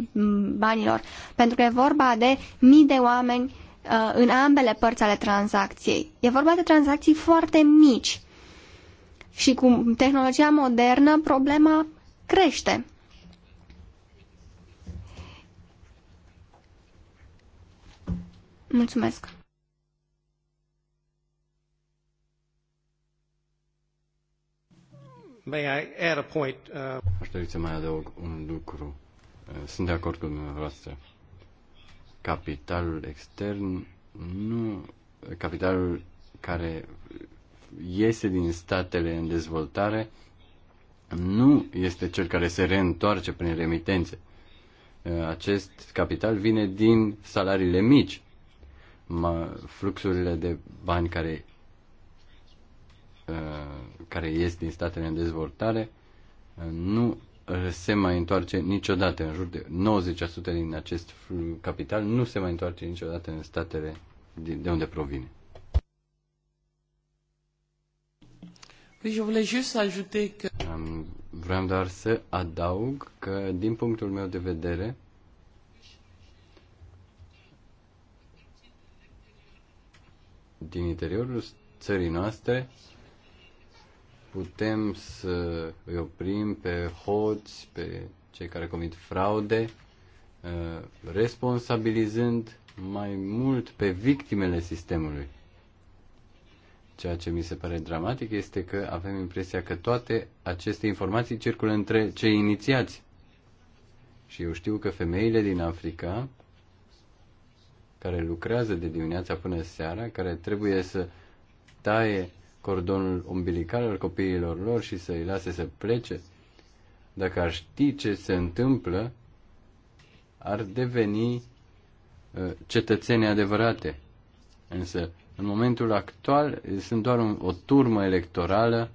S5: banilor, pentru că e vorba de mii de oameni uh, în ambele părți ale tranzacției. E vorba de tranzacții foarte mici. Și cu tehnologia modernă problema crește. Mulțumesc!
S1: May I add a point, uh, Aș dori să mai adaug un lucru.
S3: Uh, sunt de acord cu dumneavoastră. Capitalul extern nu. Capitalul care iese din statele în dezvoltare nu este cel care se reîntoarce prin remitențe. Acest capital vine din salariile mici, fluxurile de bani care, uh, care ies din statele în dezvoltare uh, nu uh, se mai întoarce niciodată, în jur de 90% din acest capital nu se mai întoarce niciodată în statele de unde provine. Păi vreau doar să adaug că, din punctul meu de vedere, din interiorul țării noastre putem să îi oprim pe hoți, pe cei care comit fraude, uh, responsabilizând mai mult pe victimele sistemului. Ceea ce mi se pare dramatic este că avem impresia că toate aceste informații circulă între cei inițiați. Și eu știu că femeile din Africa care lucrează de dimineața până seara, care trebuie să taie cordonul umbilical al copiilor lor și să-i lase să plece, dacă ar ști ce se întâmplă, ar deveni uh, cetățeni adevărate. Însă în momentul actual sunt doar un, o turmă electorală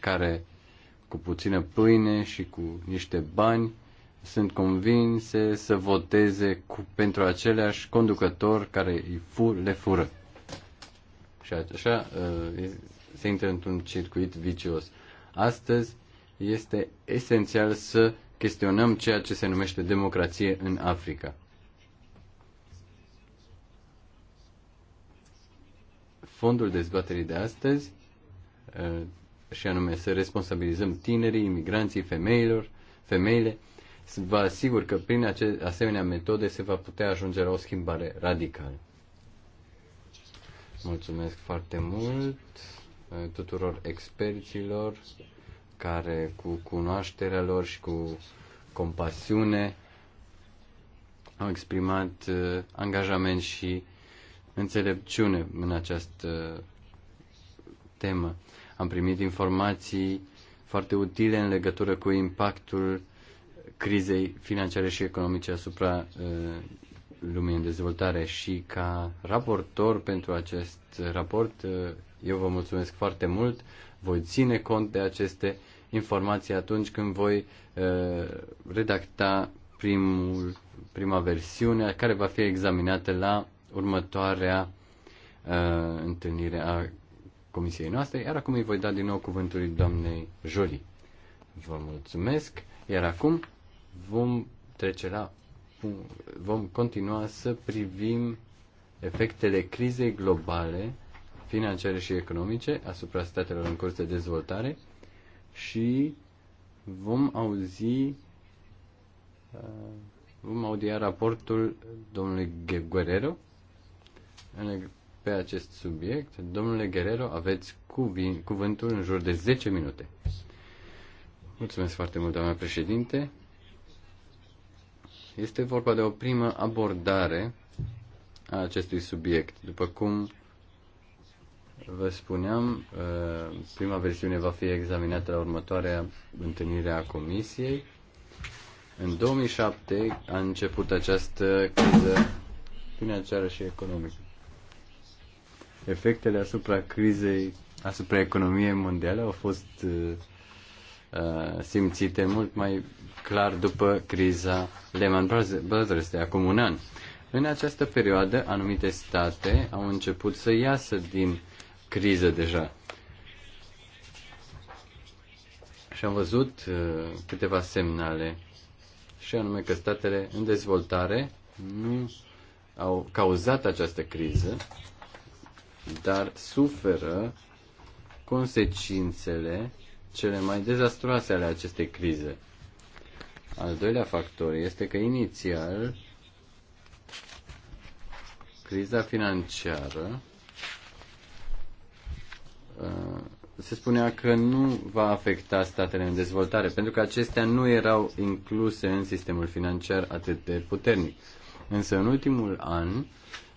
S3: care cu puțină pâine și cu niște bani sunt convinse să voteze cu, pentru aceleași conducător care îi fur, le fură. Și așa uh, se intră într-un circuit vicios. Astăzi este esențial să chestionăm ceea ce se numește democrație în Africa. fondul dezbaterii de astăzi, uh, și anume să responsabilizăm tinerii, imigranții, femeilor, femeile, vă asigur că prin ace- asemenea metode se va putea ajunge la o schimbare radicală. Mulțumesc foarte mult uh, tuturor experților care cu cunoașterea lor și cu compasiune au exprimat uh, angajament și înțelepciune în această temă. Am primit informații foarte utile în legătură cu impactul crizei financiare și economice asupra uh, lumii în dezvoltare și ca raportor pentru acest raport, uh, eu vă mulțumesc foarte mult. Voi ține cont de aceste informații atunci când voi uh, redacta primul, prima versiune care va fi examinată la următoarea uh, întâlnire a comisiei noastre, iar acum îi voi da din nou cuvântul doamnei Jolie. Vă mulțumesc, iar acum vom trece la vom continua să privim efectele crizei globale, financiare și economice asupra statelor în curs de dezvoltare și vom auzi uh, vom audia raportul domnului Guerrero pe acest subiect. Domnule Guerrero, aveți cuvântul în jur de 10 minute. Mulțumesc foarte mult, doamna președinte. Este vorba de o primă abordare a acestui subiect. După cum vă spuneam, uh, prima versiune va fi examinată la următoarea întâlnire a Comisiei. În 2007 a început această criză financiară și economică. Efectele asupra crizei, asupra economiei mondiale au fost uh, uh simțite mult mai clar după criza Lehman Brothers de acum un an. În această perioadă, anumite state au început să iasă din criză deja. Și am văzut uh, câteva semnale, și anume că statele în dezvoltare nu au cauzat această criză, dar suferă consecințele cele mai dezastruoase ale acestei crize. Al doilea factor este că inițial criza financiară uh, se spunea că nu va afecta statele în dezvoltare, pentru că acestea nu erau incluse în sistemul financiar atât de puternic. Însă în ultimul an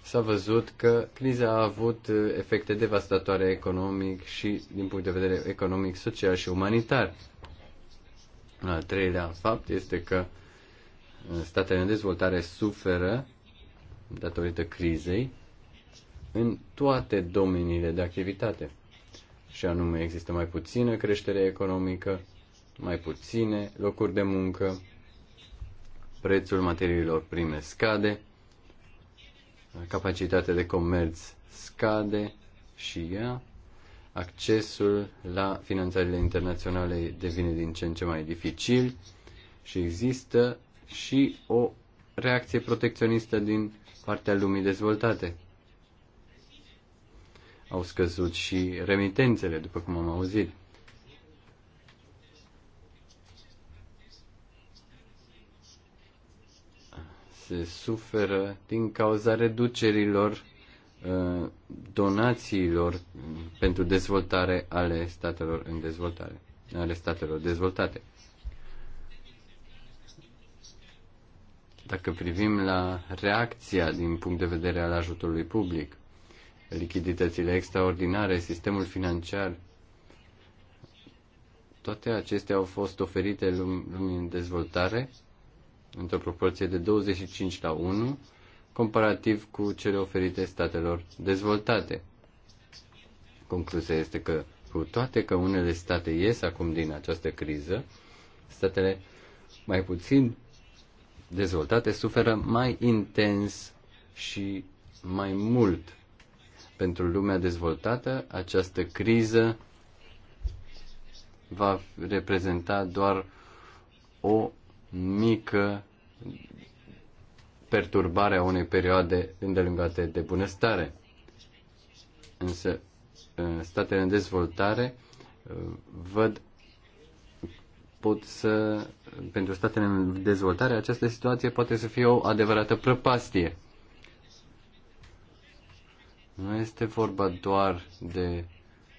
S3: s-a văzut că criza a avut uh, efecte devastatoare economic și din punct de vedere economic, social și umanitar. Un al treilea fapt este că uh, statele în dezvoltare suferă datorită crizei în toate domeniile de activitate. Și anume există mai puțină creștere economică, mai puține locuri de muncă, prețul materiilor prime scade, capacitatea de comerț scade și ea, accesul la finanțările internaționale devine din ce în ce mai dificil și există și o reacție protecționistă din partea lumii dezvoltate. Au scăzut și remitențele, după cum am auzit. se suferă din cauza reducerilor uh, donațiilor pentru dezvoltare ale statelor în dezvoltare, ale statelor dezvoltate. Dacă privim la reacția din punct de vedere al ajutorului public, lichiditățile extraordinare, sistemul financiar, toate acestea au fost oferite lumii în dezvoltare într-o proporție de 25 la 1, comparativ cu cele oferite statelor dezvoltate. Concluzia este că, cu toate că unele state ies acum din această criză, statele mai puțin dezvoltate suferă mai intens și mai mult. Pentru lumea dezvoltată, această criză va reprezenta doar o mică perturbarea unei perioade îndelungate de bunăstare. Însă, statele în dezvoltare văd pot să, pentru statele în dezvoltare, această situație poate să fie o adevărată prăpastie. Nu este vorba doar de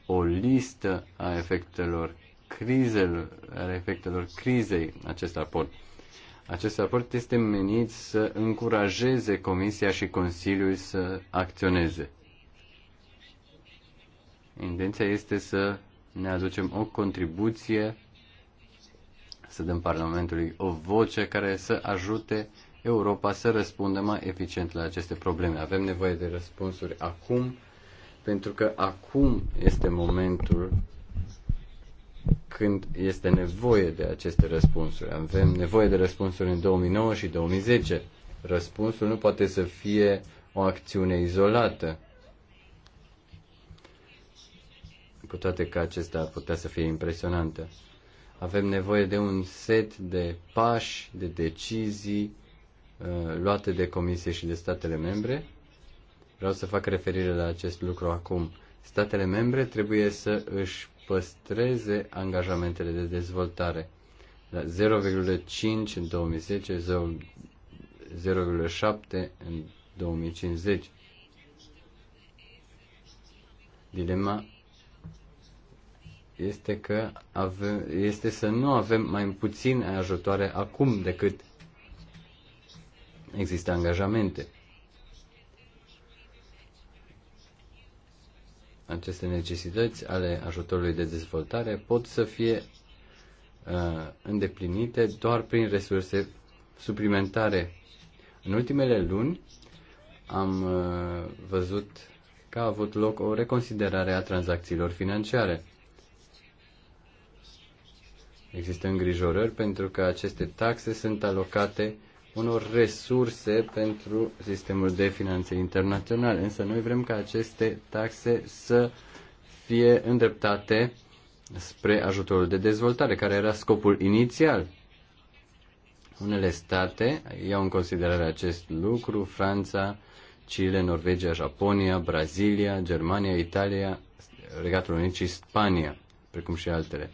S3: o listă a efectelor crizelor, a efectelor crizei acest raport. Acest raport este menit să încurajeze Comisia și Consiliul să acționeze. Intenția este să ne aducem o contribuție, să dăm Parlamentului o voce care să ajute Europa să răspundă mai eficient la aceste probleme. Avem nevoie de răspunsuri acum, pentru că acum este momentul când este nevoie de aceste răspunsuri. Avem nevoie de răspunsuri în 2009 și 2010. Răspunsul nu poate să fie o acțiune izolată. Cu toate că acesta ar putea să fie impresionantă. Avem nevoie de un set de pași, de decizii uh, luate de Comisie și de statele membre. Vreau să fac referire la acest lucru acum. Statele membre trebuie să își păstreze angajamentele de dezvoltare. La 0,5 în 2010, 0,7 în 2050. Dilema este că avem, este să nu avem mai puțin ajutoare acum decât există angajamente. aceste necesități ale ajutorului de dezvoltare pot să fie uh, îndeplinite doar prin resurse suplimentare. În ultimele luni am uh, văzut că a avut loc o reconsiderare a tranzacțiilor financiare. Există îngrijorări pentru că aceste taxe sunt alocate unor resurse pentru sistemul de finanțe internaționale. Însă noi vrem ca aceste taxe să fie îndreptate spre ajutorul de dezvoltare, care era scopul inițial. Unele state iau în considerare acest lucru, Franța, Chile, Norvegia, Japonia, Brazilia, Germania, Italia, Regatul Unit și Spania, precum și altele,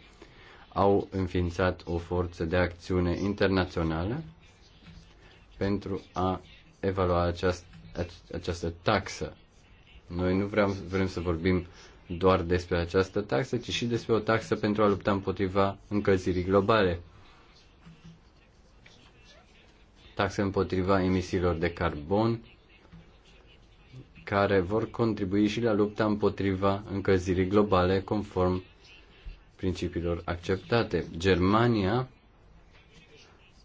S3: au înființat o forță de acțiune internațională pentru a evalua această, această taxă. Noi nu vrem, vrem să vorbim doar despre această taxă, ci și despre o taxă pentru a lupta împotriva încălzirii globale. Taxe împotriva emisiilor de carbon, care vor contribui și la lupta împotriva încălzirii globale conform principiilor acceptate. Germania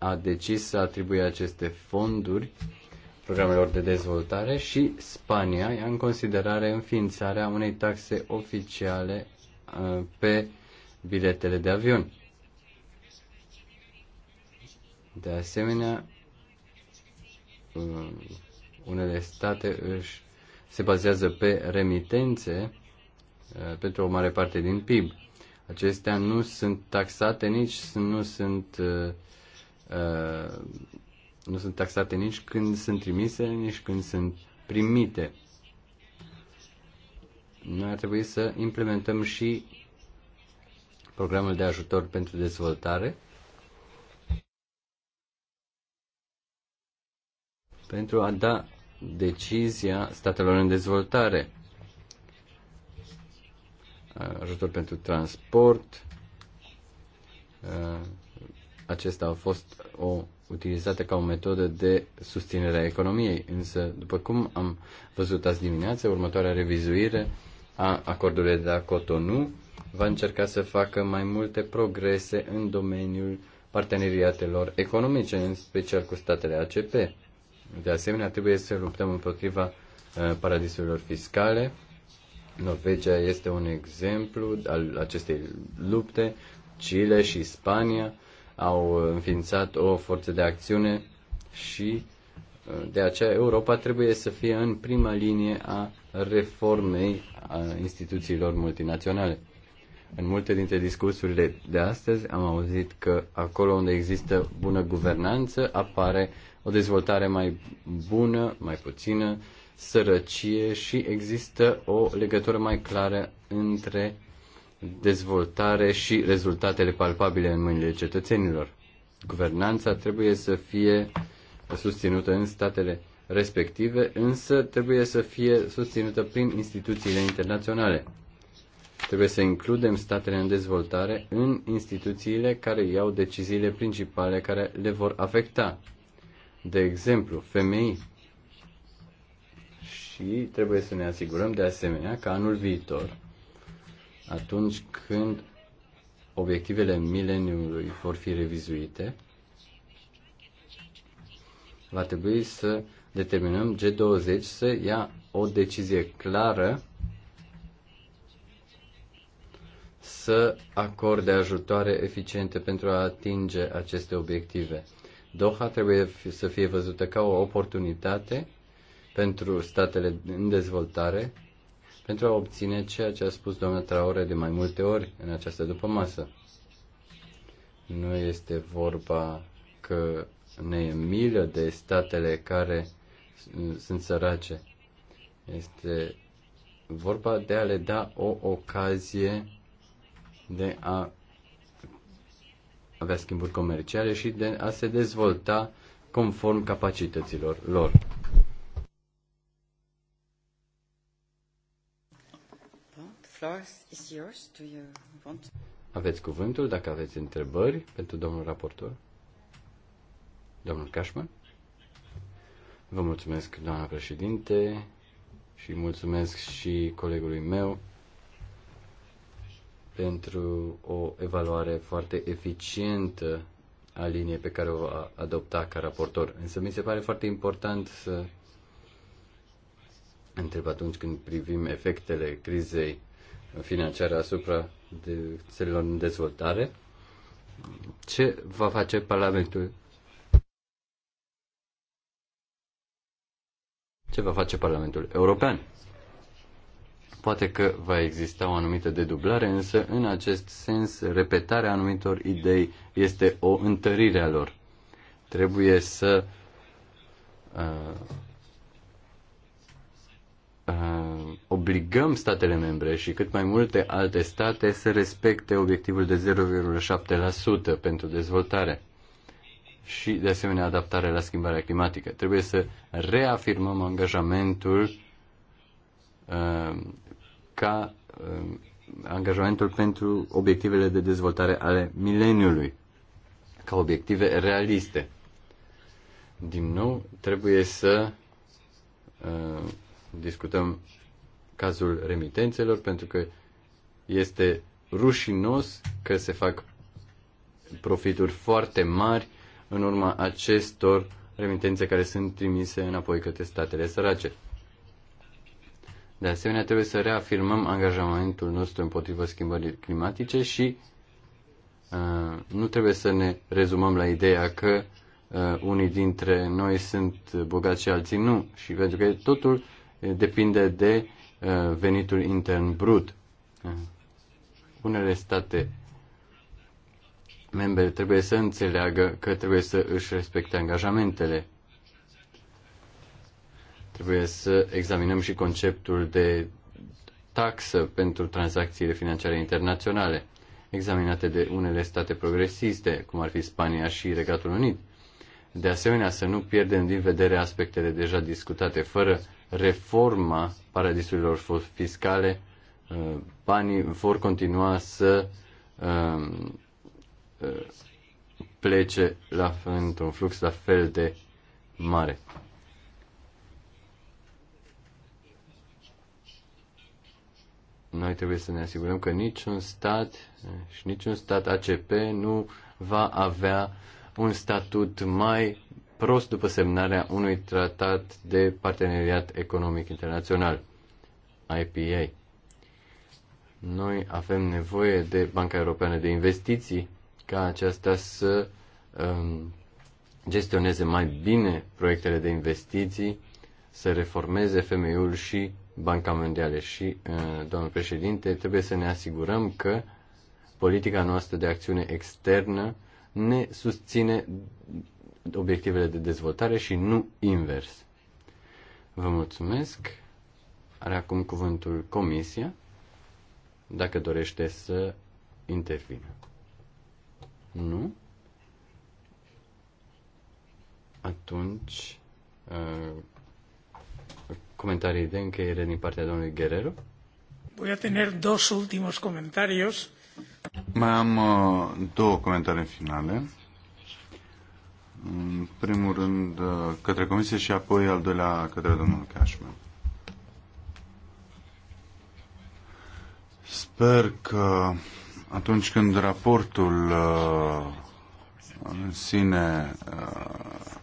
S3: a decis să atribuie aceste fonduri programelor de dezvoltare și Spania ia în considerare înființarea unei taxe oficiale uh, pe biletele de avion. De asemenea, uh, unele state își se bazează pe remitențe uh, pentru o mare parte din PIB. Acestea nu sunt taxate, nici nu sunt uh, Uh, nu sunt taxate nici când sunt trimise, nici când sunt primite. Noi ar trebui să implementăm și programul de ajutor pentru dezvoltare pentru a da decizia statelor în dezvoltare. Ajutor pentru transport, uh, acesta a fost o utilizată ca o metodă de susținere a economiei, însă, după cum am văzut azi dimineață, următoarea revizuire a acordului de la Cotonou va încerca să facă mai multe progrese în domeniul parteneriatelor economice, în special cu statele ACP. De asemenea, trebuie să luptăm împotriva uh, paradisurilor fiscale. Norvegia este un exemplu al acestei lupte, Chile și Spania au înființat o forță de acțiune și uh, de aceea Europa trebuie să fie în prima linie a reformei a instituțiilor multinaționale. În multe dintre discursurile de astăzi am auzit că acolo unde există bună guvernanță apare o dezvoltare mai bună, mai puțină, sărăcie și există o legătură mai clară între dezvoltare și rezultatele palpabile în mâinile cetățenilor. Guvernanța trebuie să fie susținută în statele respective, însă trebuie să fie susținută prin instituțiile internaționale. Trebuie să includem statele în dezvoltare în instituțiile care iau deciziile principale care le vor afecta. De exemplu, femei. Și trebuie să ne asigurăm de asemenea că anul viitor atunci când obiectivele mileniului vor fi revizuite, va trebui să determinăm G20 să ia o decizie clară să acorde ajutoare eficiente pentru a atinge aceste obiective. Doha trebuie să fie văzută ca o oportunitate pentru statele în dezvoltare pentru a obține ceea ce a spus doamna Traore de mai multe ori în această dupămasă. Nu este vorba că ne e milă de statele care sunt sărace. Este vorba de a le da o ocazie de a avea schimburi comerciale și de a se dezvolta conform capacităților lor. Aveți cuvântul dacă aveți întrebări pentru domnul raportor. Domnul Cashman. Vă mulțumesc, doamna președinte, și mulțumesc și colegului meu pentru o evaluare foarte eficientă a liniei pe care o va adopta ca raportor. Însă mi se pare foarte important să întreb atunci când privim efectele crizei financiară asupra de țărilor în dezvoltare. Ce va face Parlamentul? Ce va face Parlamentul European? Poate că va exista o anumită dedublare, însă în acest sens repetarea anumitor idei este o întărire a lor. Trebuie să uh, uh, obligăm statele membre și cât mai multe alte state să respecte obiectivul de 0,7% pentru dezvoltare și, de asemenea, adaptare la schimbarea climatică. Trebuie să reafirmăm angajamentul uh, ca uh, angajamentul pentru obiectivele de dezvoltare ale mileniului ca obiective realiste. Din nou, trebuie să uh, discutăm cazul remitențelor, pentru că este rușinos că se fac profituri foarte mari în urma acestor remitențe care sunt trimise înapoi către statele sărace. De asemenea, trebuie să reafirmăm angajamentul nostru împotriva schimbării climatice și uh, nu trebuie să ne rezumăm la ideea că uh, unii dintre noi sunt bogați și alții nu, și pentru că totul depinde de uh, venitul intern brut. Unele state membre trebuie să înțeleagă că trebuie să își respecte angajamentele. Trebuie să examinăm și conceptul de taxă pentru tranzacțiile financiare internaționale, examinate de unele state progresiste, cum ar fi Spania și Regatul Unit. De asemenea, să nu pierdem din vedere aspectele deja discutate, fără reforma paradisurilor fiscale, uh, banii vor continua să um, uh, plece la, într-un flux la fel de mare. Noi trebuie să ne asigurăm că niciun stat uh, și niciun stat ACP nu va avea un statut mai prost după semnarea unui tratat de parteneriat economic internațional, IPA. Noi avem nevoie de Banca Europeană de Investiții ca aceasta să um, gestioneze mai bine proiectele de investiții, să reformeze FMI-ul și Banca Mondială. Și, uh, domnul președinte, trebuie să ne asigurăm că politica noastră de acțiune externă ne susține obiectivele de dezvoltare și nu invers. Vă mulțumesc. Are acum cuvântul Comisia, dacă dorește să intervină. Nu? Atunci, uh, comentarii de încheiere din partea domnului Guerrero.
S1: Voy a tener dos últimos comentarios.
S4: Mai am uh, două comentarii finale. În primul rând uh, către Comisie și apoi al doilea către domnul Cashman. Sper că atunci când raportul uh, în sine uh,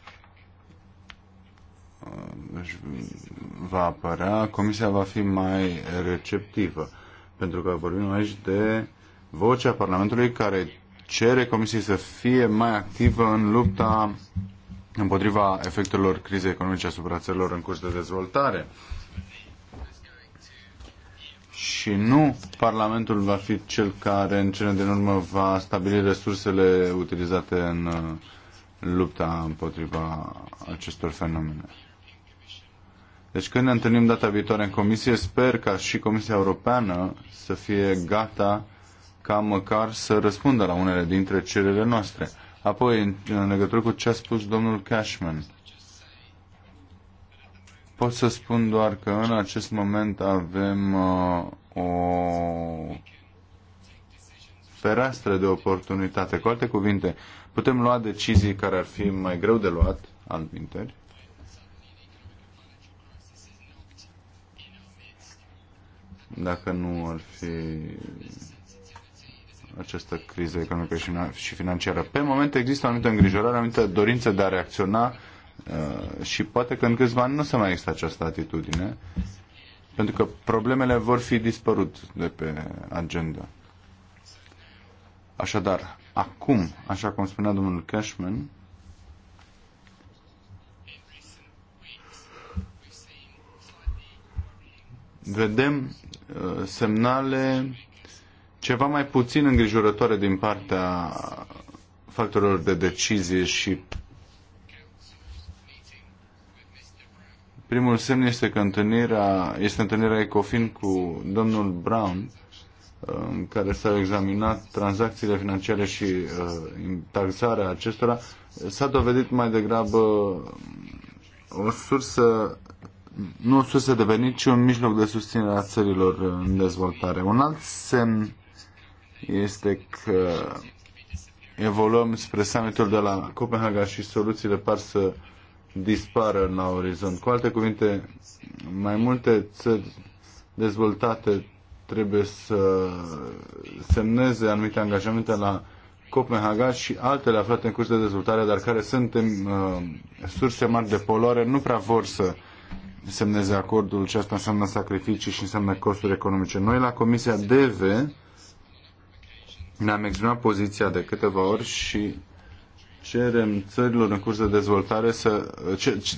S4: va apărea, Comisia va fi mai receptivă, pentru că vorbim aici de vocea Parlamentului care cere Comisiei să fie mai activă în lupta împotriva efectelor crizei economice asupra țărilor în curs de dezvoltare. Și nu Parlamentul va fi cel care în cele din urmă va stabili resursele utilizate în uh, lupta împotriva acestor fenomene. Deci când ne întâlnim data viitoare în comisie, sper ca și Comisia Europeană să fie gata ca măcar să răspundă la unele dintre cererile noastre. Apoi, în legătură cu ce a spus domnul Cashman, pot să spun doar că în acest moment avem uh, o fereastră de oportunitate. Cu alte cuvinte, putem lua decizii care ar fi mai greu de luat, alminteri, dacă nu ar fi această criză economică și financiară. Pe moment există o anumită îngrijorare, o anumită dorință de a reacționa uh, și poate că în câțiva ani nu se mai există această atitudine, pentru că problemele vor fi dispărut de pe agenda. Așadar, acum, așa cum spunea domnul Cashman, vedem uh, semnale ceva mai puțin îngrijorătoare din partea factorilor de decizie și primul semn este că întâlnirea, este întâlnirea ECOFIN cu domnul Brown în care s-au examinat tranzacțiile financiare și uh, taxarea acestora, s-a dovedit mai degrabă o sursă nu o sursă de venit, ci un mijloc de susținere a țărilor în dezvoltare. Un alt semn este că evoluăm spre summitul de la Copenhaga și soluțiile par să dispară la orizont. Cu alte cuvinte, mai multe țări dezvoltate trebuie să semneze anumite angajamente la Copenhaga și altele aflate în curs de dezvoltare, dar care sunt în, uh, surse mari de poluare, nu prea vor să semneze acordul și asta înseamnă sacrificii și înseamnă costuri economice. Noi la Comisia DV ne-am exprimat poziția de câteva ori și cerem țărilor în curs de dezvoltare să,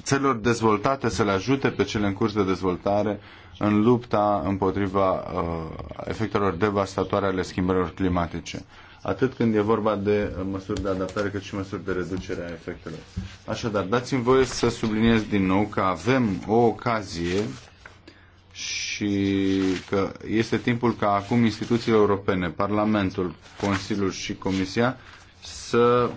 S4: țărilor dezvoltate să le ajute pe cele în curs de dezvoltare în lupta împotriva uh, efectelor devastatoare ale schimbărilor climatice. Atât când e vorba de măsuri de adaptare, cât și măsuri de reducere a efectelor. Așadar, dați-mi voie să subliniez din nou că avem o ocazie și că este timpul ca acum instituțiile europene, Parlamentul, Consiliul și Comisia să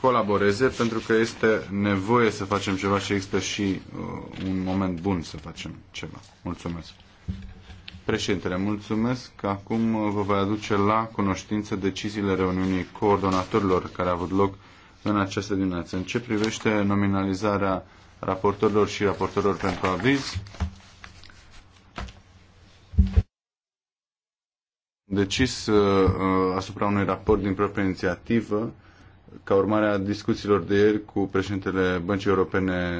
S4: colaboreze pentru că este nevoie să facem ceva și există și uh, un moment bun să facem ceva. Mulțumesc. Președintele, mulțumesc că acum uh, vă voi aduce la cunoștință deciziile reuniunii coordonatorilor care a avut loc în această dimineață. În ce privește nominalizarea raportorilor și raportorilor pentru aviz, decis uh, uh, asupra unui raport din proprie inițiativă ca urmare a discuțiilor de ieri cu președintele Băncii Europene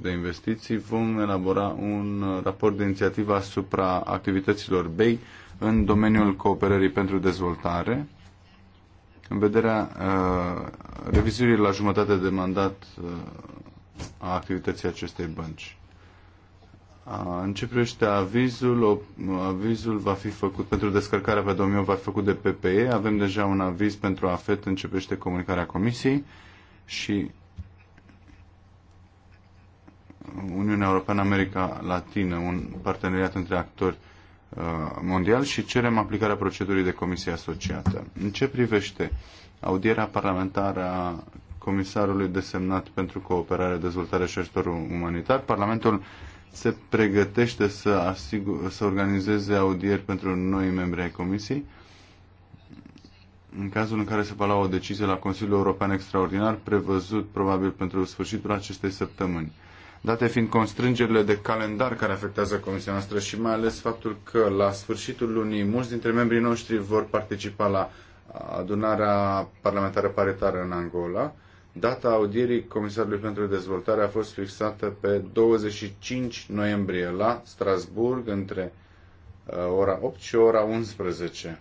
S4: de Investiții, vom elabora un raport de inițiativă asupra activităților BEI în domeniul cooperării pentru dezvoltare, în vederea uh, revizuirii la jumătate de mandat uh, a activității acestei bănci. În ce privește avizul, avizul va fi făcut pentru descărcarea pe domeniu, va fi făcut de PPE. Avem deja un aviz pentru AFET în ce privește comunicarea comisiei și Uniunea Europeană America Latină, un parteneriat între actori mondial și cerem aplicarea procedurii de comisie asociată. În ce privește audierea parlamentară a comisarului desemnat pentru cooperare, dezvoltare și ajutorul umanitar, Parlamentul se pregătește să, asigur, să organizeze audieri pentru noi membri ai Comisiei. În cazul în care se va lua o decizie la Consiliul European Extraordinar, prevăzut probabil pentru sfârșitul acestei săptămâni. Date fiind constrângerile de calendar care afectează Comisia noastră și mai ales faptul că la sfârșitul lunii mulți dintre membrii noștri vor participa la adunarea parlamentară paritară în Angola, Data audierii Comisarului pentru Dezvoltare a fost fixată pe 25 noiembrie la Strasburg între uh, ora 8 și ora 11.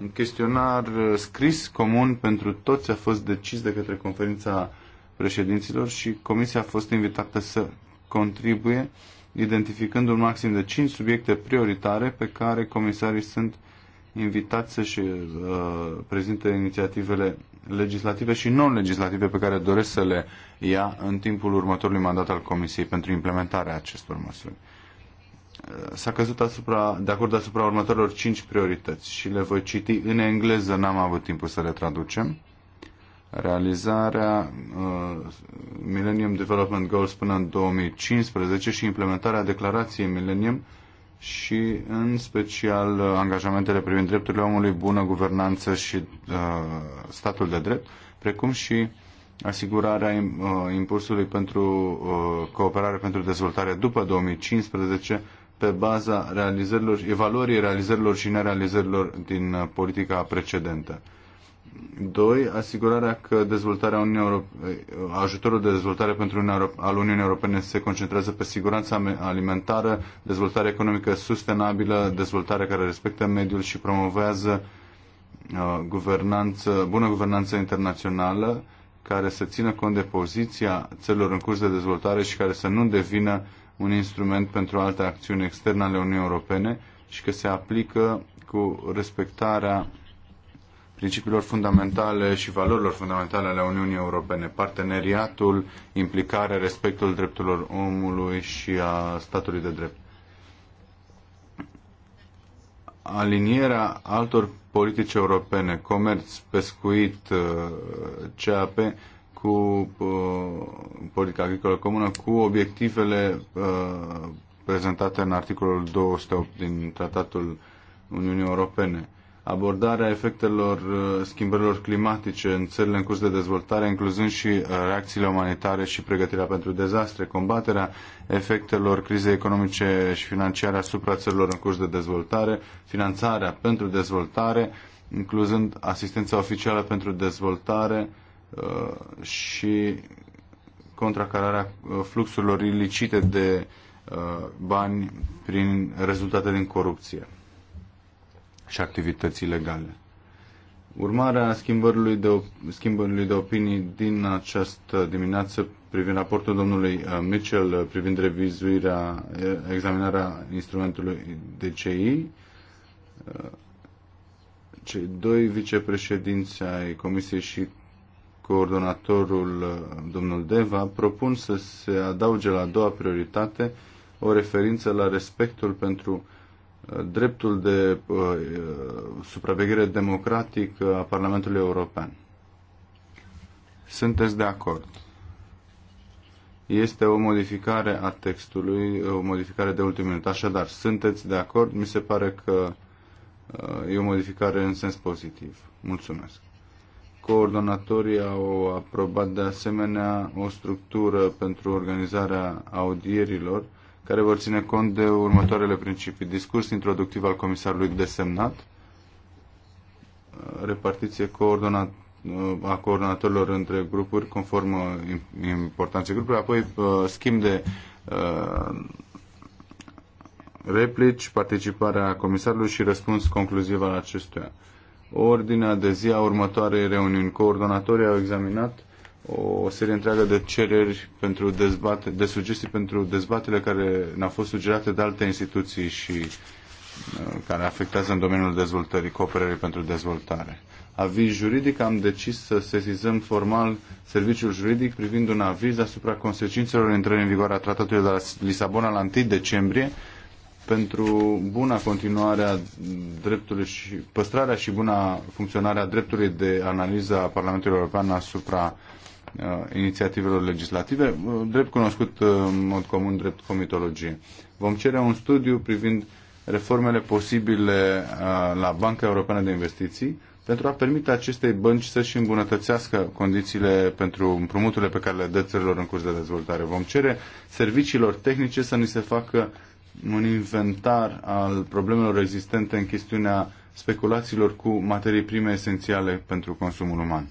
S4: Un chestionar uh, scris comun pentru toți a fost decis de către conferința președinților și comisia a fost invitată să contribuie identificând un maxim de 5 subiecte prioritare pe care comisarii sunt invitați să-și uh, prezinte inițiativele legislative și non-legislative pe care doresc să le ia în timpul următorului mandat al Comisiei pentru implementarea acestor măsuri. Uh, s-a căzut asupra, de acord asupra următorilor cinci priorități și le voi citi în engleză, n-am avut timpul să le traducem. Realizarea uh, Millennium Development Goals până în 2015 și implementarea declarației Millennium și în special angajamentele privind drepturile omului, bună guvernanță și uh, statul de drept, precum și asigurarea uh, impulsului pentru uh, cooperare pentru dezvoltare după 2015 pe baza realizărilor, evaluării realizărilor și nerealizărilor din uh, politica precedentă. Doi, asigurarea că dezvoltarea Uniunii Europene, ajutorul de dezvoltare pentru Uniunea, al Uniunii Europene se concentrează pe siguranța alimentară, dezvoltare economică sustenabilă, dezvoltare care respectă mediul și promovează uh, guvernanță, bună guvernanță internațională care să țină cont de poziția țărilor în curs de dezvoltare și care să nu devină un instrument pentru alte acțiuni externe ale Uniunii Europene și că se aplică cu respectarea principiilor fundamentale și valorilor fundamentale ale Uniunii Europene, parteneriatul, implicarea, respectul drepturilor omului și a statului de drept. Alinierea altor politici europene, comerț, pescuit, uh, CAP, cu uh, politica agricolă comună, cu obiectivele uh, prezentate în articolul 208 din Tratatul Uniunii Europene abordarea efectelor uh, schimbărilor climatice în țările în curs de dezvoltare, incluzând și uh, reacțiile umanitare și pregătirea pentru dezastre, combaterea efectelor crizei economice și financiare asupra țărilor în curs de dezvoltare, finanțarea pentru dezvoltare, incluzând asistența oficială pentru dezvoltare uh, și contracararea fluxurilor ilicite de bani prin rezultate din corupție și activități ilegale. Urmarea schimbărului de, op- de opinii din această dimineață privind raportul domnului uh, Mitchell uh, privind revizuirea, uh, examinarea instrumentului DCI, cei doi vicepreședinți ai Comisiei și coordonatorul domnul Deva propun să se adauge la a doua prioritate o referință la respectul pentru dreptul de uh, supraveghere democratică a Parlamentului European. Sunteți de acord? Este o modificare a textului, o modificare de ultim minut. Așadar, sunteți de acord? Mi se pare că uh, e o modificare în sens pozitiv. Mulțumesc. Coordonatorii au aprobat de asemenea o structură pentru organizarea audierilor care vor ține cont de următoarele principii. Discurs introductiv al comisarului desemnat, repartiție coordonat, a coordonatorilor între grupuri conform importanței grupului, apoi uh, schimb de uh, replici, participarea comisarului și răspuns concluziv al acestuia. Ordinea de zi a următoarei reuniuni. Coordonatorii au examinat o serie întreagă de cereri pentru dezbate, de sugestii pentru dezbatele care ne-au fost sugerate de alte instituții și uh, care afectează în domeniul dezvoltării, cooperării pentru dezvoltare. Aviz juridic am decis să sesizăm formal serviciul juridic privind un aviz asupra consecințelor intrării în vigoare a tratatului de la Lisabona la 1 decembrie pentru buna continuare a dreptului și păstrarea și buna funcționare a dreptului de analiză a Parlamentului European asupra uh, Uh, inițiativelor legislative, uh, drept cunoscut uh, în mod comun drept comitologie. Vom cere un studiu privind reformele posibile la Banca Europeană de Investiții pentru a permite acestei bănci să-și îmbunătățească condițiile pentru împrumuturile pe care le dă țărilor în curs de dezvoltare. Vom cere serviciilor tehnice să ni se facă un inventar al problemelor existente în chestiunea speculațiilor cu materii prime esențiale pentru consumul uman.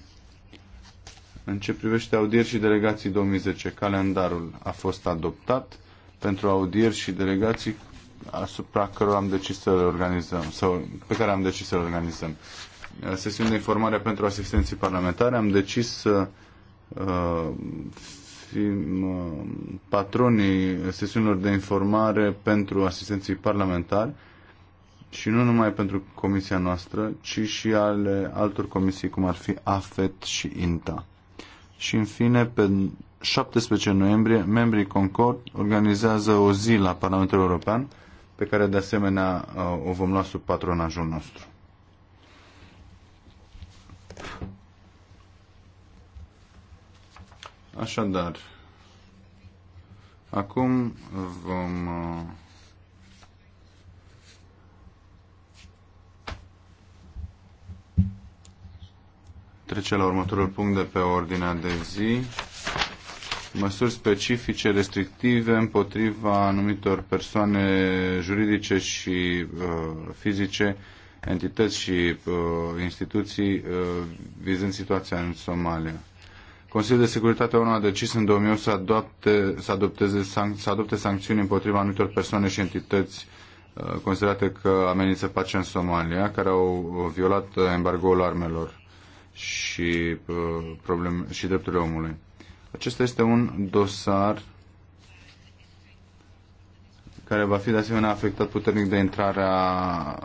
S4: În ce privește audieri și delegații 2010, calendarul a fost adoptat pentru audieri și delegații asupra cărora am decis să le organizăm, sau pe care am decis să le organizăm. sesiune de informare pentru asistenții parlamentare, am decis să uh, fim uh, patronii sesiunilor de informare pentru asistenții parlamentari și nu numai pentru comisia noastră, ci și ale altor comisii, cum ar fi AFET și INTA. Și în fine, pe 17 noiembrie, membrii Concord organizează o zi la Parlamentul European, pe care de asemenea uh, o vom lua sub patronajul nostru. Așadar, acum vom uh, trece la următorul punct de pe ordinea de zi. Măsuri specifice, restrictive împotriva anumitor persoane juridice și uh, fizice, entități și uh, instituții uh, vizând situația în Somalia. Consiliul de Securitate ONU a decis în 2008 să, adopte, să, adopteze, să adopte sancțiuni împotriva anumitor persoane și entități uh, considerate că amenință pacea în Somalia, care au violat uh, embargoul armelor și, uh, probleme, și drepturile omului. Acesta este un dosar care va fi de asemenea afectat puternic de intrarea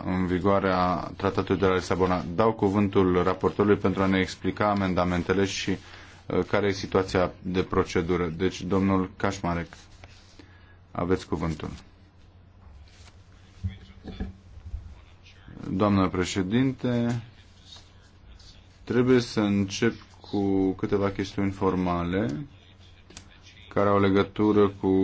S4: în vigoare a Tratatului de la Lisabona. Dau cuvântul raportorului pentru a ne explica amendamentele și uh, care e situația de procedură. Deci, domnul Cașmarec, aveți cuvântul. Doamnă președinte, Trebuie să încep cu câteva chestiuni formale care au legătură cu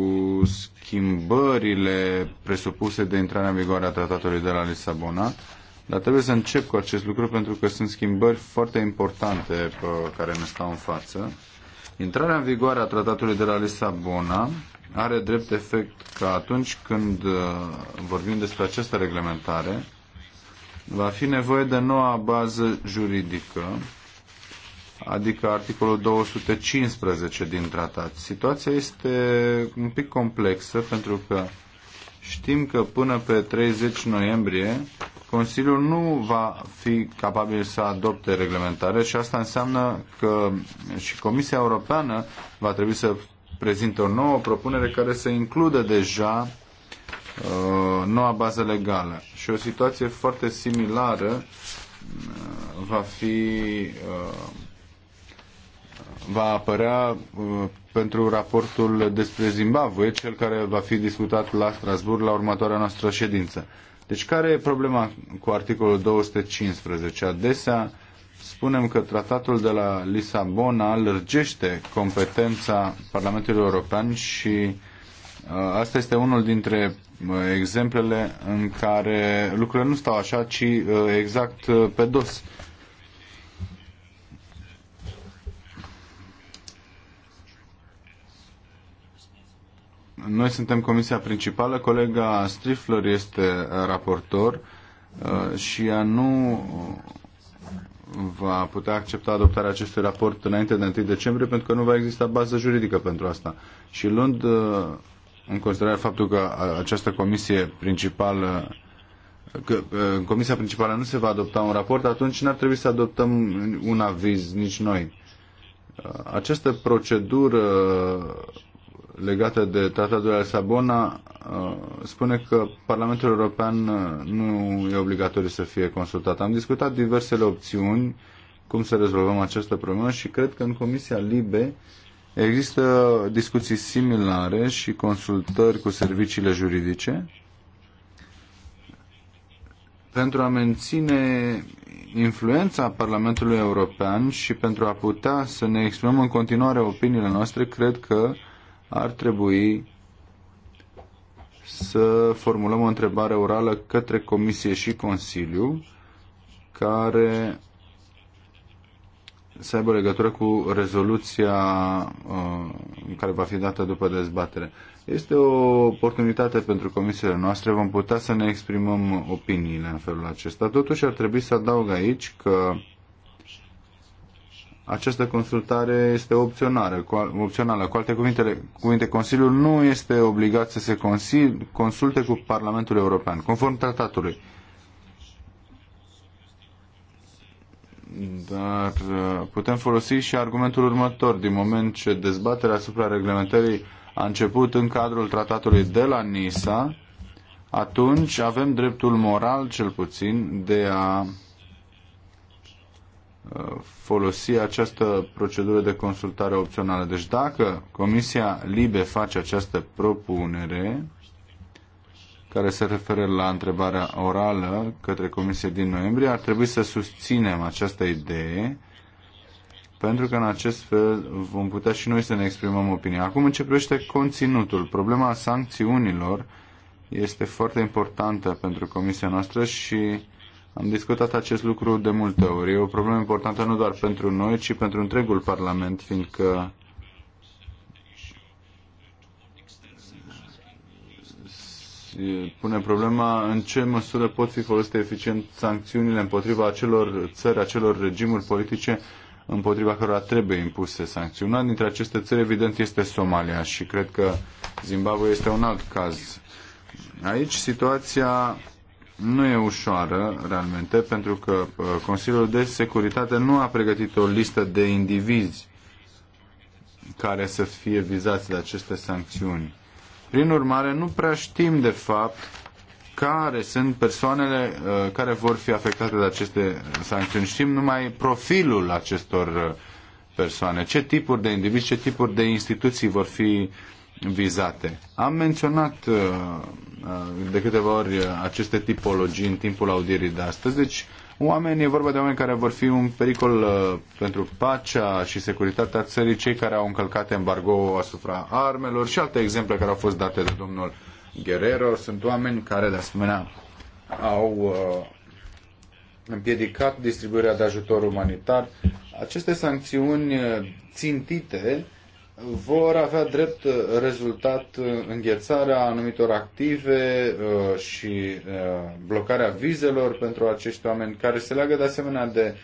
S4: schimbările presupuse de intrarea în vigoare a tratatului de la Lisabona, dar trebuie să încep cu acest lucru pentru că sunt schimbări foarte importante pe uh, care ne stau în față. Intrarea în vigoare a tratatului de la Lisabona are drept efect că atunci când uh, vorbim despre această reglementare, va fi nevoie de noua bază juridică, adică articolul 215 din tratat. Situația este un pic complexă pentru că știm că până pe 30 noiembrie Consiliul nu va fi capabil să adopte reglementare și asta înseamnă că și Comisia Europeană va trebui să prezintă o nouă propunere care să includă deja Uh, noua bază legală. Și o situație foarte similară uh, va fi uh, va apărea pentru raportul despre Zimbabwe, cel care va fi discutat la Strasburg la următoarea noastră ședință. Deci care e problema cu articolul 215? Adesea spunem că tratatul de la Lisabona lărgește competența Parlamentului European și Uh, asta este unul dintre uh, exemplele în care lucrurile nu stau așa, ci uh, exact pe dos. Noi suntem comisia principală, colega Strifler este raportor și ea nu va putea accepta adoptarea acestui raport înainte de 1 decembrie pentru că nu va exista bază juridică pentru asta. Și luând în considerare faptul că această comisie principală că în comisia principală nu se va adopta un raport, atunci n-ar trebui să adoptăm un aviz nici noi. Această procedură legată de Tratatul de la spune că Parlamentul European nu e obligatoriu să fie consultat. Am discutat diversele opțiuni cum să rezolvăm această problemă și cred că în Comisia Libe Există discuții similare și consultări cu serviciile juridice pentru a menține influența Parlamentului European și pentru a putea să ne exprimăm în continuare opiniile noastre, cred că ar trebui să formulăm o întrebare orală către Comisie și Consiliu care să aibă legătură cu rezoluția uh, care va fi dată după dezbatere. Este o oportunitate pentru comisiile noastre, vom putea să ne exprimăm opiniile în felul acesta. Totuși ar trebui să adaug aici că această consultare este opțională. Cu, opțională. Cu alte cuvinte, cuvinte, Consiliul nu este obligat să se consulte cu Parlamentul European, conform tratatului. Uh, Dar uh, putem folosi și argumentul următor. Din moment ce dezbaterea asupra reglementării a început în cadrul tratatului de la Nisa, atunci avem dreptul moral, cel puțin, de a uh, folosi această procedură de consultare opțională. Deci dacă Comisia Libe face această propunere, care se referă la întrebarea orală către Comisie din noiembrie, ar trebui să susținem această idee pentru că în acest fel vom putea și noi să ne exprimăm opinia. Acum începește conținutul, problema sancțiunilor este foarte importantă pentru comisia noastră și am discutat acest lucru de multe ori. E o problemă importantă nu doar pentru noi, ci pentru întregul Parlament, fiindcă pune problema în ce măsură pot fi folosite eficient sancțiunile împotriva acelor țări, acelor regimuri politice împotriva cărora trebuie impuse sancțiuni. Una dintre aceste țări, evident, este Somalia și cred că Zimbabwe este un alt caz. Aici situația nu e ușoară, realmente, pentru că uh, Consiliul de Securitate nu a pregătit o listă de indivizi care să fie vizați de aceste sancțiuni. Prin urmare, nu prea știm de fapt care sunt persoanele uh, care vor fi afectate de aceste sancțiuni. Știm numai profilul acestor uh, persoane, ce tipuri de indivizi, ce tipuri de instituții vor fi vizate. Am menționat uh, de câteva ori aceste tipologii în timpul audierii de astăzi, deci oameni, e vorba de oameni care vor fi un pericol uh, pentru pacea și securitatea țării, cei care au încălcat embargo asupra armelor și alte exemple care au fost date de domnul Guerrero. Sunt oameni care, de asemenea, au uh, împiedicat distribuirea de ajutor umanitar. Aceste sancțiuni uh, țintite uh, vor avea drept uh, rezultat uh, înghețarea anumitor active uh, și blocarea vizelor pentru acești oameni, care se leagă de asemenea de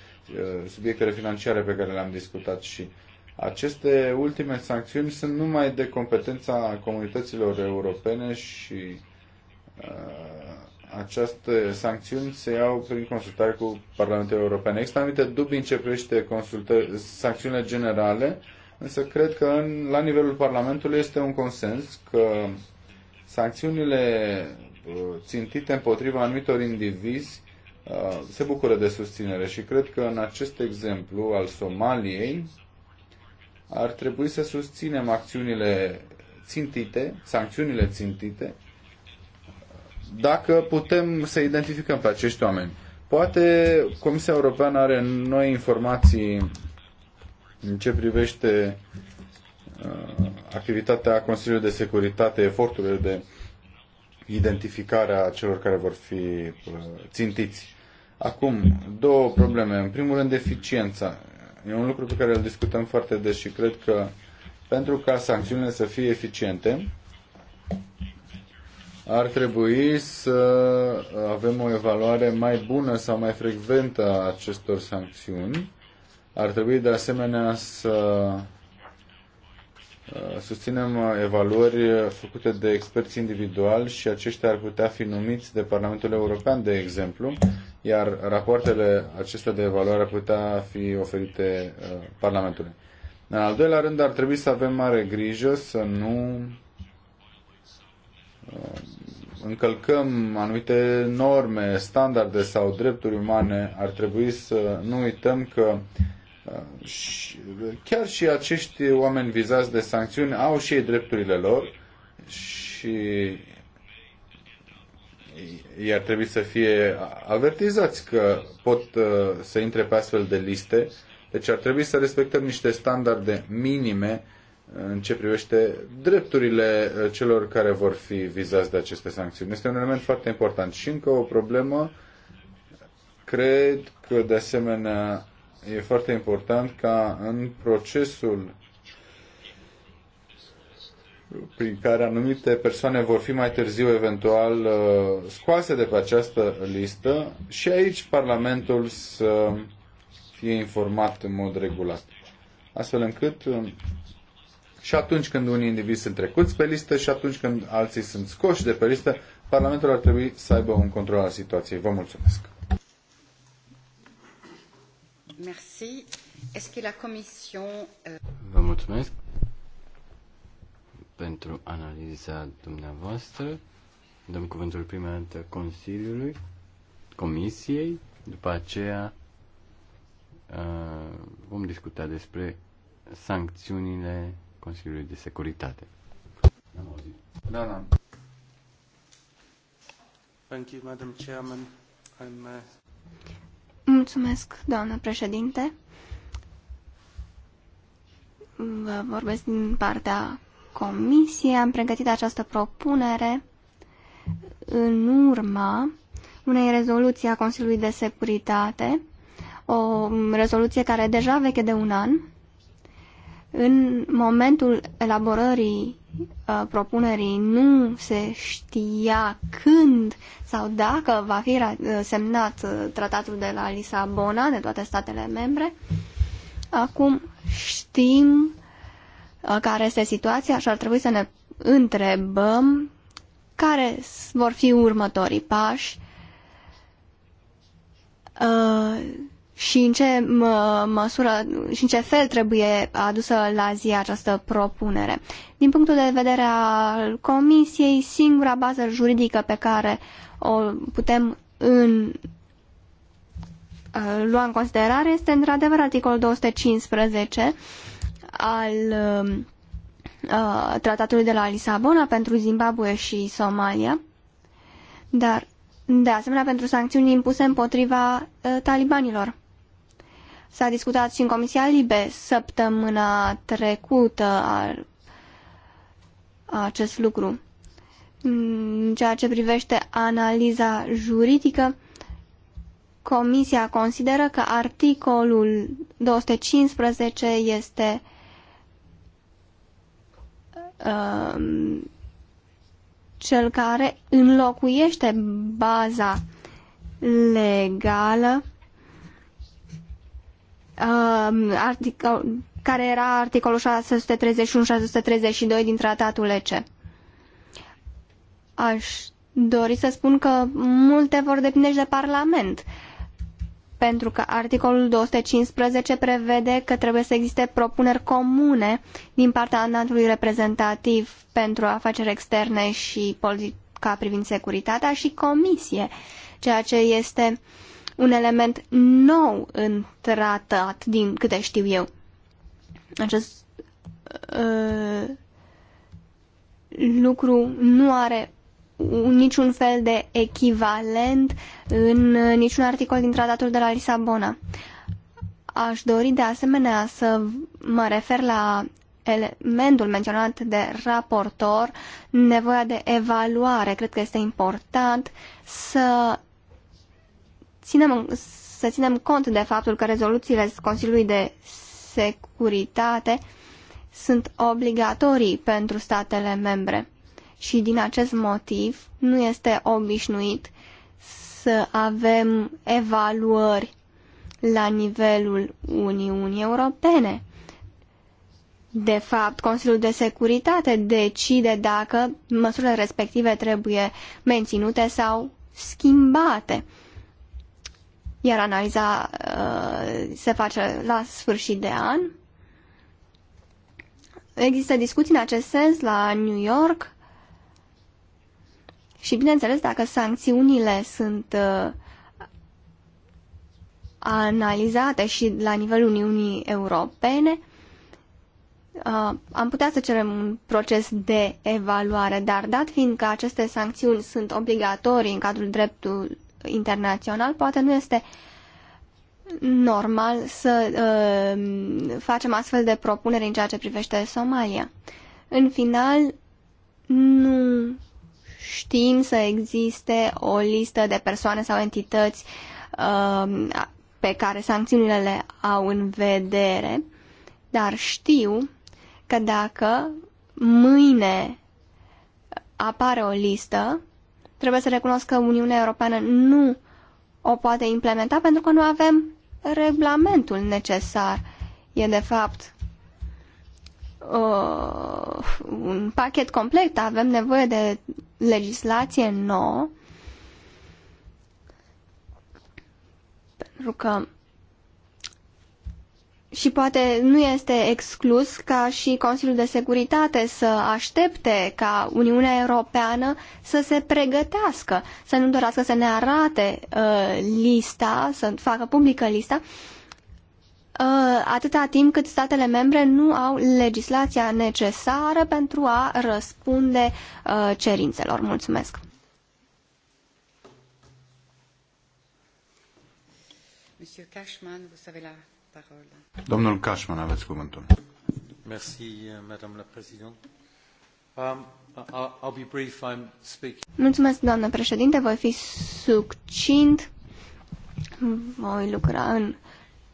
S4: subiectele financiare pe care le-am discutat și aceste ultime sancțiuni sunt numai de competența comunităților europene și aceste sancțiuni se iau prin consultare cu Parlamentul European. Există anumite dubii în ce privește sancțiunile generale însă cred că în, la nivelul Parlamentului este un consens că sancțiunile uh, țintite împotriva anumitor indivizi uh, se bucură de susținere și cred că în acest exemplu al Somaliei ar trebui să susținem acțiunile țintite, sancțiunile țintite, dacă putem să identificăm pe acești oameni. Poate Comisia Europeană are noi informații în ce privește uh, activitatea Consiliului de Securitate, eforturile de identificare a celor care vor fi uh, țintiți. Acum, două probleme. În primul rând, eficiența. E un lucru pe care îl discutăm foarte des și cred că pentru ca sancțiunile să fie eficiente, ar trebui să avem o evaluare mai bună sau mai frecventă a acestor sancțiuni ar trebui de asemenea să uh, susținem evaluări făcute de experți individuali și aceștia ar putea fi numiți de Parlamentul European, de exemplu, iar rapoartele acestea de evaluare ar putea fi oferite uh, Parlamentului. În al doilea rând, ar trebui să avem mare grijă să nu uh, încălcăm anumite norme, standarde sau drepturi umane. Ar trebui să nu uităm că și chiar și acești oameni vizați de sancțiuni au și ei drepturile lor și i ar trebui să fie avertizați că pot uh, să intre pe astfel de liste. Deci ar trebui să respectăm niște standarde minime uh, în ce privește drepturile uh, celor care vor fi vizați de aceste sancțiuni. Este un element foarte important. Și încă o problemă, cred că de asemenea e foarte important ca în procesul prin care anumite persoane vor fi mai târziu eventual uh, scoase de pe această listă și aici Parlamentul să fie informat în mod regulat. Astfel încât um, și atunci când unii indivizi sunt trecuți pe listă și atunci când alții sunt scoși de pe listă, Parlamentul ar trebui să aibă un control al situației. Vă mulțumesc!
S2: Euh, Vă mulțumesc
S3: pentru analiza dumneavoastră. Dăm cuvântul prima dată Consiliului, Comisiei, după aceea uh, vom discuta despre sancțiunile Consiliului de Securitate.
S4: Da, da. Thank you, Madam Chairman. I'm, uh
S5: mulțumesc, doamnă președinte. Vă vorbesc din partea comisiei. Am pregătit această propunere în urma unei rezoluții a Consiliului de Securitate, o rezoluție care e deja veche de un an. În momentul elaborării Uh, propunerii nu se știa când sau dacă va fi uh, semnat uh, tratatul de la Lisabona de toate statele membre. Acum știm care este situația și ar trebui să ne întrebăm care vor fi următorii pași și în ce măsură și în ce fel trebuie adusă la zi această propunere. Din punctul de vedere al Comisiei, singura bază juridică pe care o putem în, uh, lua în considerare este într-adevăr articolul 215 al um, uh, tratatului de la Lisabona pentru Zimbabwe și Somalia, dar de asemenea pentru sancțiuni impuse împotriva uh, talibanilor. S-a discutat și în Comisia Libe săptămâna trecută a, acest lucru. În ceea ce privește analiza juridică, Comisia consideră că articolul 215 este um, cel care înlocuiește baza legală Um, articol, care era articolul 631-632 din tratatul EC. Aș dori să spun că multe vor depinde și de Parlament, pentru că articolul 215 prevede că trebuie să existe propuneri comune din partea înaltului reprezentativ pentru afaceri externe și politica privind securitatea și comisie, ceea ce este uh, un element nou în tratat, din câte știu eu. Acest uh, lucru nu are niciun fel de echivalent în uh, niciun articol din tratatul de la Lisabona. Aș dori de asemenea să mă refer la elementul menționat de raportor, nevoia de evaluare. Cred că este important să ținem, să ținem cont de faptul că rezoluțiile Consiliului de Securitate sunt obligatorii pentru statele membre și din acest motiv nu este obișnuit să avem evaluări la nivelul Uniunii Europene. De fapt, Consiliul de Securitate decide dacă măsurile respective trebuie menținute sau schimbate iar analiza uh, se face la sfârșit de an. Există discuții în acest sens la New York și, bineînțeles, dacă sancțiunile sunt uh, analizate și la nivelul Uniunii Europene, uh, am putea să cerem un proces de evaluare, dar dat fiind că aceste sancțiuni sunt obligatorii în cadrul dreptului internațional, poate nu este normal să uh, facem astfel de propuneri în ceea ce privește Somalia. În final, nu știm să existe o listă de persoane sau entități uh, pe care sancțiunile le au în vedere, dar știu că dacă mâine apare o listă, Trebuie să recunosc că Uniunea Europeană nu o poate implementa pentru că nu avem regulamentul necesar. E de fapt uh, un pachet complet, avem nevoie de legislație nouă pentru că și poate nu este exclus ca și Consiliul de Securitate să aștepte ca Uniunea Europeană să se pregătească, să nu dorească să ne arate uh, lista, să facă publică lista, uh, atâta timp cât statele membre nu au legislația necesară pentru a răspunde uh,
S2: cerințelor. Mulțumesc! Monsieur Cashman, vous avez la parole.
S4: Domnul Cashman, aveți cuvântul.
S3: Merci, Madame la Présidente. Um,
S5: Mulțumesc, doamnă președinte, voi fi succint. Voi lucra în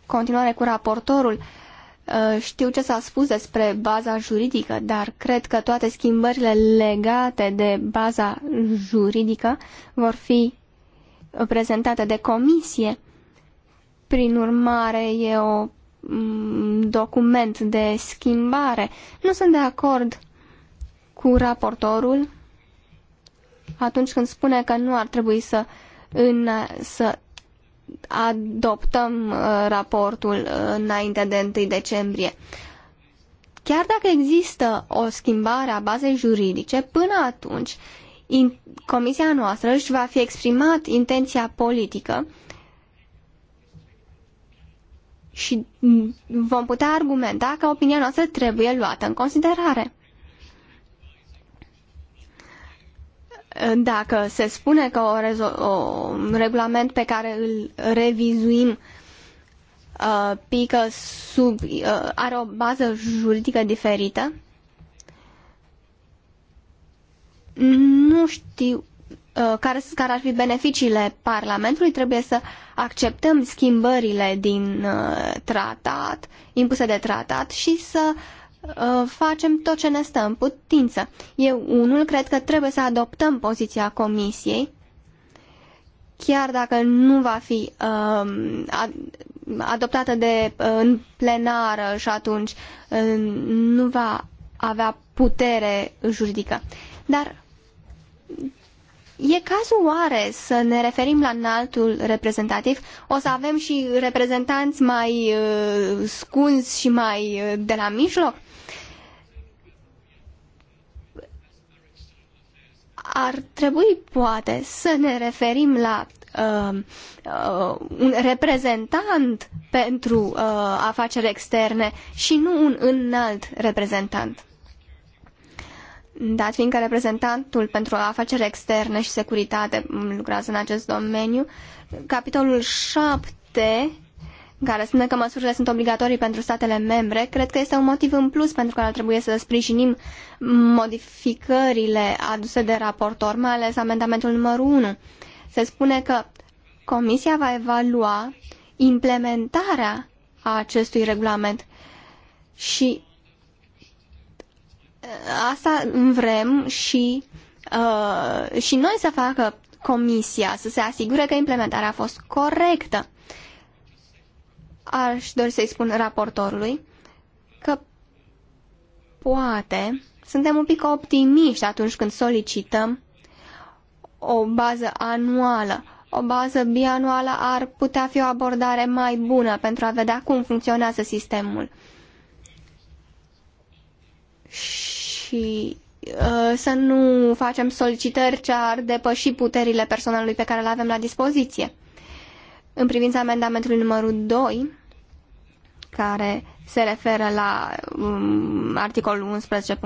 S5: continuare cu raportorul. Uh, știu ce s-a spus despre baza juridică, dar cred că toate schimbările legate de baza juridică vor fi prezentate de comisie. Prin urmare, e o Mm, document de schimbare. Nu sunt de acord cu raportorul atunci când spune că nu ar trebui să, în, să adoptăm uh, raportul uh, înainte de 1 decembrie. Chiar dacă există o schimbare a bazei juridice, până atunci comisia noastră își va fi exprimat intenția politică și vom putea argumenta că opinia noastră trebuie luată în considerare. Dacă se spune că o, o un regulament pe care îl revizuim uh, pică sub, uh, are o bază juridică diferită, nu știu Uh, care, care ar fi beneficiile Parlamentului, trebuie să acceptăm schimbările din uh, tratat, impuse de tratat și să uh, facem tot ce ne stă în putință. Eu, unul, cred că trebuie să adoptăm poziția Comisiei, chiar dacă nu va fi um, adoptată de, în plenară și atunci nu va avea putere juridică. Dar E cazul oare să ne referim la înaltul reprezentativ? O să avem și reprezentanți mai uh, scunzi și mai uh, de la mijloc? Ar trebui, poate, să ne referim la uh, uh, un reprezentant pentru uh, afaceri externe și nu un înalt reprezentant. Dat fiindcă reprezentantul pentru afaceri externe și securitate lucrează în acest domeniu, capitolul 7 care spune că măsurile sunt obligatorii pentru statele membre, cred că este un motiv în plus pentru care ar trebui să sprijinim modificările aduse de raportor, mai ales amendamentul numărul 1. Se spune că Comisia va evalua implementarea acestui regulament și asta vrem și, uh, și noi să facă comisia, să se asigure că implementarea a fost corectă. Aș dori să-i spun raportorului că poate suntem un pic optimiști atunci când solicităm o bază anuală. O bază bianuală ar putea fi o abordare mai bună pentru a vedea cum funcționează sistemul. Uh, și uh, să nu facem solicitări ce ar depăși puterile personalului pe care le avem la dispoziție. În privința amendamentului numărul 2, care se referă la um, articolul 11.3,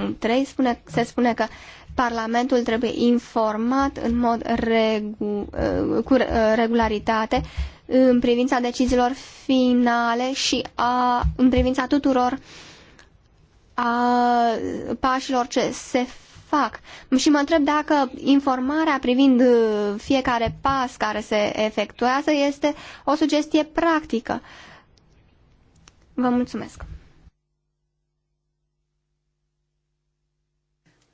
S5: spune, se spune că Parlamentul trebuie informat în mod regu, uh, cu uh, regularitate în privința deciziilor finale și a, în privința tuturor uh, a pașilor ce se fac. Și mă întreb dacă informarea privind uh, fiecare pas care se efectuează este o sugestie practică. Vă mulțumesc.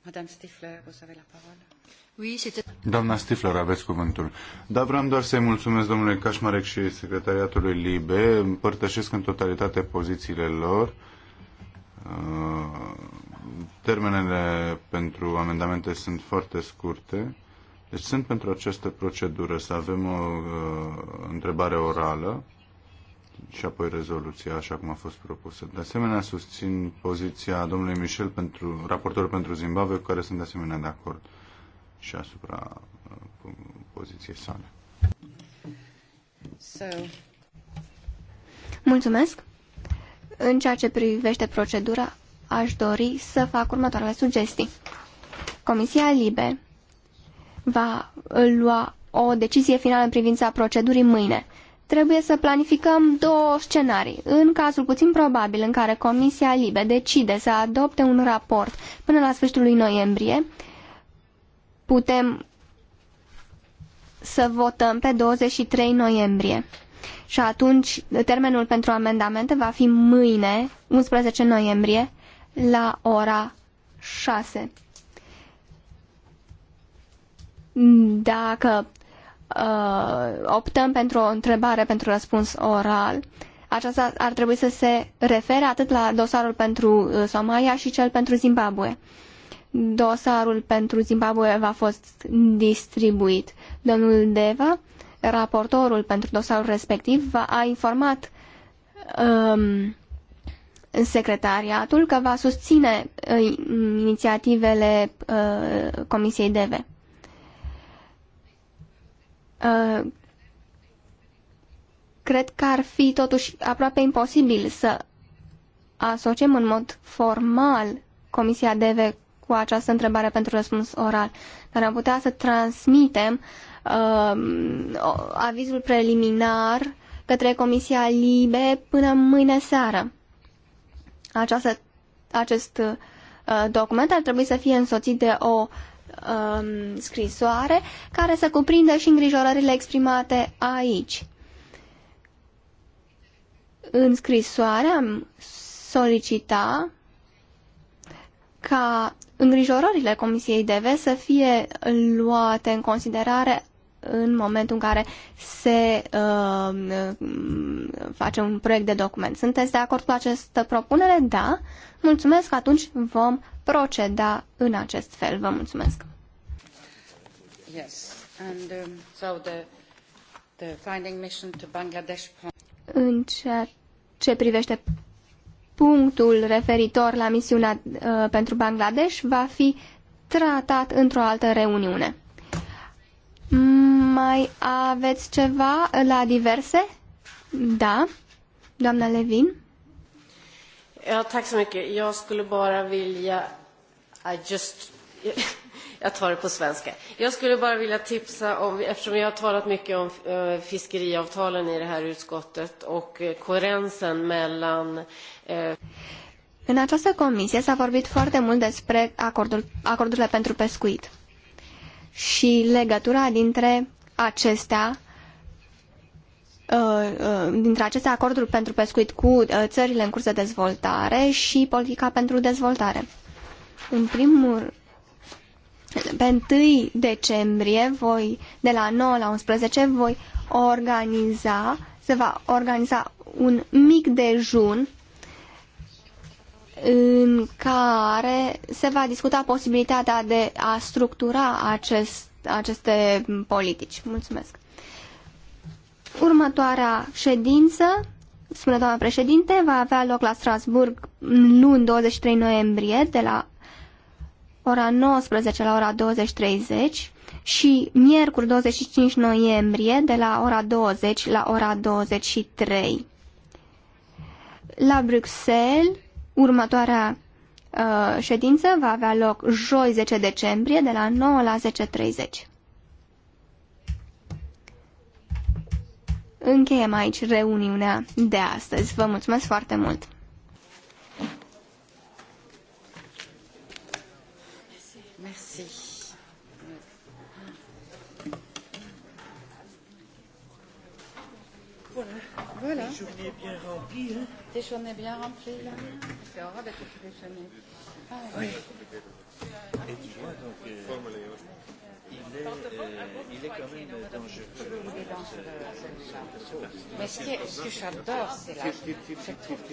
S2: Madame Stifler, vă să la
S1: parole.
S4: Doamna Stifler, aveți cuvântul. Da, vreau doar să-i mulțumesc domnului Cașmarec și secretariatului LIBE. Împărtășesc în totalitate pozițiile lor. Uh, termenele pentru amendamente sunt foarte scurte. Deci sunt pentru această procedură să avem o uh, întrebare orală și apoi rezoluția așa cum a fost propusă. De asemenea, susțin poziția domnului Michel, pentru, raportor pentru Zimbabwe, cu care sunt de asemenea de acord și asupra uh, poziției sale. So.
S5: Mulțumesc! În ceea ce privește procedura, aș dori să fac următoarele sugestii. Comisia Libe va lua o decizie finală în privința procedurii mâine. Trebuie să planificăm două scenarii. În cazul puțin probabil în care Comisia Libe decide să adopte un raport până la sfârșitul lui noiembrie, putem să votăm pe 23 noiembrie. Și atunci termenul pentru amendamente va fi mâine, 11 noiembrie, la ora 6. Dacă uh, optăm pentru o întrebare pentru răspuns oral, aceasta ar trebui să se refere atât la dosarul pentru uh, Somalia și cel pentru Zimbabwe. Dosarul pentru Zimbabwe va fost distribuit. Domnul Deva raportorul pentru dosarul respectiv a informat um, secretariatul că va susține uh, inițiativele uh, Comisiei DEVE. Uh, cred că ar fi totuși aproape imposibil să asociem în mod formal Comisia DEVE cu această întrebare pentru răspuns oral, dar am putea să transmitem uh, uh, avizul preliminar către Comisia Libe până mâine seară. Această, acest uh, document ar trebui să fie însoțit de o uh, scrisoare care să cuprindă și îngrijorările exprimate aici. În scrisoare am solicita ca îngrijorările Comisiei DV să fie luate în considerare în momentul în care se uh, face un proiect de document. Sunteți de acord cu această propunere? Da. Mulțumesc, atunci vom proceda în acest fel. Vă mulțumesc.
S2: Yes. And, um, so the, the finding mission to Bangladesh...
S5: În ceea ce privește punctul referitor la misiunea uh, pentru Bangladesh, va fi tratat într-o altă reuniune. Mai aveți ceva la diverse? Da, doamna Levin.
S4: Ja, tack så mycket. Jag skulle bara vilja... I just... <laughs> Jag tar det på svenska. Jag skulle bara vilja tipsa om, eftersom jag har talat mycket om eh, fiskeriavtalen i det här utskottet och eh, koherensen mellan eh, În
S5: această comisie s-a vorbit foarte mult despre acordul, acordurile pentru pescuit și legătura dintre acestea uh, uh, dintre aceste acorduri pentru pescuit cu uh, țările în curs de dezvoltare și politica pentru dezvoltare. În primul pe 1 decembrie voi, de la 9 la 11 voi organiza se va organiza un mic dejun în care se va discuta posibilitatea de a structura acest, aceste politici. Mulțumesc. Următoarea ședință, spune doamna președinte, va avea loc la Strasburg luni 23 noiembrie de la ora 19 la ora 20.30 și miercuri 25 noiembrie de la ora 20 la ora 23. La Bruxelles Următoarea uh, ședință va avea loc joi 10 decembrie de la 9 la 10.30. Încheiem aici reuniunea de astăzi. Vă mulțumesc foarte mult!
S2: Merci. Voilà. Voilà.
S1: Une bien remplie.
S2: Hein. Déjeuner bien rempli là C'est hors avec
S1: déjeuner. Ah oui. Et tu vois donc. Euh, il est, euh, il est quand même dangereux. Mais ce que, ce que j'adore, c'est la.